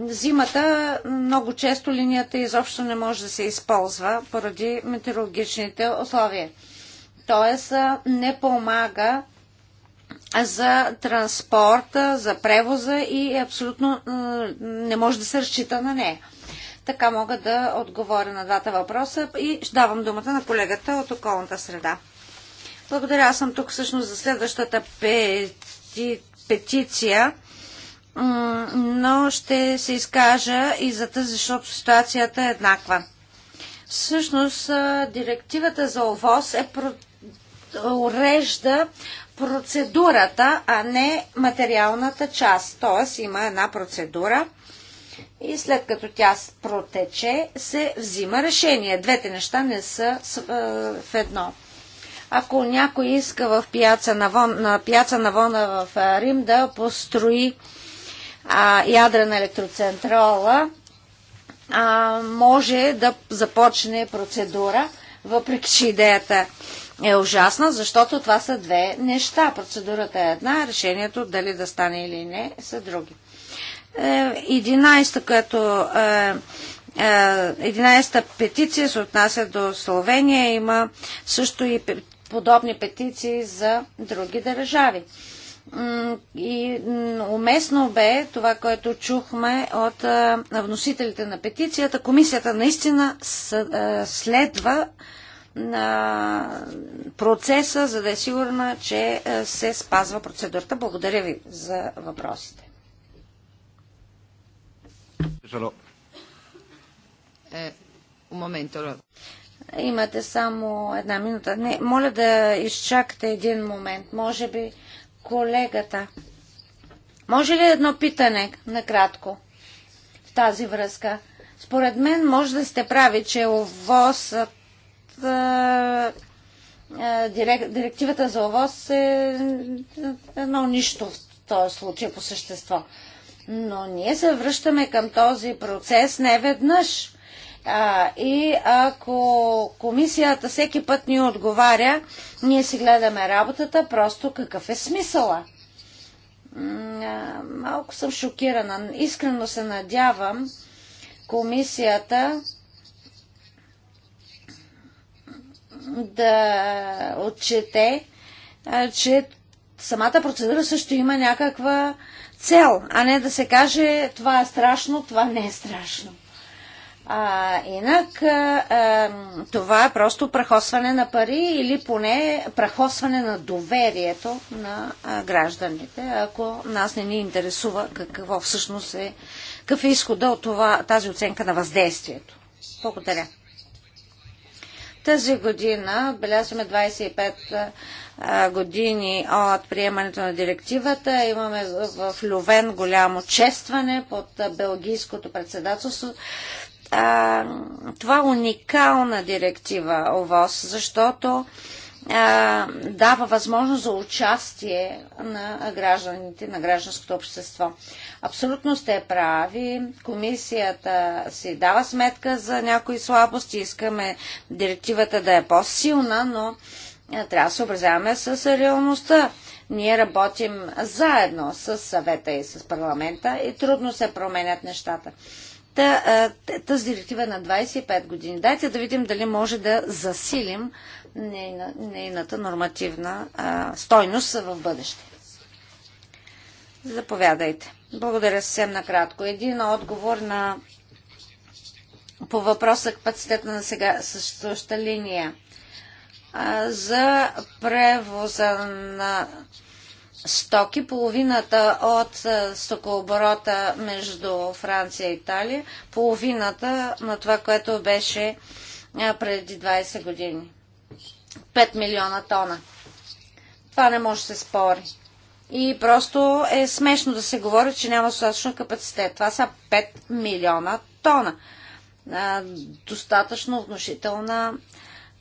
Зимата много често линията изобщо не може да се използва поради метеорологичните условия. Тоест не помага за транспорта, за превоза и е абсолютно е, не може да се разчита на нея. Така мога да отговоря на двата въпроса и давам думата на колегата от околната среда. Благодаря, аз съм тук всъщност за следващата пети... петиция, но ще се изкажа и за тази, защото ситуацията е еднаква. Всъщност, директивата за ОВОз е урежда процедурата, а не материалната част. Т.е. има една процедура и след като тя протече, се взима решение. Двете неща не са е, в едно. Ако някой иска в пияца вон, на пияца Вона в е, Рим да построи а, ядрена електроцентрала, а, може да започне процедура, въпреки че идеята е ужасна, защото това са две неща. Процедурата е една, решението дали да стане или не са други. Е, е, е, единайста, като, единайста та петиция се отнася до Словения. Има също и подобни петиции за други държави. И уместно бе това, което чухме от вносителите на петицията. Комисията наистина следва на процеса, за да е сигурна, че е, се спазва процедурата. Благодаря ви за въпросите. Е, Имате само една минута. Не, моля да изчакате един момент. Може би колегата. Може ли едно питане, накратко, в тази връзка? Според мен може да сте прави, че овосът директивата за ОВОз е едно нищо в този случай по същество. Но ние се връщаме към този процес не веднъж. А, и ако комисията всеки път ни отговаря, ние си гледаме работата, просто какъв е смисъла? малко съм шокирана. Искрено се надявам комисията да отчете, че самата процедура също има някаква цел, а не да се каже това е страшно, това не е страшно. А, инак а, а, това е просто прахосване на пари или поне прахосване на доверието на а, гражданите, ако нас не ни интересува какво всъщност е, какъв е изхода от това, тази оценка на въздействието. Благодаря. Тази година белязваме 25 години от приемането на директивата. Имаме в Лювен голямо честване под белгийското председателство. Това е уникална директива ОВОС, защото дава възможност за участие на гражданите, на гражданското общество. Абсолютно сте прави. Комисията си дава сметка за някои слабости. Искаме директивата да е по-силна, но трябва да се образяваме с реалността. Ние работим заедно с съвета и с парламента и трудно се променят нещата. Та, тази директива е на 25 години. Дайте да видим дали може да засилим нейна, нейната нормативна а, стойност в бъдеще. Заповядайте. Благодаря съвсем накратко. Един отговор на по въпроса капацитета на сега същата линия. А, за превоза на стоки, половината от стокооборота между Франция и Италия, половината на това, което беше преди 20 години. 5 милиона тона. Това не може да се спори. И просто е смешно да се говори, че няма достатъчно капацитет. Това са 5 милиона тона. А, достатъчно внушителна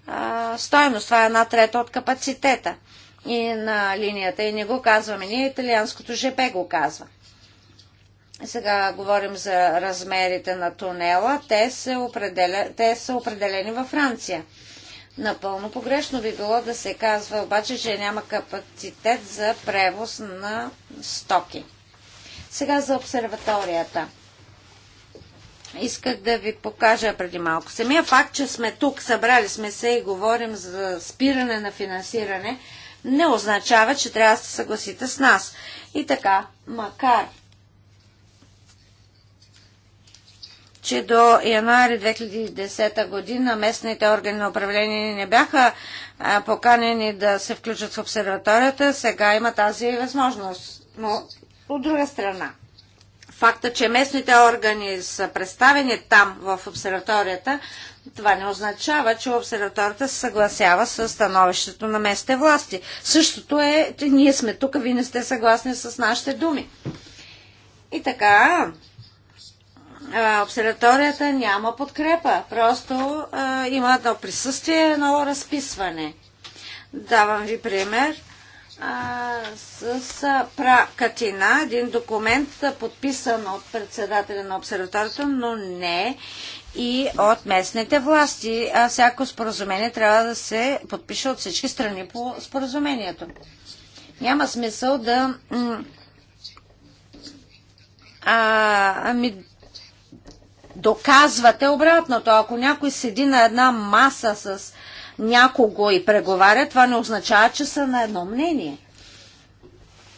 а, Това е една трета от капацитета и на линията. И не го казваме ние, италианското ЖП го казва. Сега говорим за размерите на тунела. Те са, определя... Те са определени във Франция. Напълно погрешно би било да се казва обаче, че няма капацитет за превоз на стоки. Сега за обсерваторията. Исках да ви покажа преди малко. Самия факт, че сме тук, събрали сме се и говорим за спиране на финансиране, не означава, че трябва да се съгласите с нас. И така, макар че до януари 2010 година местните органи на управление не бяха поканени да се включат в обсерваторията, сега има тази възможност. Но от друга страна, факта, че местните органи са представени там в обсерваторията, това не означава, че обсерваторията се съгласява с становището на местните власти. Същото е, че ние сме тук, вие не сте съгласни с нашите думи. И така, обсерваторията няма подкрепа. Просто а, има едно присъствие, едно разписване. Давам ви пример а, с, с един документ, подписан от председателя на обсерваторията, но не и от местните власти. А всяко споразумение трябва да се подпише от всички страни по споразумението. Няма смисъл да. А, ами, доказвате обратното. Ако някой седи на една маса с някого и преговаря, това не означава, че са на едно мнение.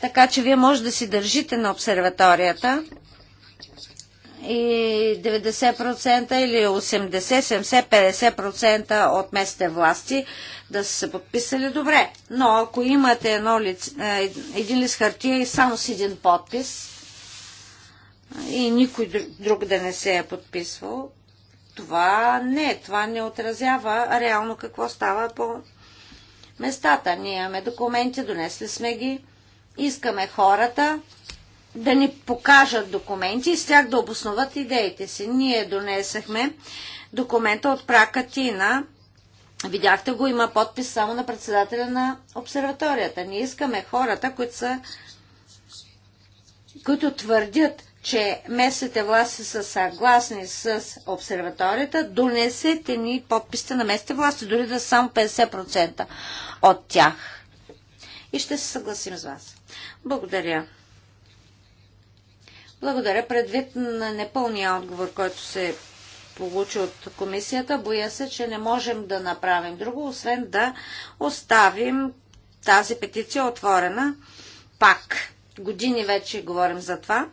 Така че вие може да си държите на обсерваторията и 90% или 80, 70, 50% от местните власти да са се подписали добре. Но ако имате едно лице, е, един лист хартия и само с един подпис, и никой друг да не се е подписвал, това не, това не отразява реално какво става по местата. Ние имаме документи, донесли сме ги, искаме хората да ни покажат документи и с тях да обосноват идеите си. Ние донесахме документа от Пракатина. Видяхте го, има подпис само на председателя на обсерваторията. Ние искаме хората, които са които твърдят, че местните власти са съгласни с обсерваторията, донесете ни подписите на местните власти, дори да са само 50% от тях. И ще се съгласим с вас. Благодаря. Благодаря. Предвид на непълния отговор, който се получи от комисията, боя се, че не можем да направим друго, освен да оставим тази петиция отворена. Пак години вече говорим за това.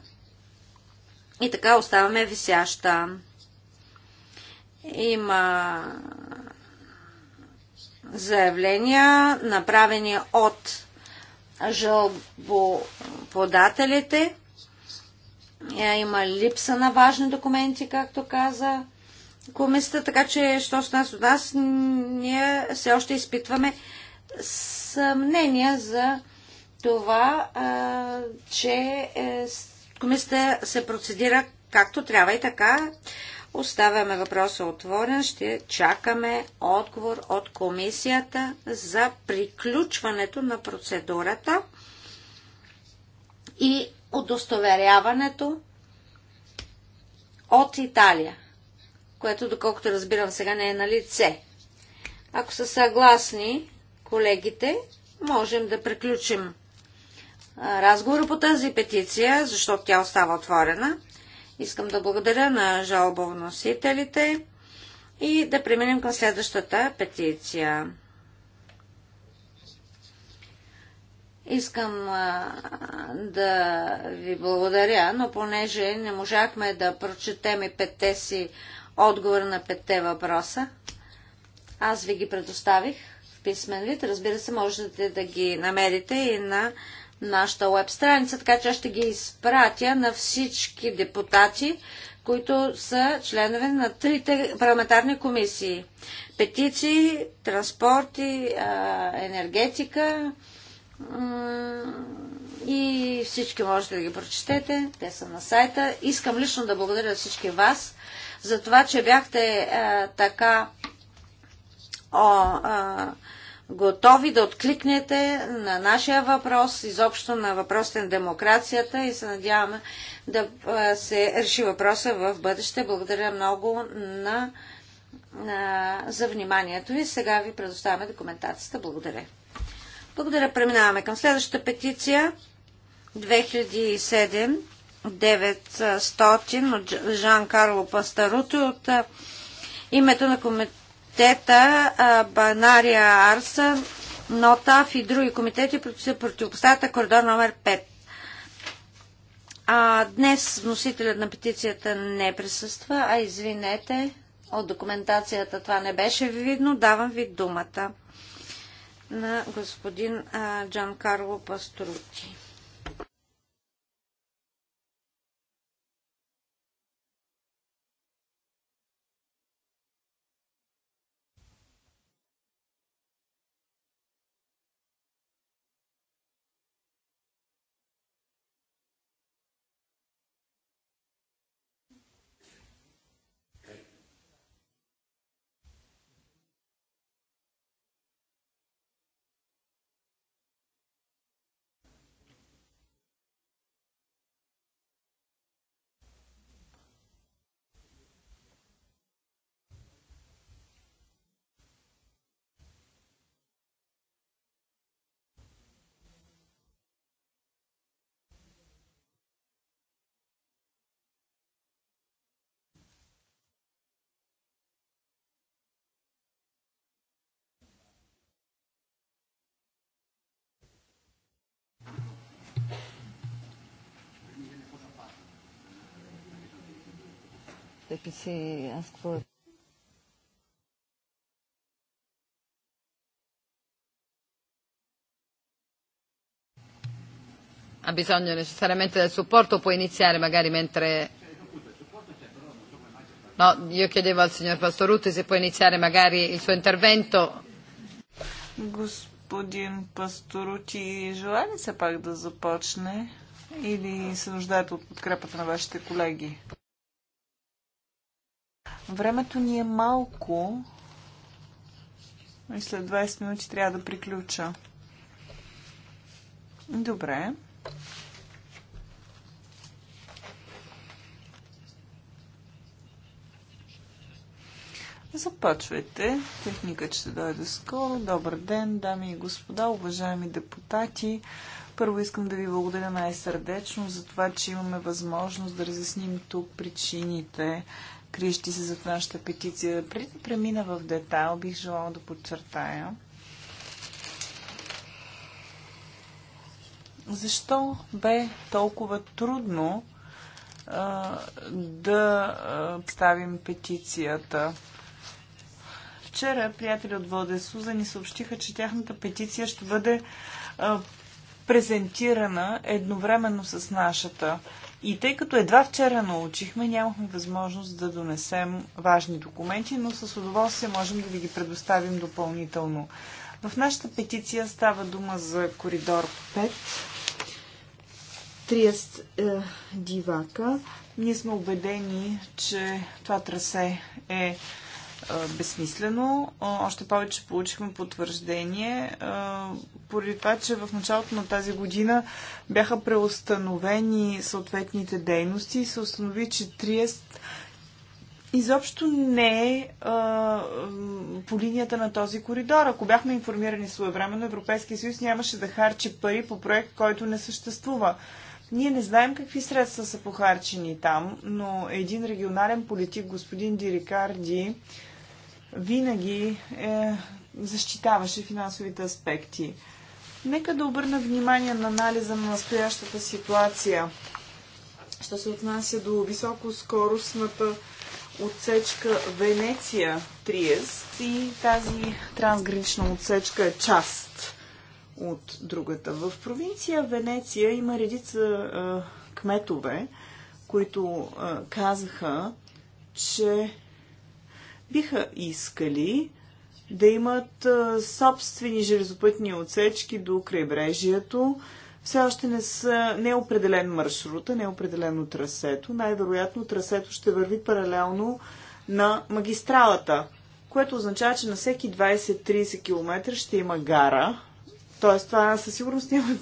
И така оставаме висяща. Има заявления, направени от жълбоподателите. Е, има липса на важни документи, както каза комисията, така че, що с нас от нас, ние все още изпитваме съмнения за това, че е, комисията се процедира както трябва и така. Оставяме въпроса отворен. Ще чакаме отговор от комисията за приключването на процедурата и удостоверяването от Италия, което, доколкото разбирам, сега не е на лице. Ако са съгласни колегите, можем да приключим разговора по тази петиция, защото тя остава отворена. Искам да благодаря на жалбовносителите и да преминем към следващата петиция. Искам да ви благодаря, но понеже не можахме да прочетем и петте си отговор на петте въпроса, аз ви ги предоставих в писмен вид. Разбира се, можете да ги намерите и на нашата веб страница, така че ще ги изпратя на всички депутати, които са членове на трите парламентарни комисии. Петиции, транспорти, енергетика и всички можете да ги прочетете. Те са на сайта. Искам лично да благодаря всички вас за това, че бяхте така о, а, готови да откликнете на нашия въпрос, изобщо на въпросите на демокрацията и се надяваме да се реши въпроса в бъдеще. Благодаря много на, на, за вниманието ви. сега ви предоставяме документацията. Благодаря. Благодаря. Преминаваме към следващата петиция 2007 900 от Жан Карло Пастаруто от името на комитет комитета Банария Арса, НОТАФ и други комитети се противопоставят коридор номер 5. А, днес вносителят на петицията не присъства, а извинете, от документацията това не беше видно. Давам ви думата на господин Джан Карло Паструти.
Deputy asked for
ha bisogno necessariamente del supporto può iniziare magari mentre No, io chiedevo al signor Pastor Rutte se può iniziare magari il suo intervento.
Господин Пасторути, желая ли се пак да започне или се нуждаете от подкрепата на вашите колеги? Времето ни е малко и след 20 минути трябва да приключа. Добре. Започвайте. Техникът ще дойде скоро. Добър ден, дами и господа, уважаеми депутати. Първо искам да ви благодаря най-сърдечно за това, че имаме възможност да разясним тук причините крищи се зад нашата петиция. Преди да премина в детайл, бих желала да подчертая. Защо бе толкова трудно а, да а, ставим петицията? Вчера приятели от Суза ни съобщиха, че тяхната петиция ще бъде а, презентирана едновременно с нашата. И тъй като едва вчера научихме, нямахме възможност да донесем важни документи, но с удоволствие можем да ви ги предоставим допълнително. В нашата петиция става дума за коридор 5, Триест е, Дивака. Ние сме убедени, че това трасе е безсмислено. Още повече получихме потвърждение, поради това, че в началото на тази година бяха преустановени съответните дейности и се установи, че Триест изобщо не е по линията на този коридор. Ако бяхме информирани своевременно, Европейския съюз нямаше да харчи пари по проект, който не съществува. Ние не знаем какви средства са похарчени там, но един регионален политик, господин Дирикарди, винаги е, защитаваше финансовите аспекти. Нека да обърна внимание на анализа на настоящата ситуация. Що се отнася до високоскоростната отсечка Венеция Триест и тази трансгранична отсечка е част от другата. В провинция Венеция има редица е, кметове, които е, казаха, че биха искали да имат собствени железопътни отсечки до крайбрежието. Все още не, са, не е определен маршрута, не е определено трасето. Най-вероятно трасето ще върви паралелно на магистралата, което означава, че на всеки 20-30 км ще има гара. Тоест, това със сигурност няма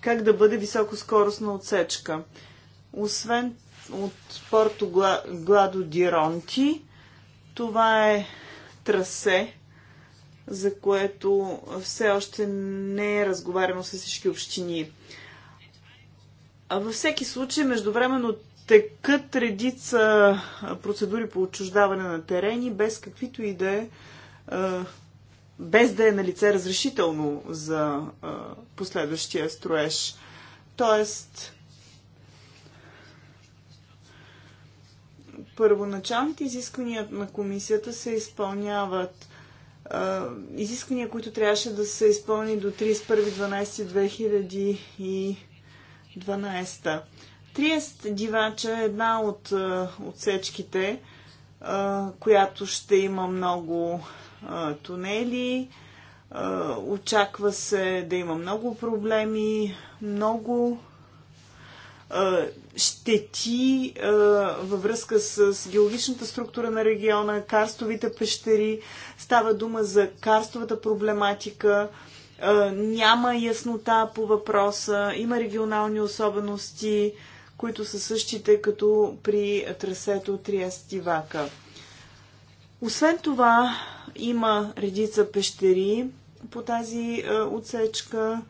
как да бъде високоскоростна отсечка. Освен от Порто Гладо Диронти, това е трасе, за което все още не е разговаряно с всички общини. А във всеки случай, междувременно текат редица процедури по отчуждаване на терени, без каквито и да е, без да е на лице разрешително за последващия строеж. Тоест, първоначалните изисквания на комисията се изпълняват. Изисквания, които трябваше да се изпълни до 31.12.2012. Триест дивача е една от отсечките, която ще има много тунели. Очаква се да има много проблеми, много щети във връзка с геологичната структура на региона, карстовите пещери, става дума за карстовата проблематика, няма яснота по въпроса, има регионални особености, които са същите като при трасето Триест-Ивака. Освен това, има редица пещери по тази отсечка.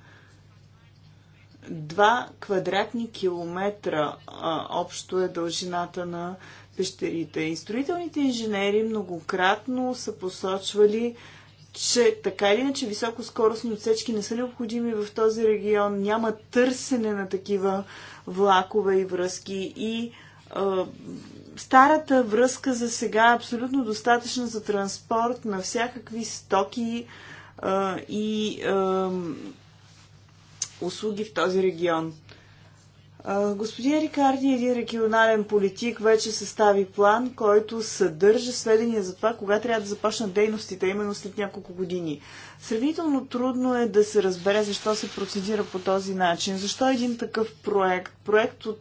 2 квадратни километра а, общо е дължината на пещерите. И строителните инженери многократно са посочвали, че така или иначе високоскоростни отсечки не са необходими в този регион, няма търсене на такива влакове и връзки и а, старата връзка за сега е абсолютно достатъчна за транспорт на всякакви стоки а, и а, услуги в този регион. Господин Рикарди, е един регионален политик, вече състави план, който съдържа сведения за това, кога трябва да започнат дейностите, именно след няколко години. Сравнително трудно е да се разбере защо се процедира по този начин, защо един такъв проект, проект от,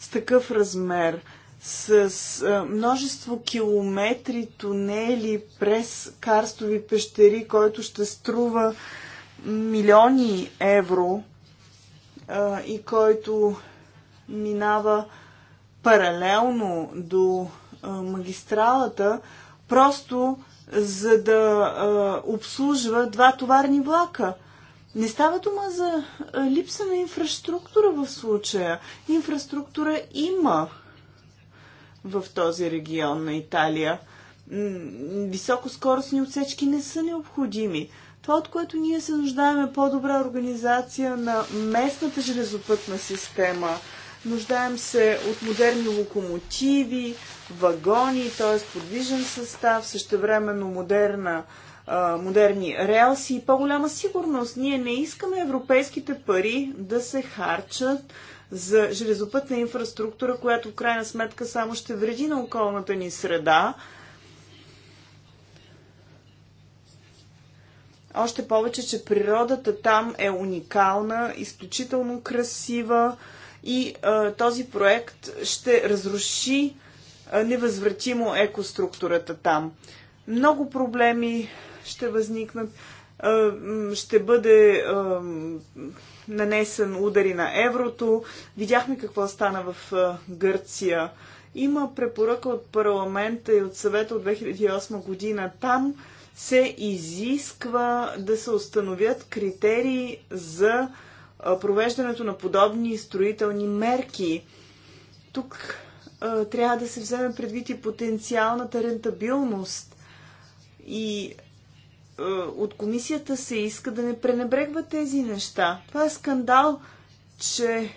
с такъв размер, с а, множество километри, тунели през карстови пещери, който ще струва милиони евро, а, и който минава паралелно до а, магистралата, просто за да а, обслужва два товарни влака. Не става дума за а, липса на инфраструктура в случая. Инфраструктура има в този регион на Италия. Високоскоростни отсечки не са необходими. Това, от което ние се нуждаем е по-добра организация на местната железопътна система. Нуждаем се от модерни локомотиви, вагони, т.е. подвижен състав, същевременно модерна модерни релси и по-голяма сигурност. Ние не искаме европейските пари да се харчат за железопътна инфраструктура, която в крайна сметка само ще вреди на околната ни среда, Още повече, че природата там е уникална, изключително красива и а, този проект ще разруши а, невъзвратимо екоструктурата там. Много проблеми ще възникнат, а, ще бъде а, нанесен удари на еврото. Видяхме какво стана в а, Гърция. Има препоръка от парламента и от съвета от 2008 година там се изисква да се установят критерии за провеждането на подобни строителни мерки. Тук трябва да се вземе предвид и потенциалната рентабилност. И от комисията се иска да не пренебрегва тези неща. Това е скандал, че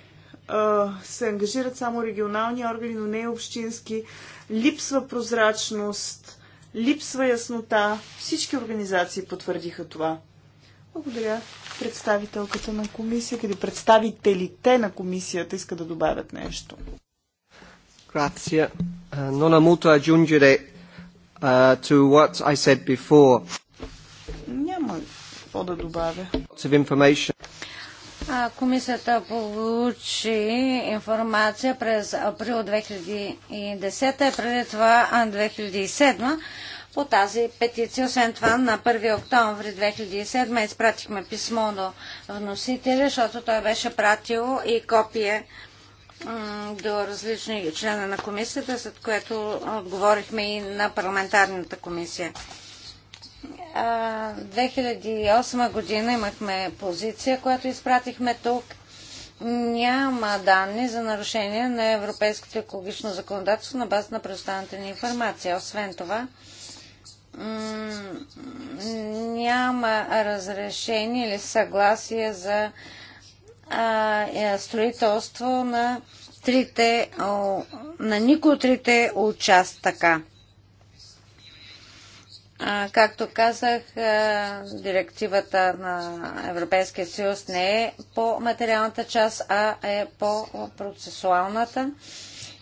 се ангажират само регионални органи, но не и общински. Липсва прозрачност липсва яснота. Всички организации потвърдиха това. Благодаря. Представителката на комисията или представителите на комисията иска да добавят нещо.
Grazie. Uh, non ha molto aggiungere uh, to what I said before.
Няма какво да добавя. Комисията получи информация през април 2010, преди това 2007 по тази петиция. Освен това, на 1 октомври 2007 изпратихме писмо до вносителя, защото той беше пратил и копие до различни члена на комисията, след което отговорихме и на парламентарната комисия. 2008 година имахме позиция, която изпратихме тук. Няма данни за нарушение на европейското екологично законодателство на база на предоставената ни информация. Освен това, няма разрешение или съгласие за е, строителство на, трите, на никой от трите участъка. както казах, директивата на Европейския съюз не е по материалната част, а е по процесуалната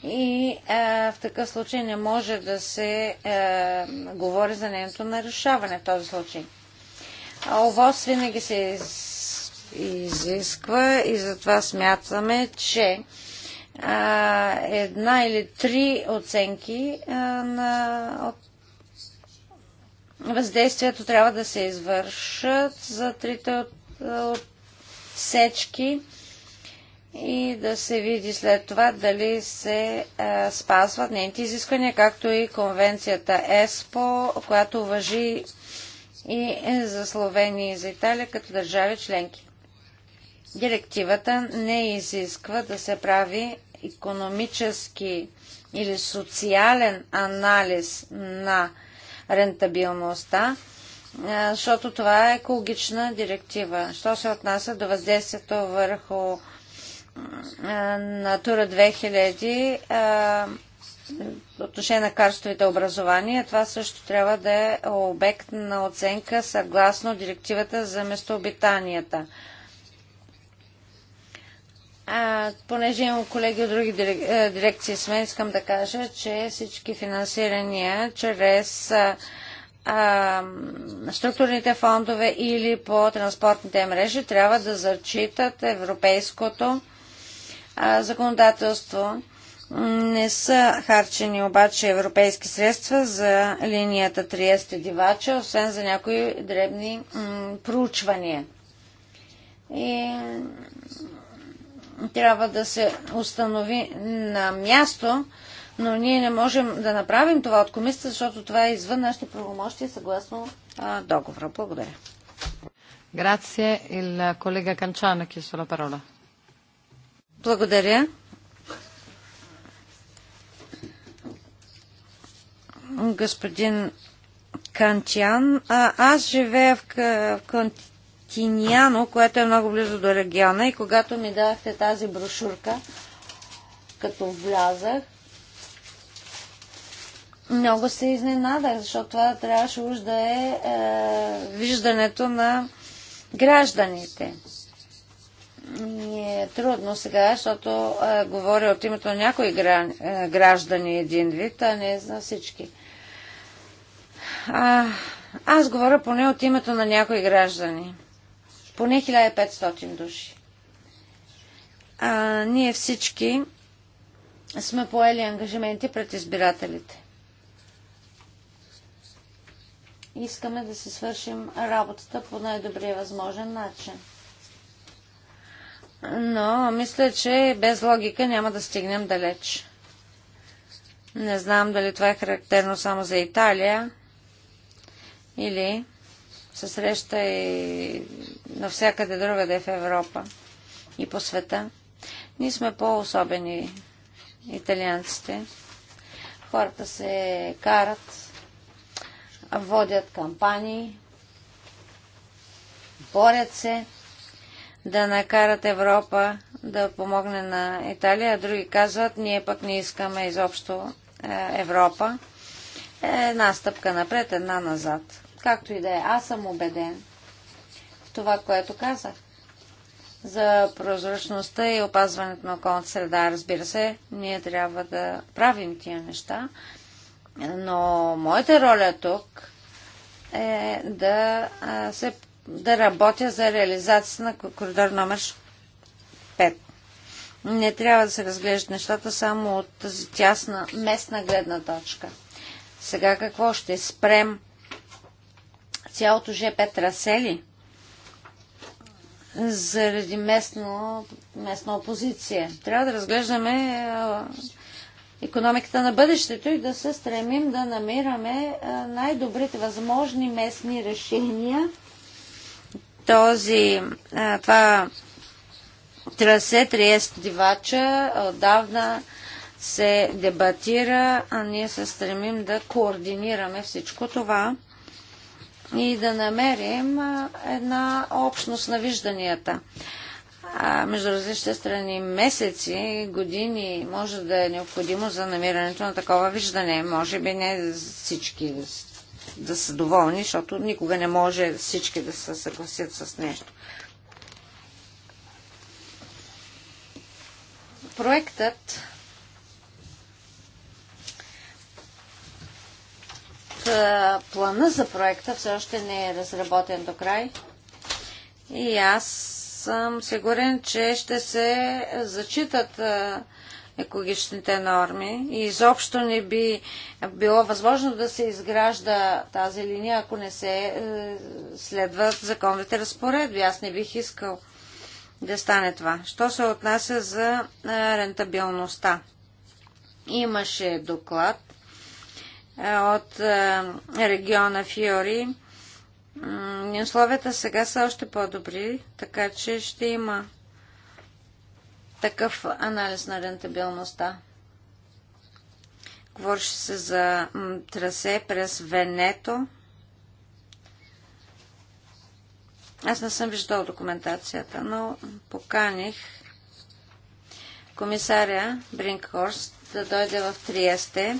и а, е, в такъв случай не може да се а, е, говори за нейното нарушаване в този случай. Овоз винаги се изисква и затова смятаме, че а, е, една или три оценки а, на от въздействието трябва да се извършат за трите от, от сечки и да се види след това дали се а, спазват нейните изисквания, както и конвенцията ЕСПО, която въжи и е за Словения и за Италия като държави членки. Директивата не изисква да се прави економически или социален анализ на рентабилността, защото това е екологична директива. Що се отнася до въздействието върху Натура 2000 отношение на карстовите образования. Това също трябва да е обект на оценка съгласно директивата за местообитанията. А, понеже имам колеги от други е, дирекции с мен, искам да кажа, че всички финансирания чрез а, а, структурните фондове или по транспортните мрежи трябва да зачитат европейското законодателство. Не са харчени обаче европейски средства за линията Триесте Дивача, освен за някои дребни проучвания. И трябва да се установи на място, но ние не можем да направим това от комисията, защото това е извън нашите правомощия съгласно а, договора. Благодаря.
Grazie. Il collega Canciano ha chiesto la parola.
Благодаря. Господин Кантиан, а, аз живея в, в Кантиняно, което е много близо до региона и когато ми дадахте тази брошурка, като влязах, много се изненадах, защото това трябваше уж да е, е виждането на гражданите е трудно сега, защото а, говоря от името на някои гран, а, граждани един вид, а не за всички. А, аз говоря поне от името на някои граждани. Поне 1500 души. А, ние всички сме поели ангажименти пред избирателите. Искаме да си свършим работата по най-добрия възможен начин но мисля, че без логика няма да стигнем далеч. Не знам дали това е характерно само за Италия или се среща и навсякъде другаде в Европа и по света. Ние сме по-особени италианците. Хората се карат, водят кампании, борят се да накарат Европа да помогне на Италия, а други казват, ние пък не искаме изобщо е, Европа. Е, една стъпка напред, една назад. Както и да е, аз съм убеден в това, което казах за прозрачността и опазването на околната среда. Разбира се, ние трябва да правим тия неща, но моята роля тук е да се да работя за реализация на коридор номер 5. Не трябва да се разглеждат нещата само от тази тясна местна гледна точка. Сега какво? Ще спрем цялото ЖП трасе Заради местно, местна опозиция. Трябва да разглеждаме економиката на бъдещето и да се стремим да намираме най-добрите възможни местни решения – този, това трасе Триест Дивача отдавна се дебатира, а ние се стремим да координираме всичко това и да намерим една общност на вижданията. А между различните страни месеци, години може да е необходимо за намирането на такова виждане. Може би не всички да са доволни, защото никога не може всички да се съгласят с нещо. Проектът плана за проекта все още не е разработен до край. И аз съм сигурен, че ще се зачитат екологичните норми и изобщо не би било възможно да се изгражда тази линия, ако не се е, следват законните разпоредби. Аз не бих искал да стане това. Що се отнася за е, рентабилността? Имаше доклад е, от региона Фиори. Условията сега са още по-добри, така че ще има такъв анализ на рентабилността. Говореше се за трасе през Венето. Аз не съм виждал документацията, но поканих комисаря Бринкхорст да дойде в Триесте.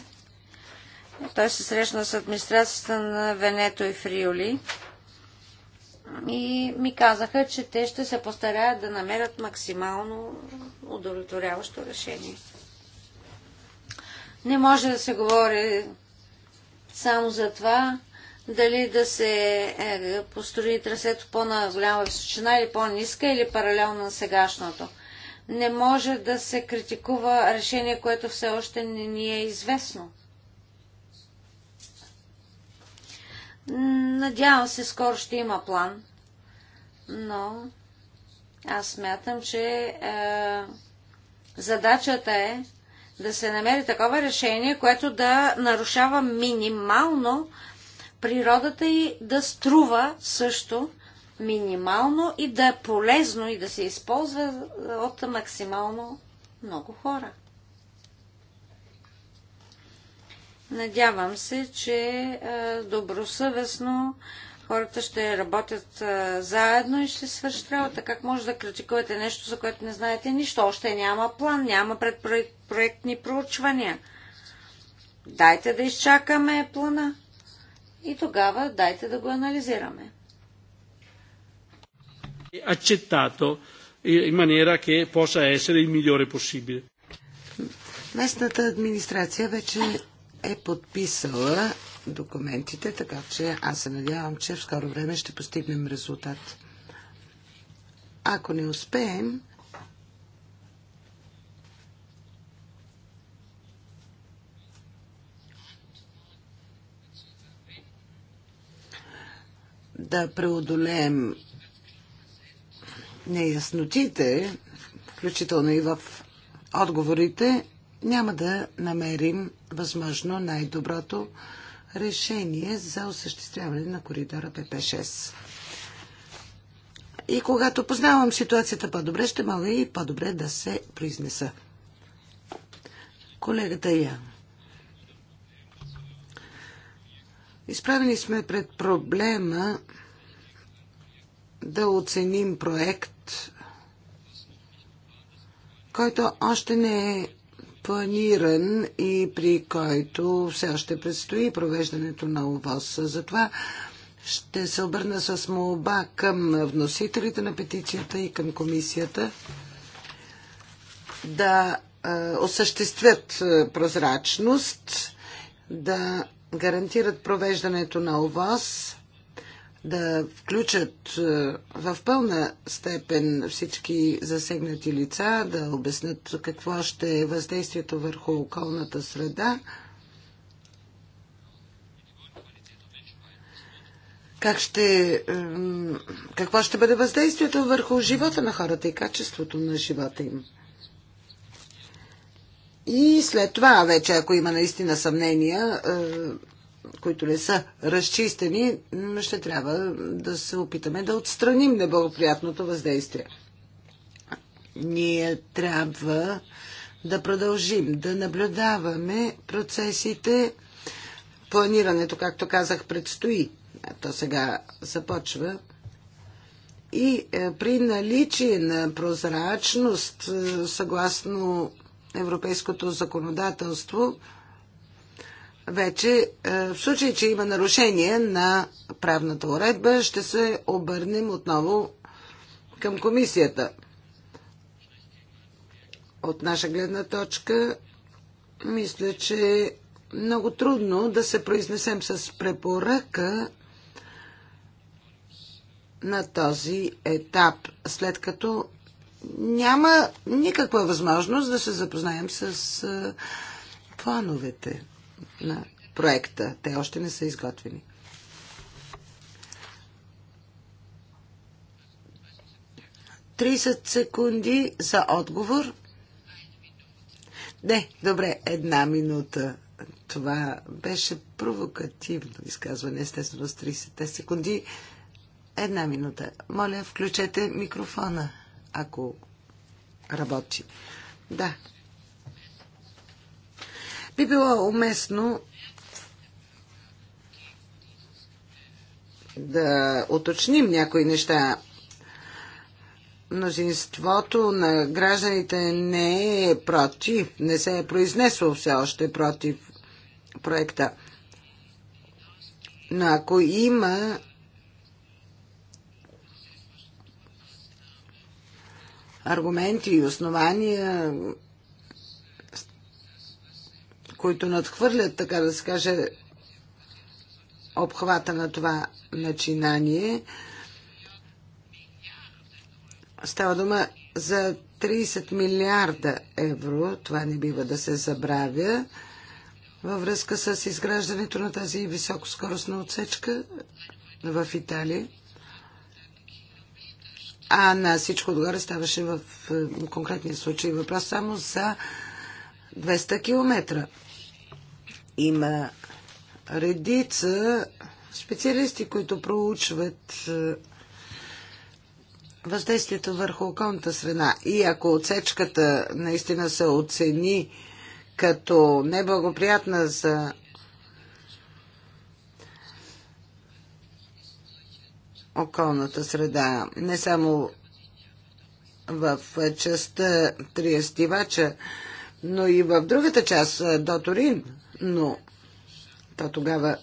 Той се срещна с администрацията на Венето и Фриоли и ми казаха, че те ще се постараят да намерят максимално удовлетворяващо решение. Не може да се говори само за това, дали да се е, построи трасето по-голяма височина или по-ниска или паралелно на сегашното. Не може да се критикува решение, което все още не ни е известно. Надявам се, скоро ще има план, но аз смятам, че е, задачата е да се намери такова решение, което да нарушава минимално природата и да струва също минимално и да е полезно и да се използва е, от максимално много хора. Надявам се, че е, добросъвестно хората ще работят а, заедно и ще свършат работа. Как може да критикувате нещо, за което не знаете нищо? Още няма план, няма предпроектни проучвания. Дайте да изчакаме плана и тогава дайте да го анализираме.
Accettato е е, in maniera che possa essere il migliore possibile.
Местната администрация вече е подписала документите, така че аз се надявам, че в скоро време ще постигнем резултат. Ако не успеем, да преодолеем неяснотите, включително и в отговорите, няма да намерим възможно най-доброто решение за осъществяване на коридора ПП6. И когато познавам ситуацията по-добре, ще мога и по-добре да се произнеса. Колегата Я. Изправени сме пред проблема да оценим проект, който още не е планиран и при който все още предстои провеждането на ОВОС. Затова ще се обърна с молба към вносителите на петицията и към комисията да осъществят прозрачност, да гарантират провеждането на ОВОС да включат е, в пълна степен всички засегнати лица, да обяснят какво ще е въздействието върху околната среда, как ще, какво ще бъде въздействието върху живота на хората и качеството на живота им. И след това вече, ако има наистина съмнения, е, които не са разчистени, ще трябва да се опитаме да отстраним неблагоприятното въздействие. Ние трябва да продължим да наблюдаваме процесите. Планирането, както казах, предстои. То сега започва. И е, при наличие на прозрачност, е, съгласно европейското законодателство, вече е, в случай, че има нарушение на правната уредба, ще се обърнем отново към комисията. От наша гледна точка, мисля, че е много трудно да се произнесем с препоръка на този етап, след като няма никаква възможност да се запознаем с е, плановете на проекта. Те още не са изготвени. Трисът секунди за отговор. Не, добре, една минута. Това беше провокативно изказване, естествено, с 30 секунди. Една минута. Моля, включете микрофона, ако работи. Да, би било уместно да уточним някои неща. Мнозинството на гражданите не е против, не се е произнесло все още против проекта. Но ако има аргументи и основания които надхвърлят, така да се каже, обхвата на това начинание. Става дума за 30 милиарда евро, това не бива да се забравя, във връзка с изграждането на тази високоскоростна отсечка в Италия. А на всичко отгоре ставаше в конкретния случай въпрос само за 200 км. Има редица специалисти, които проучват е, въздействието върху околната среда. И ако отсечката наистина се оцени като неблагоприятна за околната среда, не само в частта Триестивача, но и в другата част е, до Торин, но то тогава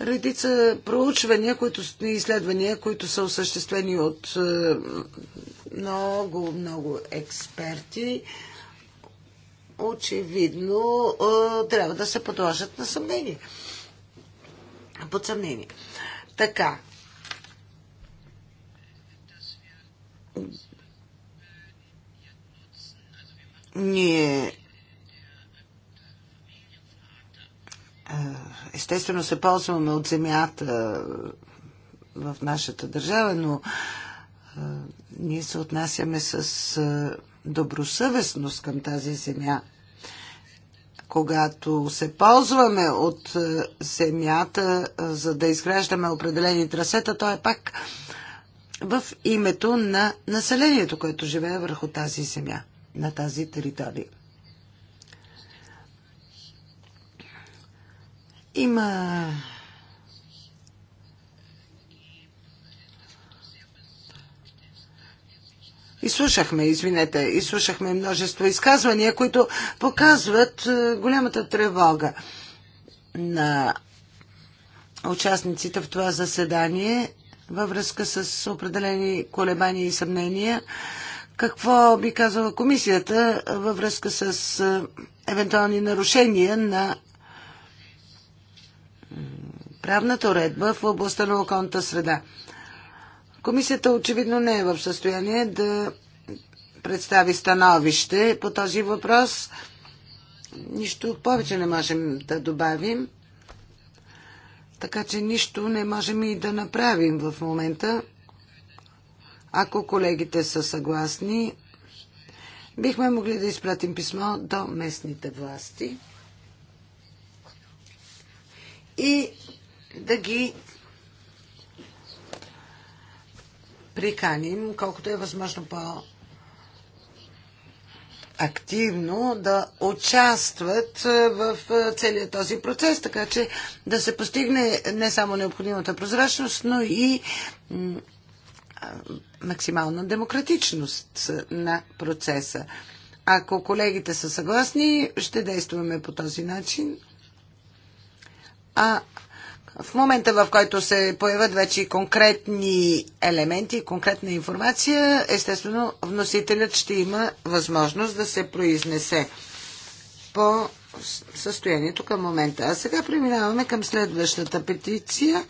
редица проучвания които, и изследвания, които са осъществени от е, много, много експерти, очевидно е, трябва да се подложат на съмнение. Под съмнение. Така. Ние Е, естествено се ползваме от земята е, в нашата държава, но е, ние се отнасяме с добросъвестност към тази земя. Когато се ползваме от земята, за да изграждаме определени трасета, то е пак в името на населението, което живее върху тази земя, на тази територия. Има Изслушахме, извинете, изслушахме множество изказвания, които показват е, голямата тревога на участниците в това заседание във връзка с определени колебания и съмнения. Какво би казала комисията във връзка с е, евентуални нарушения на правната уредба в областта на околната среда. Комисията очевидно не е в състояние да представи становище по този въпрос. Нищо повече не можем да добавим. Така че нищо не можем и да направим в момента. Ако колегите са съгласни, бихме могли да изпратим писмо до местните власти и да ги приканим, колкото е възможно по- активно да участват е, в е, целият този процес, така че да се постигне не само необходимата прозрачност, но и е, максимална демократичност на процеса. Ако колегите са съгласни, ще действаме по този начин. А в момента, в който се появят вече конкретни елементи, конкретна информация, естествено вносителят ще има възможност да се произнесе по състоянието към момента. А сега преминаваме към следващата петиция,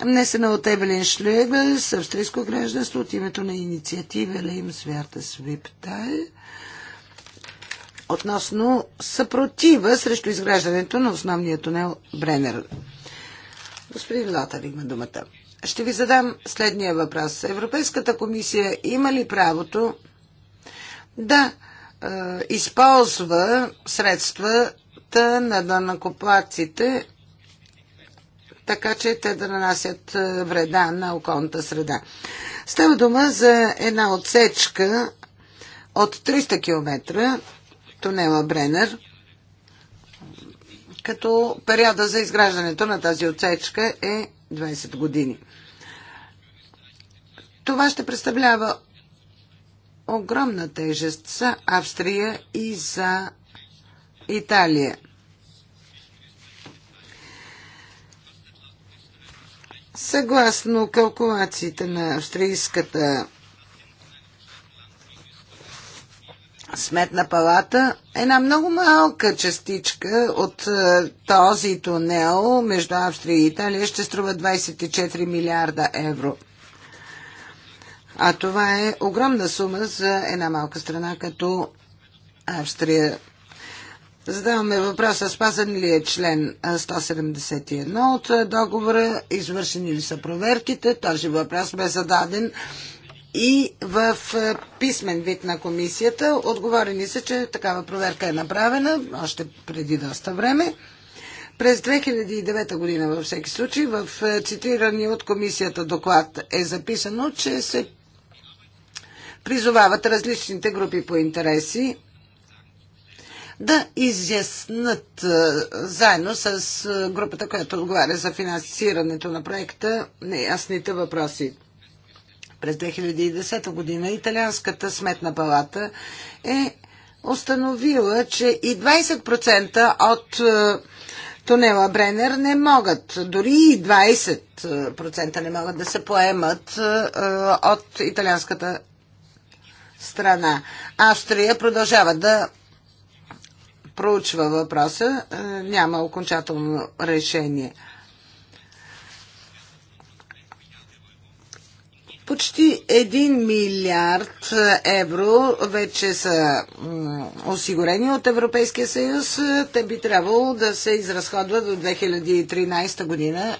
внесена от Евелин Шлюега с австрийско гражданство от името на инициатива Лейм Сверта Свиптай относно съпротива срещу изграждането на основния тунел Бренер Господин Латър има думата. Ще ви задам следния въпрос. Европейската комисия има ли правото да е, използва средствата на данакоплаците, така че те да нанасят е, вреда на околната среда? Става дума за една отсечка от 300 км тунела Бренер – като периода за изграждането на тази отсечка е 20 години. Това ще представлява огромна тежест за Австрия и за Италия. Съгласно калкулациите на австрийската сметна палата една много малка частичка от е, този тунел между Австрия и Италия ще струва 24 милиарда евро. А това е огромна сума за една малка страна като Австрия. Задаваме въпроса, спазен ли е член 171 от е, договора, извършени ли са проверките. Този въпрос бе зададен и в е, писмен вид на комисията. Отговори ни се, че такава проверка е направена още преди доста време. През 2009 година във всеки случай в е, цитирания от комисията доклад е записано, че се призовават различните групи по интереси да изяснат е, заедно с групата, която отговаря за финансирането на проекта, неясните въпроси. През 2010 година Италианската сметна палата е установила, че и 20% от е, тунела Бренер не могат, дори и 20% не могат да се поемат е, е, от италианската страна. Австрия продължава да проучва въпроса, няма окончателно решение. Почти 1 милиард евро вече са осигурени от Европейския съюз. Те би трябвало да се изразходват до 2013 година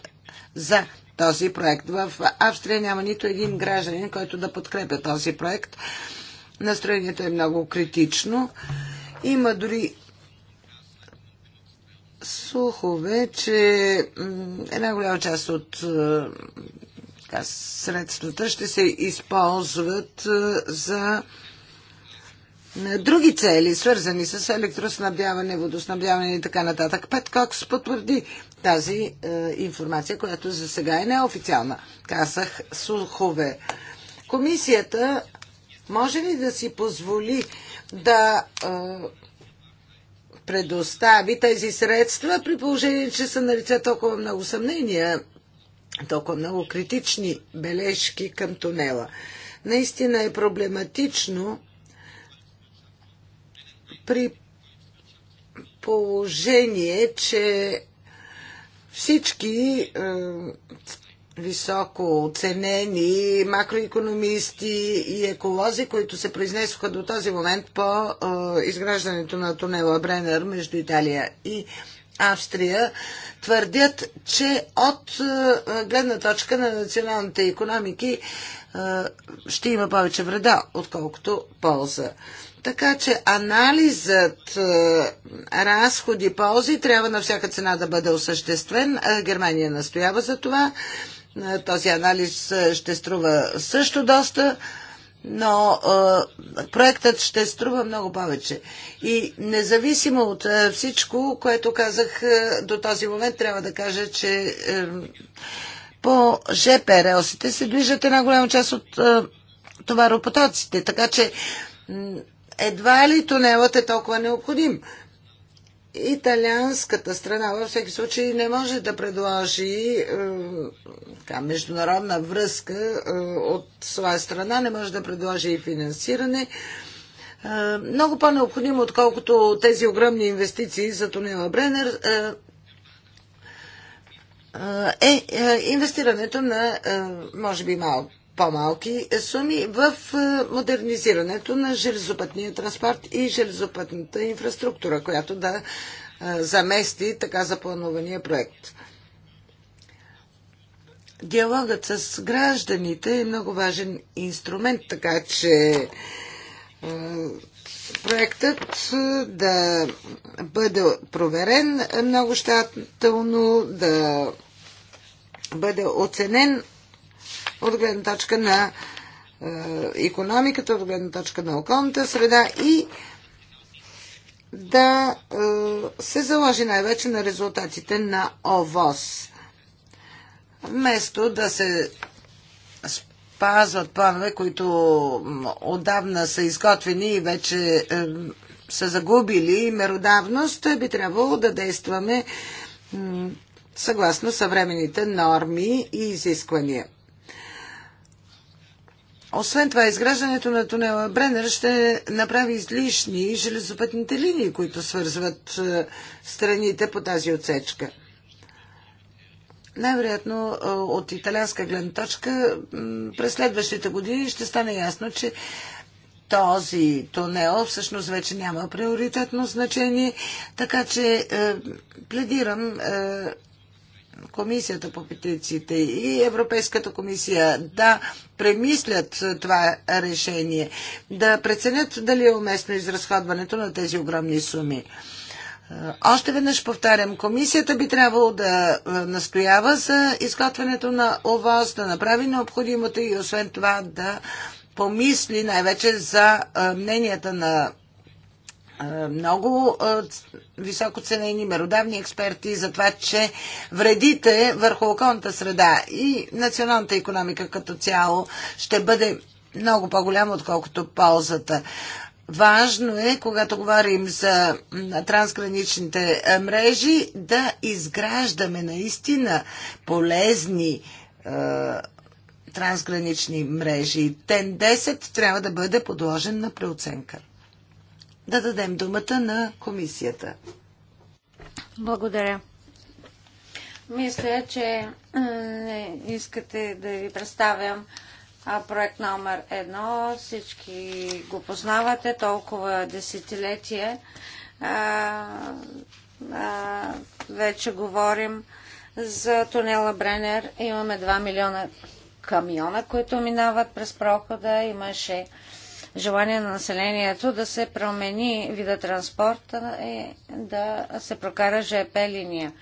за този проект. В Австрия няма нито един гражданин, който да подкрепя този проект. Настроението е много критично. Има дори слухове, че една голяма част от така, средствата ще се използват е, за е, други цели, свързани с електроснабдяване, водоснабдяване и така нататък. Пет Кокс потвърди тази е, информация, която за сега е неофициална. Казах сухове. Комисията може ли да си позволи да е, предостави тези средства, при положение, че са налице толкова много съмнения толкова много критични бележки към тунела. Наистина е проблематично при положение, че всички е, високо оценени макроекономисти и еколози, които се произнесоха до този момент по е, изграждането на тунела Бренер между Италия и Австрия твърдят, че от е, гледна точка на националните економики е, ще има повече вреда, отколкото полза. Така че анализът е, разходи, ползи трябва на всяка цена да бъде осъществен. Германия настоява за това. Този анализ ще струва също доста но а, проектът ще струва много повече. И независимо от а, всичко, което казах а, до този момент, трябва да кажа, че а, е, по ЖП релсите се движат една голяма част от а, товаропотоците, така че едва ли тунелът е толкова необходим. А, италианската страна във всеки случай не може да предложи е, така, международна връзка е, от своя страна, не може да предложи и финансиране. Е, много по-необходимо, отколкото тези огромни инвестиции за тунела Бренер, е, инвестирането на, може би, малко по-малки суми в е, модернизирането на железопътния транспорт и железопътната инфраструктура, която да е, замести така запланования проект. Диалогът с гражданите е много важен инструмент, така че е, проектът да бъде проверен много щателно, да бъде оценен от гледна точка на економиката, от гледна точка на околната среда и да е, се заложи най-вече на резултатите на ОВОС. Вместо да се спазват планове, които отдавна са изготвени и вече е, са загубили меродавност, би трябвало да действаме съгласно съвременните норми и изисквания. Освен това, изграждането на тунела Бренер ще направи излишни железопътните линии, които свързват е, страните по тази отсечка. Най-вероятно е, от италианска гледна точка през следващите години ще стане ясно, че този тунел всъщност вече няма приоритетно значение, така че е, пледирам е, Комисията по петициите и Европейската комисия да премислят това решение, да преценят дали е уместно изразходването на тези огромни суми. Е, още веднъж повтарям, комисията би трябвало да е, настоява за изготвянето на ОВОС, да направи необходимото и освен това да помисли най-вече за е, мненията на много високо ценени меродавни експерти за това, че вредите върху околната среда и националната економика като цяло ще бъде много по-голяма, отколкото ползата. Важно е, когато говорим за трансграничните мрежи, да изграждаме наистина полезни трансгранични мрежи. Тен 10 трябва да бъде подложен на преоценка да дадем думата на комисията.
Благодаря. Мисля, че не искате да ви представям проект номер едно. Всички го познавате толкова десетилетие. вече говорим за тунела Бренер. Имаме 2 милиона камиона, които минават през прохода. Имаше желание на населението да се промени вида транспорта и да се прокара ЖП линия.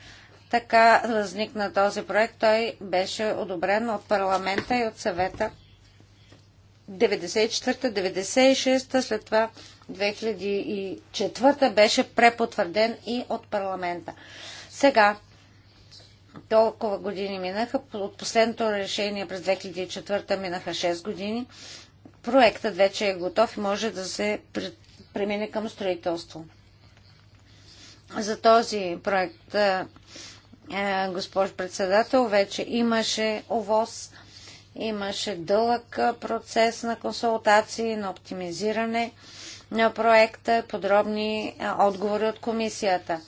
Така възникна този проект. Той беше одобрен от парламента и от съвета 94-96, след това 2004 беше препотвърден и от парламента. Сега, толкова години минаха, от последното решение през 2004 минаха 6 години проектът вече е готов и може да се премине към строителство. За този проект, госпожо председател, вече имаше ОВОз, имаше дълъг процес на консултации, на оптимизиране на проекта, подробни отговори от комисията.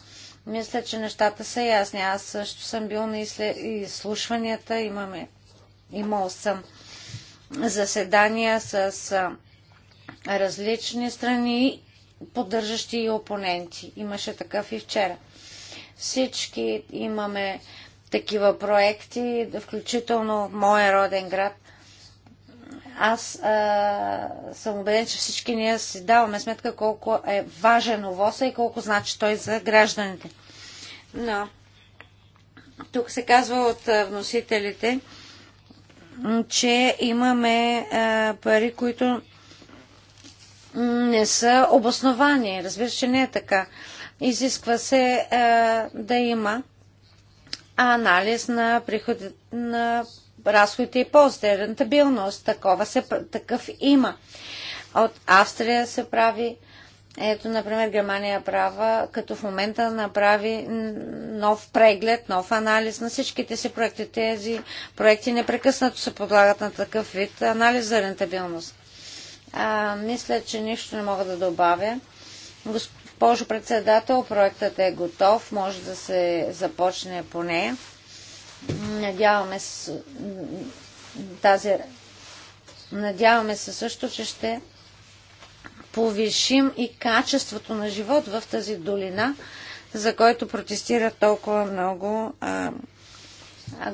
Мисля, че нещата са ясни. Аз също съм бил на изслушванията, имаме, имал съм заседания с различни страни, поддържащи и опоненти. Имаше такъв и вчера. Всички имаме такива проекти, включително в моя роден град. Аз а, съм убеден, че всички ние си даваме сметка колко е важен овоса и колко значи той за гражданите. Но тук се казва от вносителите, че имаме е, пари, които не са обосновани. Разбира се, не е така. Изисква се е, да има анализ на приходите на разходите и ползите, рентабилност. Такова се, такъв има. От Австрия се прави ето, например, Германия е права, като в момента направи нов преглед, нов анализ на всичките си проекти. Тези проекти непрекъснато се подлагат на такъв вид анализ за рентабилност. А, мисля, че нищо не мога да добавя. Госпожо председател, проектът е готов, може да се започне по нея. Надяваме се, тази, надяваме се също, че ще повишим и качеството на живот в тази долина, за който протестират толкова много а,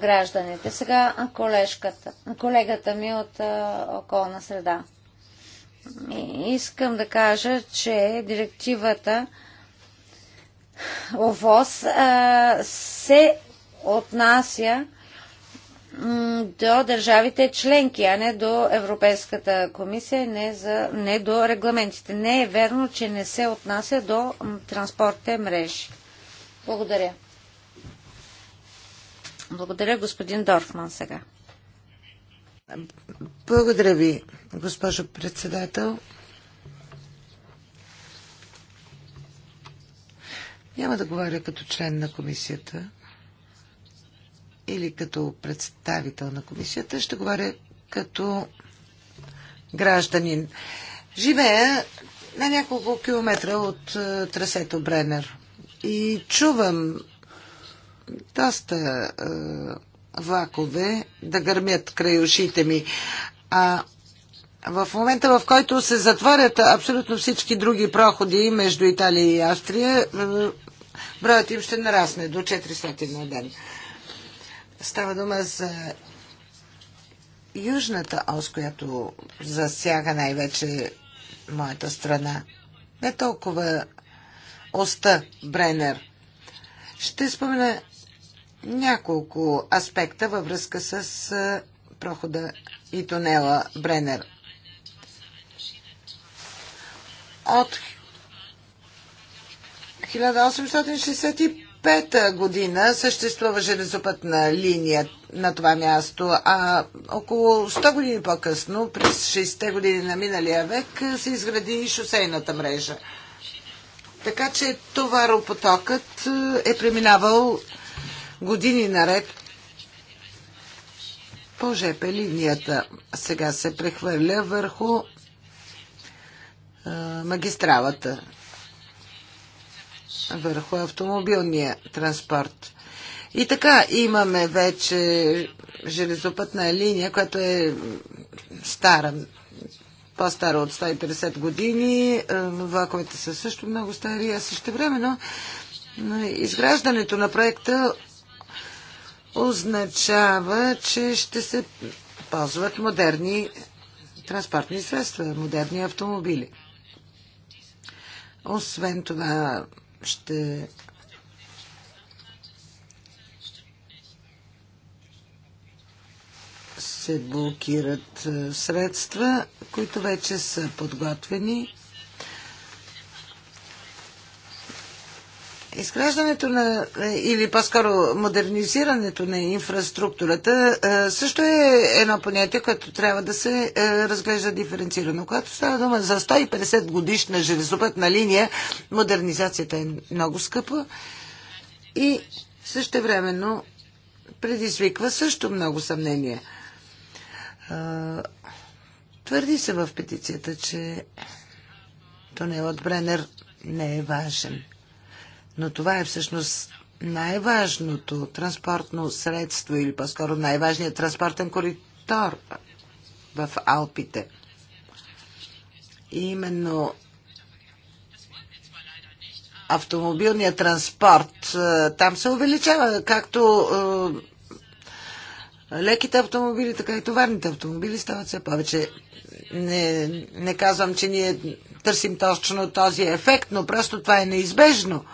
гражданите. Сега колежката, колегата ми от а, околна среда. И искам да кажа, че директивата ОВОС а, се отнася до държавите членки, а не до Европейската комисия, не, за, не до регламентите. Не е верно, че не се отнася до транспортните мрежи. Благодаря. Благодаря, господин Дорфман, сега.
Благодаря ви, госпожо председател. Няма да говоря като член на комисията или като представител на комисията, ще говоря като гражданин. Живея на няколко километра от е, трасето Бренер и чувам доста е, влакове да гърмят край ушите ми. А в момента, в който се затварят абсолютно всички други проходи между Италия и Австрия, е, броят им ще нарасне до 400 на ден. Става дума за Южната ос, която засяга най-вече моята страна. Не толкова оста Бренер. Ще спомена няколко аспекта във връзка с прохода и тунела Бренер. От 1865 1995 година съществува железопътна линия на това място, а около 100 години по-късно, през 60-те години на миналия век, се изгради и шосейната мрежа. Така че товаропотокът е преминавал години наред по ЖП линията. Сега се прехвърля върху магистралата върху автомобилния транспорт. И така, имаме вече железопътна линия, която е стара, по-стара от 150 години. Е, влаковете са също много стари, а също времено е, изграждането на проекта означава, че ще се ползват модерни транспортни средства, модерни автомобили. Освен това, ще се блокират е, средства, които вече са подготвени Изграждането на, е, или по-скоро модернизирането на инфраструктурата е, също е едно понятие, което трябва да се е, разглежда диференцирано. Когато става дума за 150 годишна железопътна линия, модернизацията е много скъпа и също времено предизвиква също много съмнения. Твърди се в петицията, че тунелът Бренер не е важен. Но това е всъщност най-важното транспортно средство или по-скоро най-важният транспортен коридор в Алпите. И именно автомобилният транспорт е, там се увеличава, както е, леките автомобили, така и товарните автомобили стават все повече. Не, не казвам, че ние търсим точно този ефект, но просто това е неизбежно.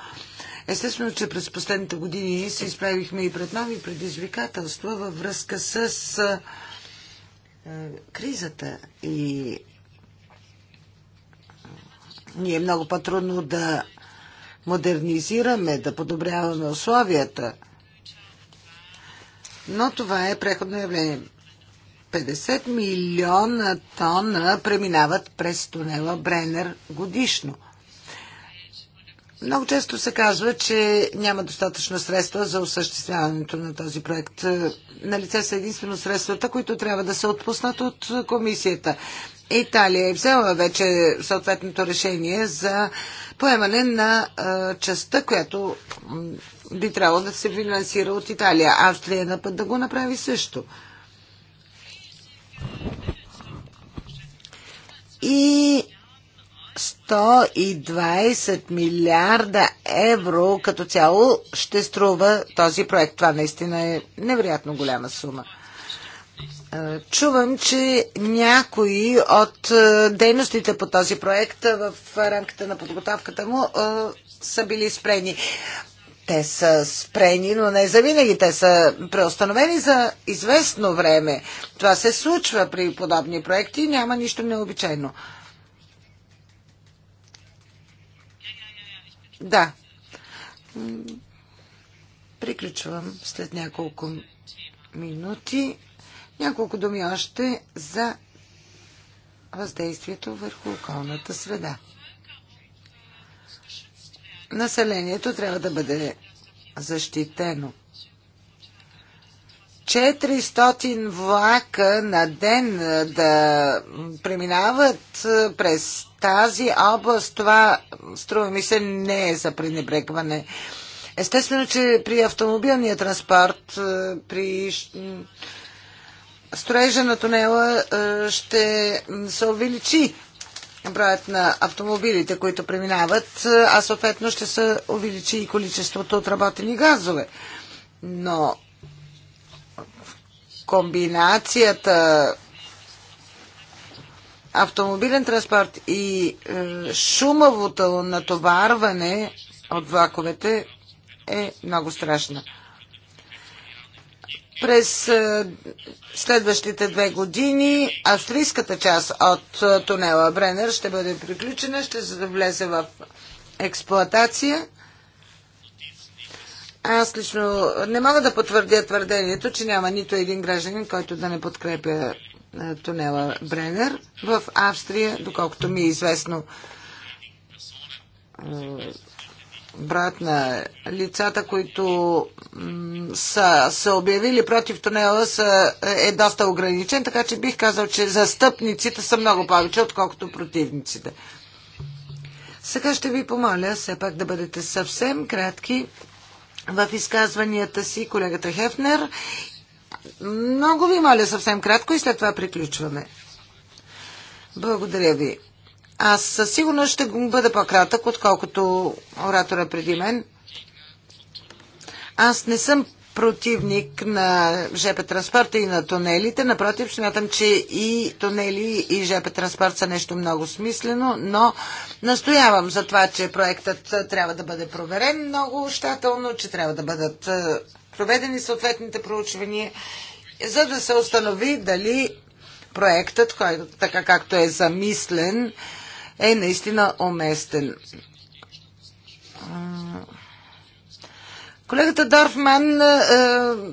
Естествено, че през последните години се изправихме и пред нови предизвикателства във връзка с кризата и ние е много по-трудно да модернизираме, да подобряваме условията. Но това е преходно явление. 50 милиона тона преминават през тунела Бренер годишно. Много често се казва, че няма достатъчно средства за осъществяването на този проект. На лице са единствено средствата, които трябва да се отпуснат от комисията. Италия е взела вече съответното решение за поемане на а, частта, която би трябвало да се финансира от Италия. Австрия е на път да го направи също. И 120 милиарда евро като цяло ще струва този проект. Това наистина е невероятно голяма сума. Чувам, че някои от дейностите по този проект в рамките на подготовката му са били спрени. Те са спрени, но не за винаги. Те са преустановени за известно време. Това се случва при подобни проекти и няма нищо необичайно. Да. Приключвам след няколко минути. Няколко думи още за въздействието върху околната среда. Населението трябва да бъде защитено. 400 влака на ден да преминават през тази област, това струва ми се не е за пренебрегване. Естествено, че при автомобилния транспорт, при строежа на тунела ще се увеличи броят на автомобилите, които преминават, а съответно ще се увеличи и количеството отработени газове. Но комбинацията автомобилен транспорт и е, шумовото натоварване от влаковете е много страшна. През е, следващите две години австрийската част от е, тунела Бренер ще бъде приключена, ще влезе в експлоатация аз лично не мога да потвърдя твърдението, че няма нито един гражданин, който да не подкрепя е, тунела Бренер. В Австрия, доколкото ми е известно, е, брат на лицата, които са се обявили против тунела, са, е, е доста ограничен, така че бих казал, че застъпниците са много повече, отколкото противниците. Сега ще ви помоля все пак да бъдете съвсем кратки в изказванията си колегата Хефнер. Много ви моля съвсем кратко и след това приключваме. Благодаря ви. Аз със сигурност ще бъда по-кратък, отколкото оратора преди мен. Аз не съм противник на ЖП транспорта и на тунелите. Напротив, смятам, че и тунели и ЖП транспорт са нещо много смислено, но настоявам за това, че проектът трябва да бъде проверен много щателно, че трябва да бъдат проведени съответните проучвания, за да се установи дали проектът, който така както е замислен, е наистина уместен. Колегата Дорфман е, е,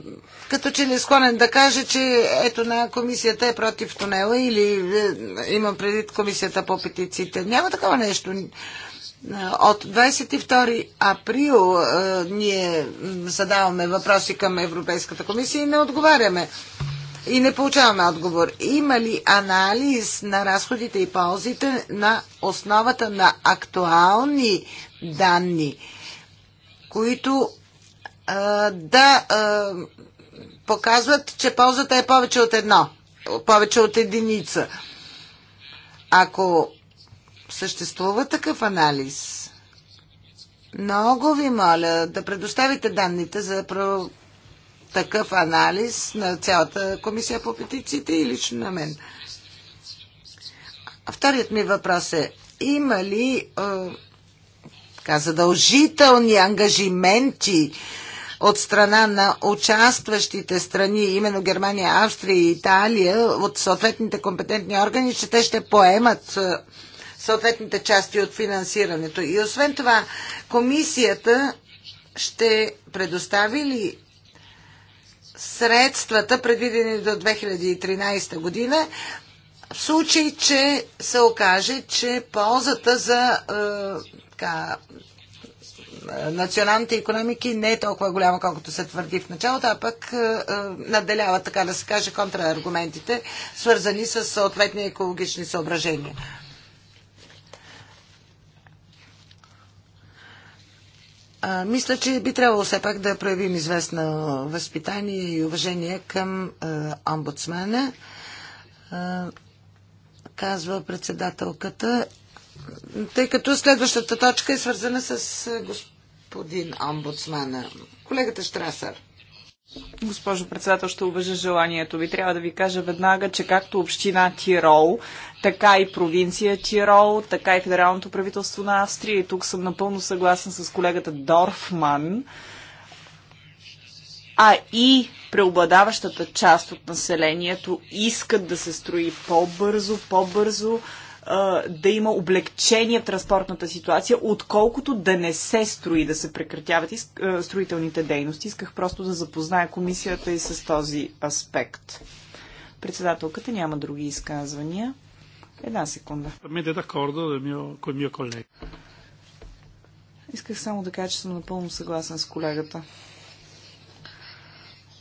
като че ли е склонен да каже, че ето на комисията е против тунела или е, имам предвид комисията по петициите. Няма такова нещо. От 22 април ние задаваме въпроси към Европейската комисия и не отговаряме. И не получаваме отговор. Има ли анализ на разходите и ползите на основата на актуални данни, които да показват, че ползата е повече от едно, повече от единица. Ако съществува такъв анализ, много ви моля да предоставите данните за такъв анализ на цялата комисия по петициите и лично на мен. Вторият ми въпрос е, има ли така, задължителни ангажименти от страна на участващите страни, именно Германия, Австрия и Италия, от съответните компетентни органи, че те ще поемат е, съответните части от финансирането. И освен това, комисията ще предостави ли средствата, предвидени до 2013 година, в случай, че се окаже, че ползата за е, така, националните економики не е толкова голяма, колкото се твърди в началото, а пък е, е, наделява така да се каже, контрааргументите, свързани с съответни екологични съображения. А, мисля, че би трябвало все пак да проявим известно възпитание и уважение към а, е, омбудсмена. казва председателката, тъй като следващата точка е свързана с госп господин омбудсмана. Колегата Штрасър.
Госпожо председател, ще уважа желанието ви. Трябва да ви кажа веднага, че както община Тирол, така и провинция Тирол, така и федералното правителство на Австрия, и тук съм напълно съгласен с колегата Дорфман, а и преобладаващата част от населението искат да се строи по-бързо, по-бързо, да има облегчение в транспортната ситуация, отколкото да не се строи, да се прекратяват строителните дейности. Исках просто да запозная комисията и с този аспект. Председателката няма други изказвания. Една секунда. Исках само да кажа, че съм напълно съгласен с колегата.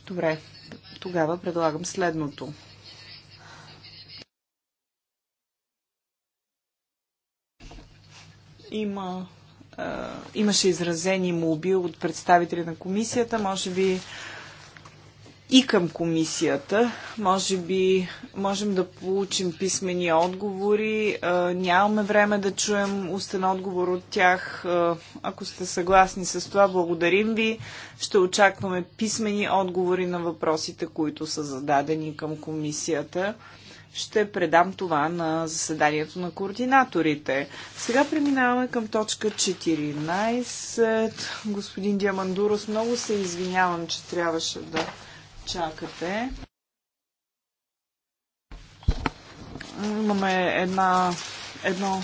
Добре, тогава предлагам следното. има, а, имаше изразени молби от представители на комисията, може би и към комисията. Може би можем да получим писмени отговори. А, нямаме време да чуем устен отговор от тях. А, ако сте съгласни с това, благодарим ви. Ще очакваме писмени отговори на въпросите, които са зададени към комисията ще предам това на заседанието на координаторите. Сега преминаваме към точка 14. Господин Диамандурос, много се извинявам, че трябваше да чакате. Имаме една, едно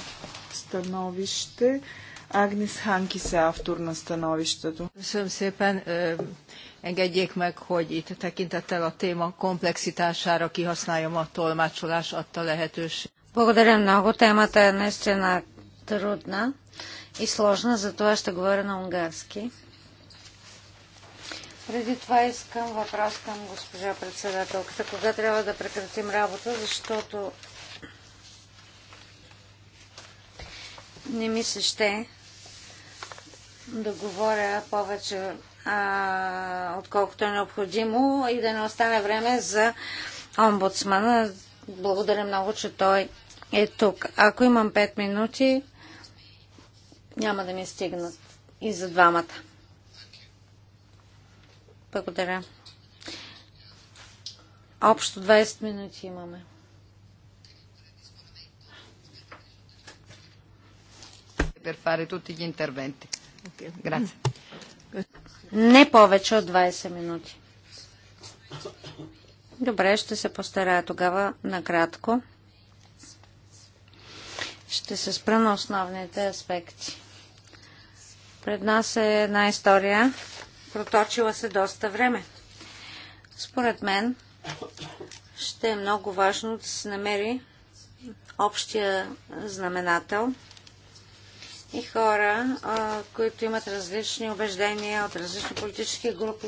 становище. Агнес Ханкис е автор на становището. Съм се пан, е, Engedjék meg, hogy itt tekintettel a téma komplexitására kihasználjam a tolmácsolás adta lehetőség.
Благодаря много. Темата е наистина трудна и сложна, затова ще говоря на унгарски. Преди това искам въпрос към госпожа председателката. Кога трябва да прекратим работа, защото не ми се ще да говоря повече отколкото е необходимо и да не остане време за омбудсмана. Благодаря много, че той е тук. Ако имам 5 минути, няма да ми стигнат и за двамата. Благодаря. Общо 20 минути имаме. Per fare tutti gli interventi. Okay. Grazie. Не повече от 20 минути. Добре, ще се постарая тогава накратко. Ще се спра на основните аспекти. Пред нас е една история, проточила се доста време. Според мен ще е много важно да се намери общия знаменател – и хора, а, които имат различни убеждения от различни политически групи,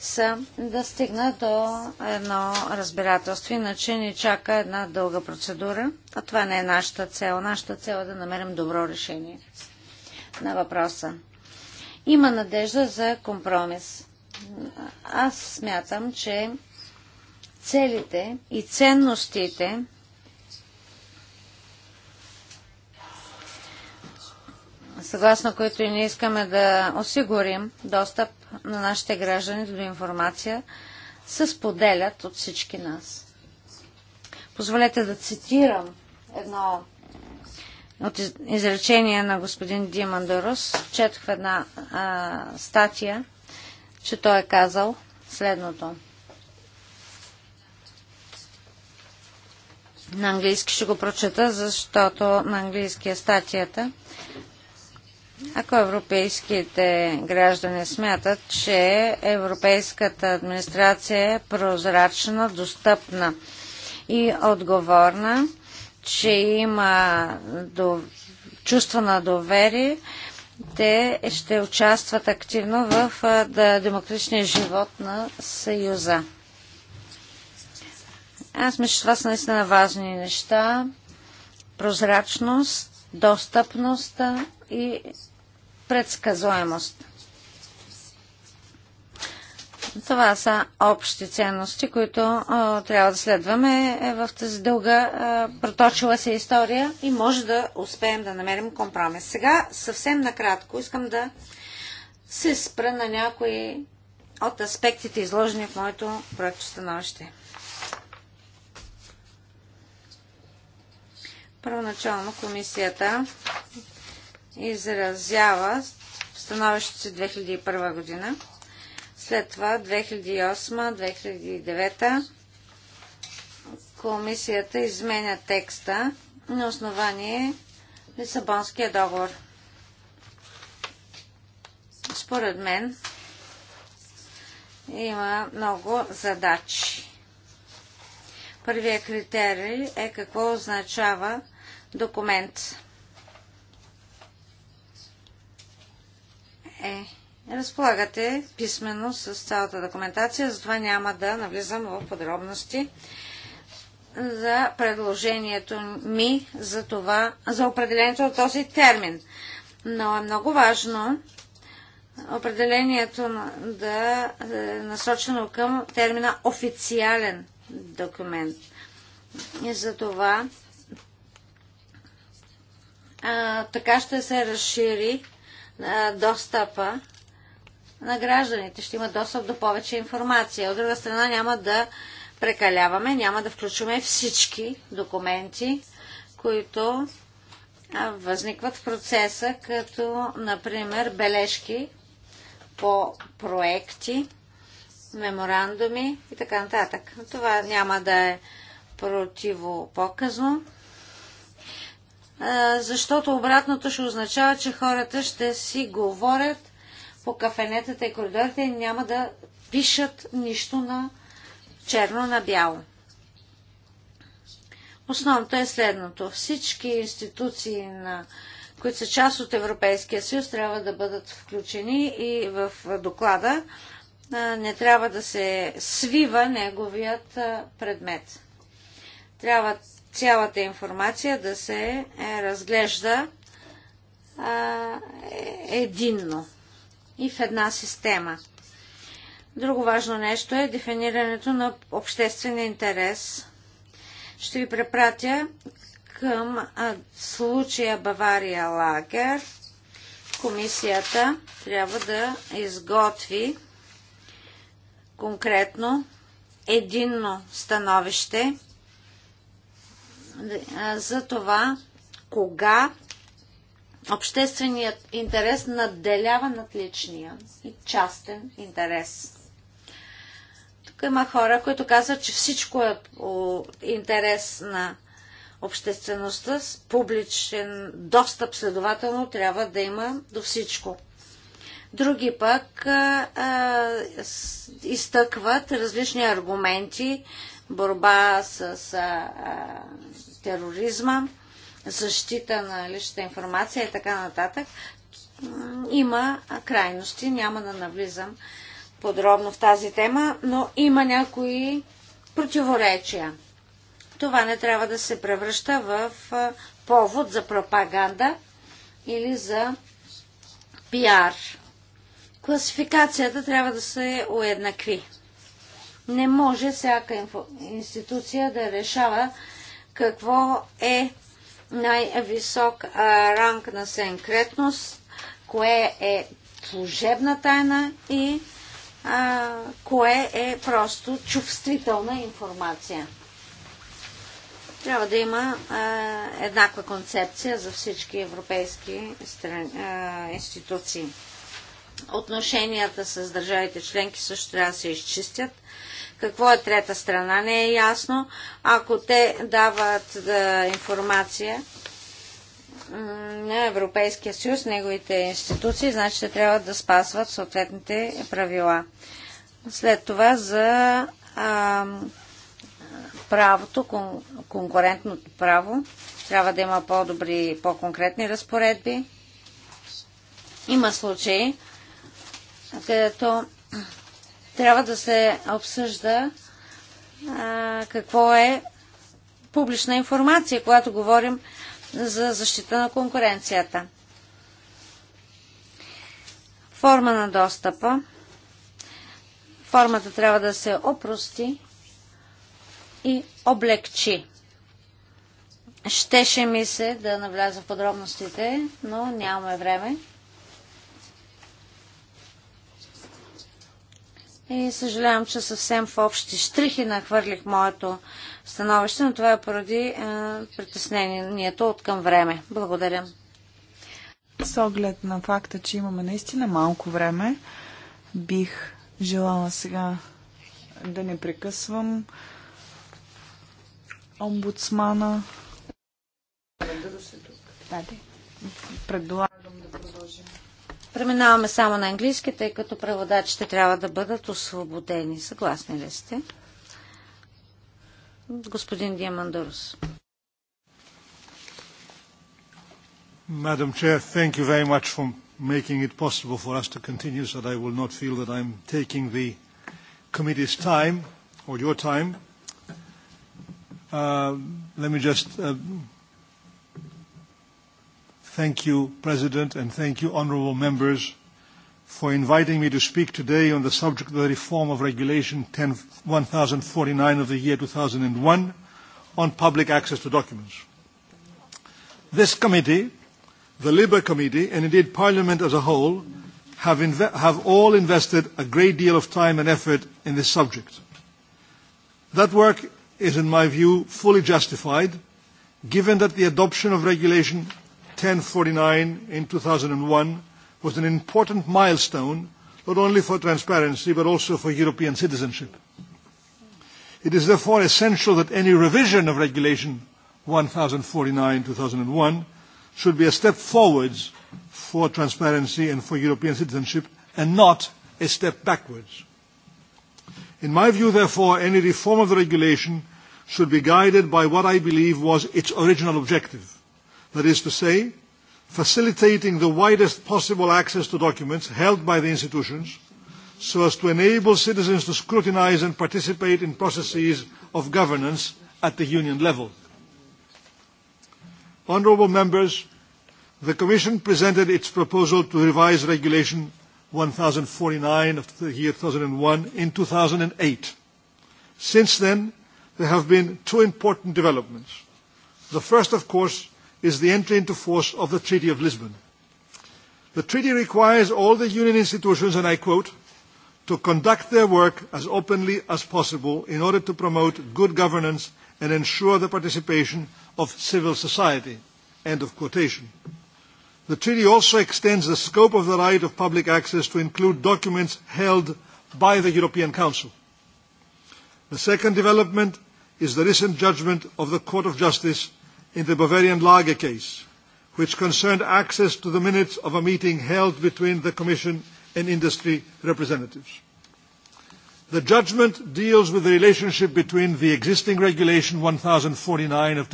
са да стигнат до едно разбирателство. Иначе ни чака една дълга процедура, а това не е нашата цел. Нашата цел е да намерим добро решение на въпроса. Има надежда за компромис. Аз смятам, че целите и ценностите съгласно които и ние искаме да осигурим достъп на нашите граждани до информация, се споделят от всички нас. Позволете да цитирам едно от изречение на господин Диман Дорос. Четох в една а, статия, че той е казал следното. На английски ще го прочета, защото на английски е статията. Ако европейските граждани смятат, че европейската администрация е прозрачна, достъпна и отговорна, че има до... чувство на доверие, те ще участват активно в да, демократичния живот на Съюза. Аз мисля, че това са наистина важни неща. Прозрачност, достъпност и предсказуемост. Това са общи ценности, които а, трябва да следваме е, в тази дълга а, проточила се история и може да успеем да намерим компромис. Сега съвсем накратко искам да се спра на някои от аспектите, изложени в моето проект становище. Първоначално комисията изразява становището си 2001 година. След това 2008-2009 комисията изменя текста на основание Лисабонския договор. Според мен има много задачи. Първият критерий е какво означава документ. е. Разполагате писменно с цялата документация, затова няма да навлизам в подробности за предложението ми за това, за определението на този термин. Но е много важно определението да е насочено към термина официален документ. И за това а, така ще се разшири достъпа на гражданите. Ще имат достъп до повече информация. От друга страна няма да прекаляваме, няма да включваме всички документи, които възникват в процеса, като, например, бележки по проекти, меморандуми и така нататък. Това няма да е противопоказно защото обратното ще означава, че хората ще си говорят по кафенетата и коридорите и няма да пишат нищо на черно на бяло. Основното е следното. Всички институции, на, които са част от Европейския съюз, трябва да бъдат включени и в доклада не трябва да се свива неговият предмет. Трябва цялата информация да се е, разглежда а, е, единно и в една система. Друго важно нещо е дефинирането на обществен интерес. Ще ви препратя към а, случая Бавария Лагер. Комисията трябва да изготви конкретно единно становище за това кога общественият интерес надделява над личния и частен интерес. Тук има хора, които казват, че всичко е интерес на обществеността с публичен достъп, следователно трябва да има до всичко. Други пък а, а, изтъкват различни аргументи борба с, а, а, тероризма, защита на личната информация и така нататък. Има крайности, няма да навлизам подробно в тази тема, но има някои противоречия. Това не трябва да се превръща в повод за пропаганда или за пиар. Класификацията трябва да се уеднакви. Не може всяка институция да решава какво е най-висок ранг на секретност, кое е служебна тайна и а, кое е просто чувствителна информация. Трябва да има а, еднаква концепция за всички европейски а, институции. Отношенията с държавите членки също трябва да се изчистят какво е трета страна? Не е ясно. Ако те дават да, информация на Европейския съюз, неговите институции, значи те трябва да спасват съответните правила. След това за а, правото, кон, конкурентното право, трябва да има по-добри, по-конкретни разпоредби. Има случаи, където трябва да се обсъжда а, какво е публична информация, когато говорим за защита на конкуренцията. Форма на достъпа. Формата трябва да се опрости и облегчи. Щеше ми се да навляза в подробностите, но нямаме време. И съжалявам, че съвсем в общи штрихи нахвърлих моето становище, но това е поради е, притеснението от към време. Благодаря.
С оглед на факта, че имаме наистина малко време, бих желала сега да не прекъсвам
омбудсмана. Е Предлагам
да продължим.
Преминаваме само на английски, тъй като преводачите трябва да бъдат освободени. Съгласни ли сте? Господин Диамандорус.
Madam Chair, thank you very much for making it possible for us to continue so that I will not feel that I'm taking the committee's time or your time. Uh, let me just uh, Thank you, President, and thank you, honourable members, for inviting me to speak today on the subject of the reform of Regulation 10, 1049 of the year 2001 on public access to documents. This committee, the Labour Committee, and indeed Parliament as a whole, have, inve- have all invested a great deal of time and effort in this subject. That work is, in my view, fully justified, given that the adoption of Regulation 1049 in 2001 was an important milestone not only for transparency but also for European citizenship. It is therefore essential that any revision of Regulation 1049-2001 should be a step forwards for transparency and for European citizenship and not a step backwards. In my view, therefore, any reform of the regulation should be guided by what I believe was its original objective, That is to say, facilitating the widest possible access to documents held by the institutions so as to enable citizens to scrutinise and participate in processes of governance at the Union level. Honourable Members, the Commission presented its proposal to revise Regulation 1049 of the year 2001 in 2008. Since then, there have been two important developments. The first, of course, is the entry into force of the Treaty of Lisbon. The treaty requires all the Union institutions, and I quote, to conduct their work as openly as possible in order to promote good governance and ensure the participation of civil society. End of quotation. The treaty also extends the scope of the right of public access to include documents held by the European Council. The second development is the recent judgment of the Court of Justice in the Bavarian Lager case, which concerned access to the minutes of a meeting held between the Commission and industry representatives. The judgment deals with the relationship between the existing Regulation 1049 of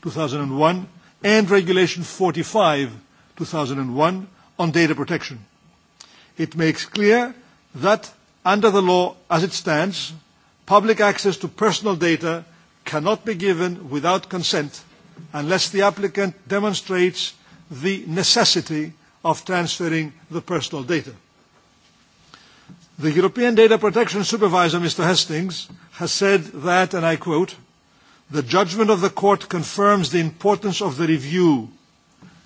2001 and Regulation 45 2001 on data protection. It makes clear that under the law as it stands, public access to personal data cannot be given without consent unless the applicant demonstrates the necessity of transferring the personal data. The European Data Protection Supervisor, Mr. Hastings, has said that, and I quote, the judgment of the court confirms the importance of the review,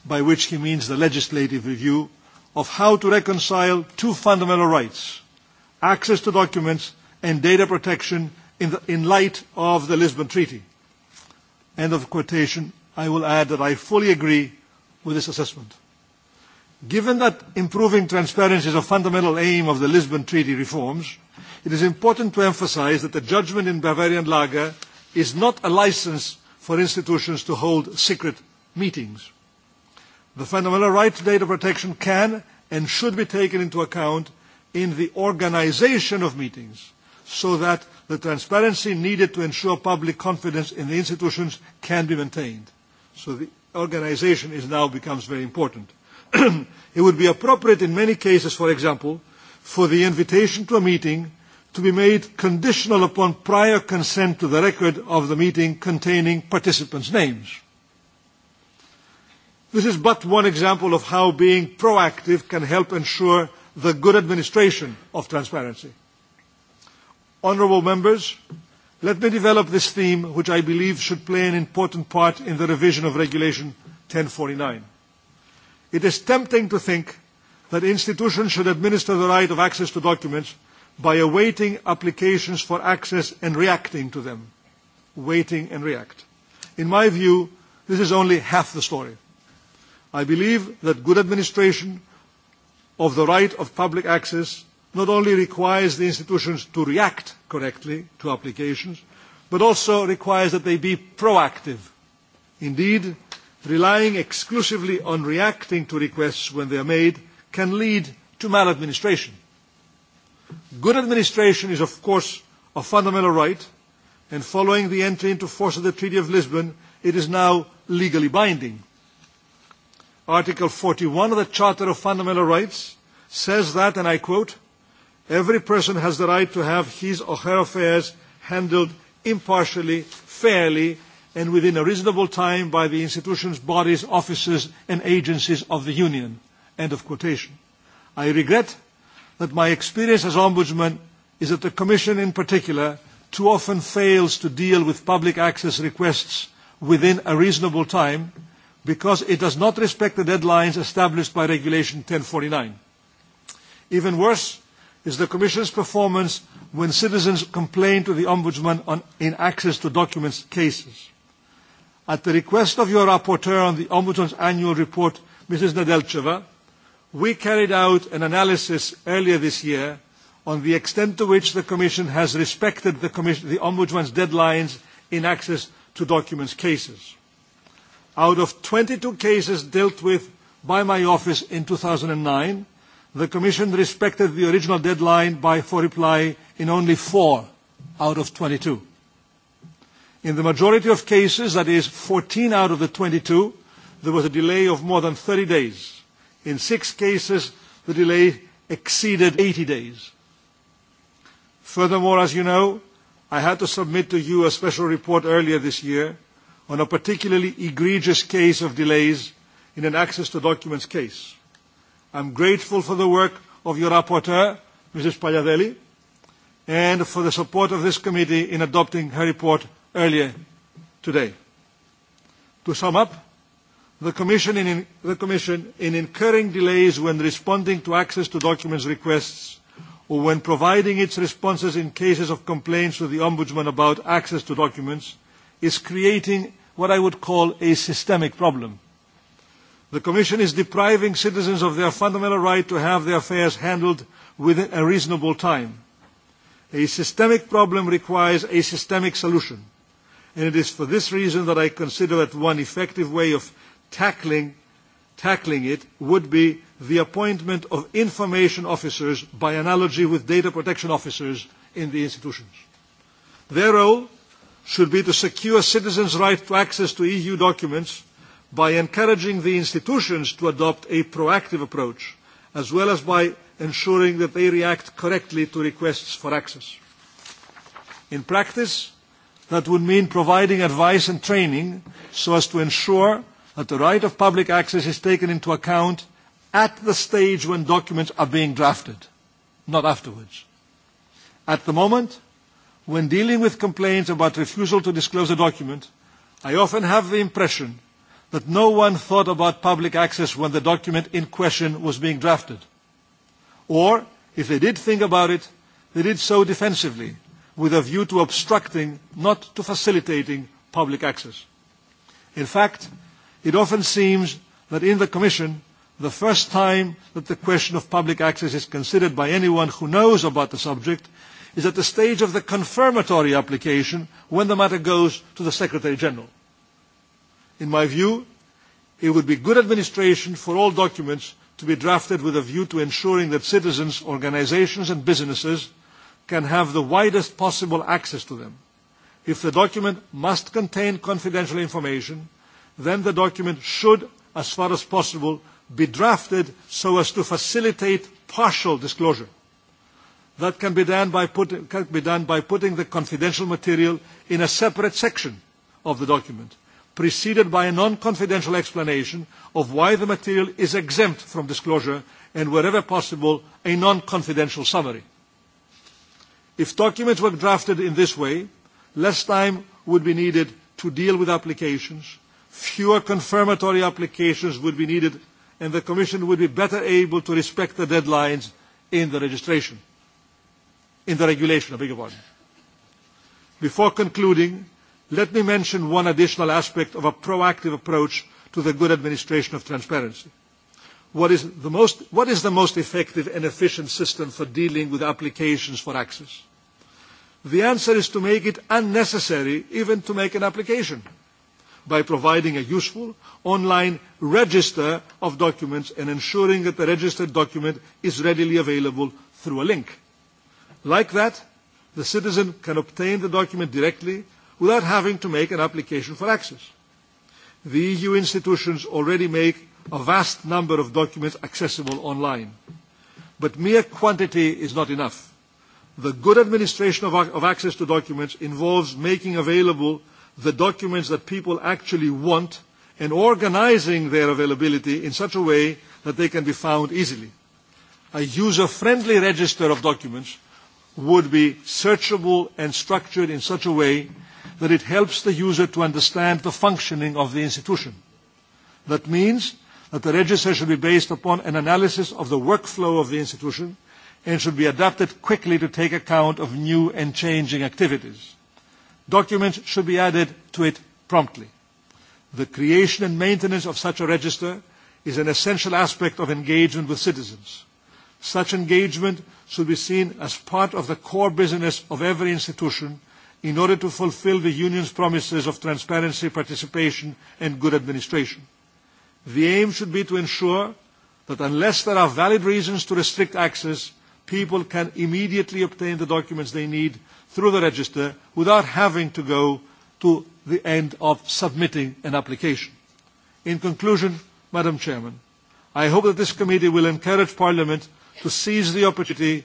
by which he means the legislative review, of how to reconcile two fundamental rights, access to documents and data protection in, the, in light of the Lisbon Treaty. End of quotation. I will add that I fully agree with this assessment. Given that improving transparency is a fundamental aim of the Lisbon Treaty reforms, it is important to emphasize that the judgment in Bavarian Lager is not a license for institutions to hold secret meetings. The fundamental right to data protection can and should be taken into account in the organization of meetings so that the transparency needed to ensure public confidence in the institutions can be maintained. So the organisation is now becomes very important. it would be appropriate in many cases, for example, for the invitation to a meeting to be made conditional upon prior consent to the record of the meeting containing participants' names. This is but one example of how being proactive can help ensure the good administration of transparency. Honourable members, let me develop this theme, which I believe should play an important part in the revision of Regulation 1049. It is tempting to think that institutions should administer the right of access to documents by awaiting applications for access and reacting to them. Waiting and react. In my view, this is only half the story. I believe that good administration of the right of public access not only requires the institutions to react correctly to applications, but also requires that they be proactive. Indeed, relying exclusively on reacting to requests when they are made can lead to maladministration. Good administration is, of course, a fundamental right, and following the entry into force of the Treaty of Lisbon, it is now legally binding. Article 41 of the Charter of Fundamental Rights says that, and I quote, Every person has the right to have his or her affairs handled impartially, fairly, and within a reasonable time by the institutions, bodies, offices, and agencies of the Union. End of quotation. I regret that my experience as Ombudsman is that the Commission in particular too often fails to deal with public access requests within a reasonable time because it does not respect the deadlines established by Regulation 1049. Even worse, is the Commission's performance when citizens complain to the Ombudsman on, in access to documents cases. At the request of your rapporteur on the Ombudsman's annual report, Mrs. Nedelcheva, we carried out an analysis earlier this year on the extent to which the Commission has respected the, the Ombudsman's deadlines in access to documents cases. Out of 22 cases dealt with by my office in 2009, The Commission respected the original deadline by, for reply in only four out of 22. In the majority of cases, that is 14 out of the 22, there was a delay of more than 30 days. In six cases, the delay exceeded 80 days. Furthermore, as you know, I had to submit to you a special report earlier this year on a particularly egregious case of delays in an access to documents case. I'm grateful for the work of your rapporteur, Mrs. Pagliadelli, and for the support of this committee in adopting her report earlier today. To sum up, the Commission, in, the Commission, in incurring delays when responding to access to documents requests or when providing its responses in cases of complaints to the Ombudsman about access to documents, is creating what I would call a systemic problem The Commission is depriving citizens of their fundamental right to have their affairs handled within a reasonable time. A systemic problem requires a systemic solution, and it is for this reason that I consider that one effective way of tackling, tackling it would be the appointment of information officers by analogy with data protection officers in the institutions. Their role should be to secure citizens' right to access to EU documents by encouraging the institutions to adopt a proactive approach, as well as by ensuring that they react correctly to requests for access. In practice, that would mean providing advice and training so as to ensure that the right of public access is taken into account at the stage when documents are being drafted, not afterwards. At the moment, when dealing with complaints about refusal to disclose a document, I often have the impression that no one thought about public access when the document in question was being drafted. Or, if they did think about it, they did so defensively, with a view to obstructing, not to facilitating, public access. In fact, it often seems that in the Commission, the first time that the question of public access is considered by anyone who knows about the subject is at the stage of the confirmatory application when the matter goes to the Secretary General. In my view, it would be good administration for all documents to be drafted with a view to ensuring that citizens, organizations and businesses can have the widest possible access to them. If the document must contain confidential information, then the document should, as far as possible, be drafted so as to facilitate partial disclosure. That can be done by, put, can be done by putting the confidential material in a separate section of the document preceded by a non-confidential explanation of why the material is exempt from disclosure and, wherever possible, a non-confidential summary. If documents were drafted in this way, less time would be needed to deal with applications, fewer confirmatory applications would be needed, and the Commission would be better able to respect the deadlines in the registration, in the regulation, I beg your pardon. Before concluding, Let me mention one additional aspect of a proactive approach to the good administration of transparency. What is the most, what is the most effective and efficient system for dealing with applications for access? The answer is to make it unnecessary even to make an application by providing a useful online register of documents and ensuring that the registered document is readily available through a link. Like that, the citizen can obtain the document directly without having to make an application for access. The EU institutions already make a vast number of documents accessible online. But mere quantity is not enough. The good administration of, of access to documents involves making available the documents that people actually want and organizing their availability in such a way that they can be found easily. A user-friendly register of documents would be searchable and structured in such a way that it helps the user to understand the functioning of the institution. That means that the register should be based upon an analysis of the workflow of the institution and should be adapted quickly to take account of new and changing activities. Documents should be added to it promptly. The creation and maintenance of such a register is an essential aspect of engagement with citizens. Such engagement should be seen as part of the core business of every institution in order to fulfil the Union's promises of transparency, participation and good administration. The aim should be to ensure that unless there are valid reasons to restrict access, people can immediately obtain the documents they need through the register without having to go to the end of submitting an application. In conclusion, Madam Chairman, I hope that this committee will encourage Parliament to seize the opportunity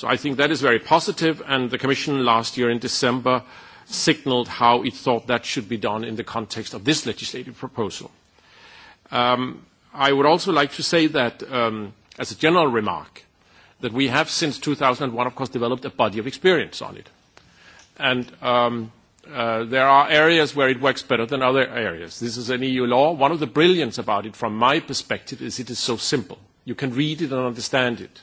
So I think that is very positive, and the Commission last year in December signaled how it thought that should be done in the context of this legislative proposal. I would also like to say that, as a general remark, that we have since 2001, of course, developed a body of experience on it. And there are areas where it works better than other areas. This is an EU law. One of the brilliance about it, from my perspective, is it is so simple. You can read it and understand it.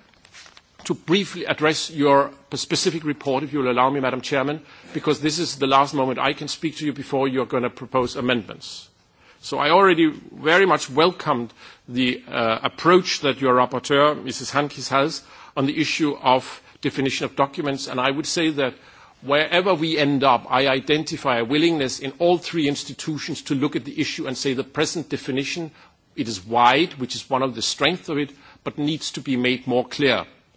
to briefly address your specific report, if you'll allow me, Madam Chairman, because this is the last moment I can speak to you before you're going to propose amendments. So I already very much welcomed the approach that your rapporteur, Mrs. Hankis, has on the issue of definition of documents, and I would say that wherever we end up, I identify a willingness in all three institutions to look at the issue and say the present definition, it is wide, which is one of the strengths of it, but needs to be made more clear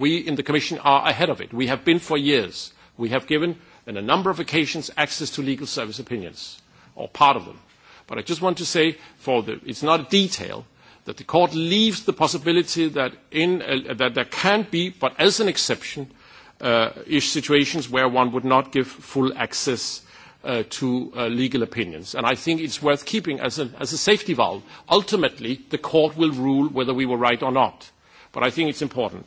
We in the Commission are ahead of it. We have been for years. We have given, on a number of occasions, access to legal service opinions, or part of them. But I just want to say, for the, it's not a detail, that the court leaves the possibility that, in, that there can be, but as an exception, uh, situations where one would not give full access uh, to uh, legal opinions. And I think it's worth keeping as a, as a safety valve. Ultimately, the court will rule whether we were right or not. But I think it's important.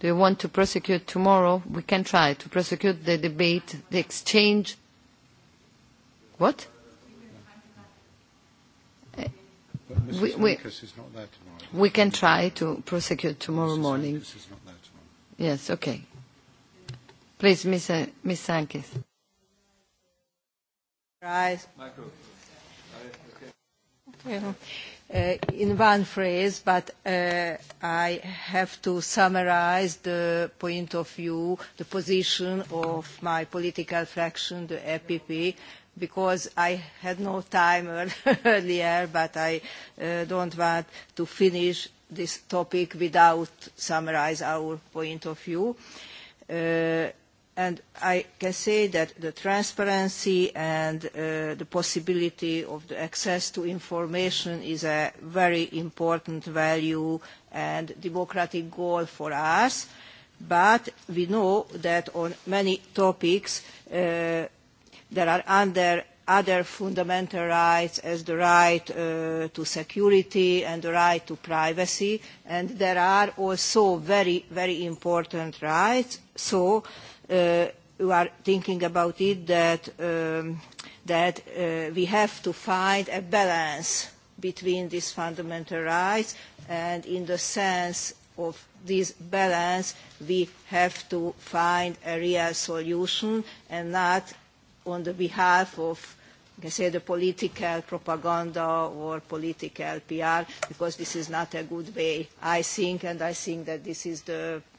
do you want to prosecute tomorrow? We can try to prosecute the debate, the exchange. What? We, we, we can try to prosecute tomorrow morning. Yes, okay. Please, Ms.
Ms. Sankis. Rise. Okay in one phrase, but I have to summarise the point of view, the position of my political fraction, the EPP, because I had no time earlier, but I do don't want to finish this topic without summarising our point of view And I can say that the transparency and the possibility of the access to information is a very important value and democratic goal for us. But we know that on many topics there are other fundamental rights as the right to security and the right to privacy. And there are also very, very important rights. So you are thinking about it that, um, that uh, we have to find a balance between these fundamental rights and in the sense of this balance we have to find a real solution and not on the behalf of you can say the political propaganda or political PR because this is not a good way I think and I think that this is the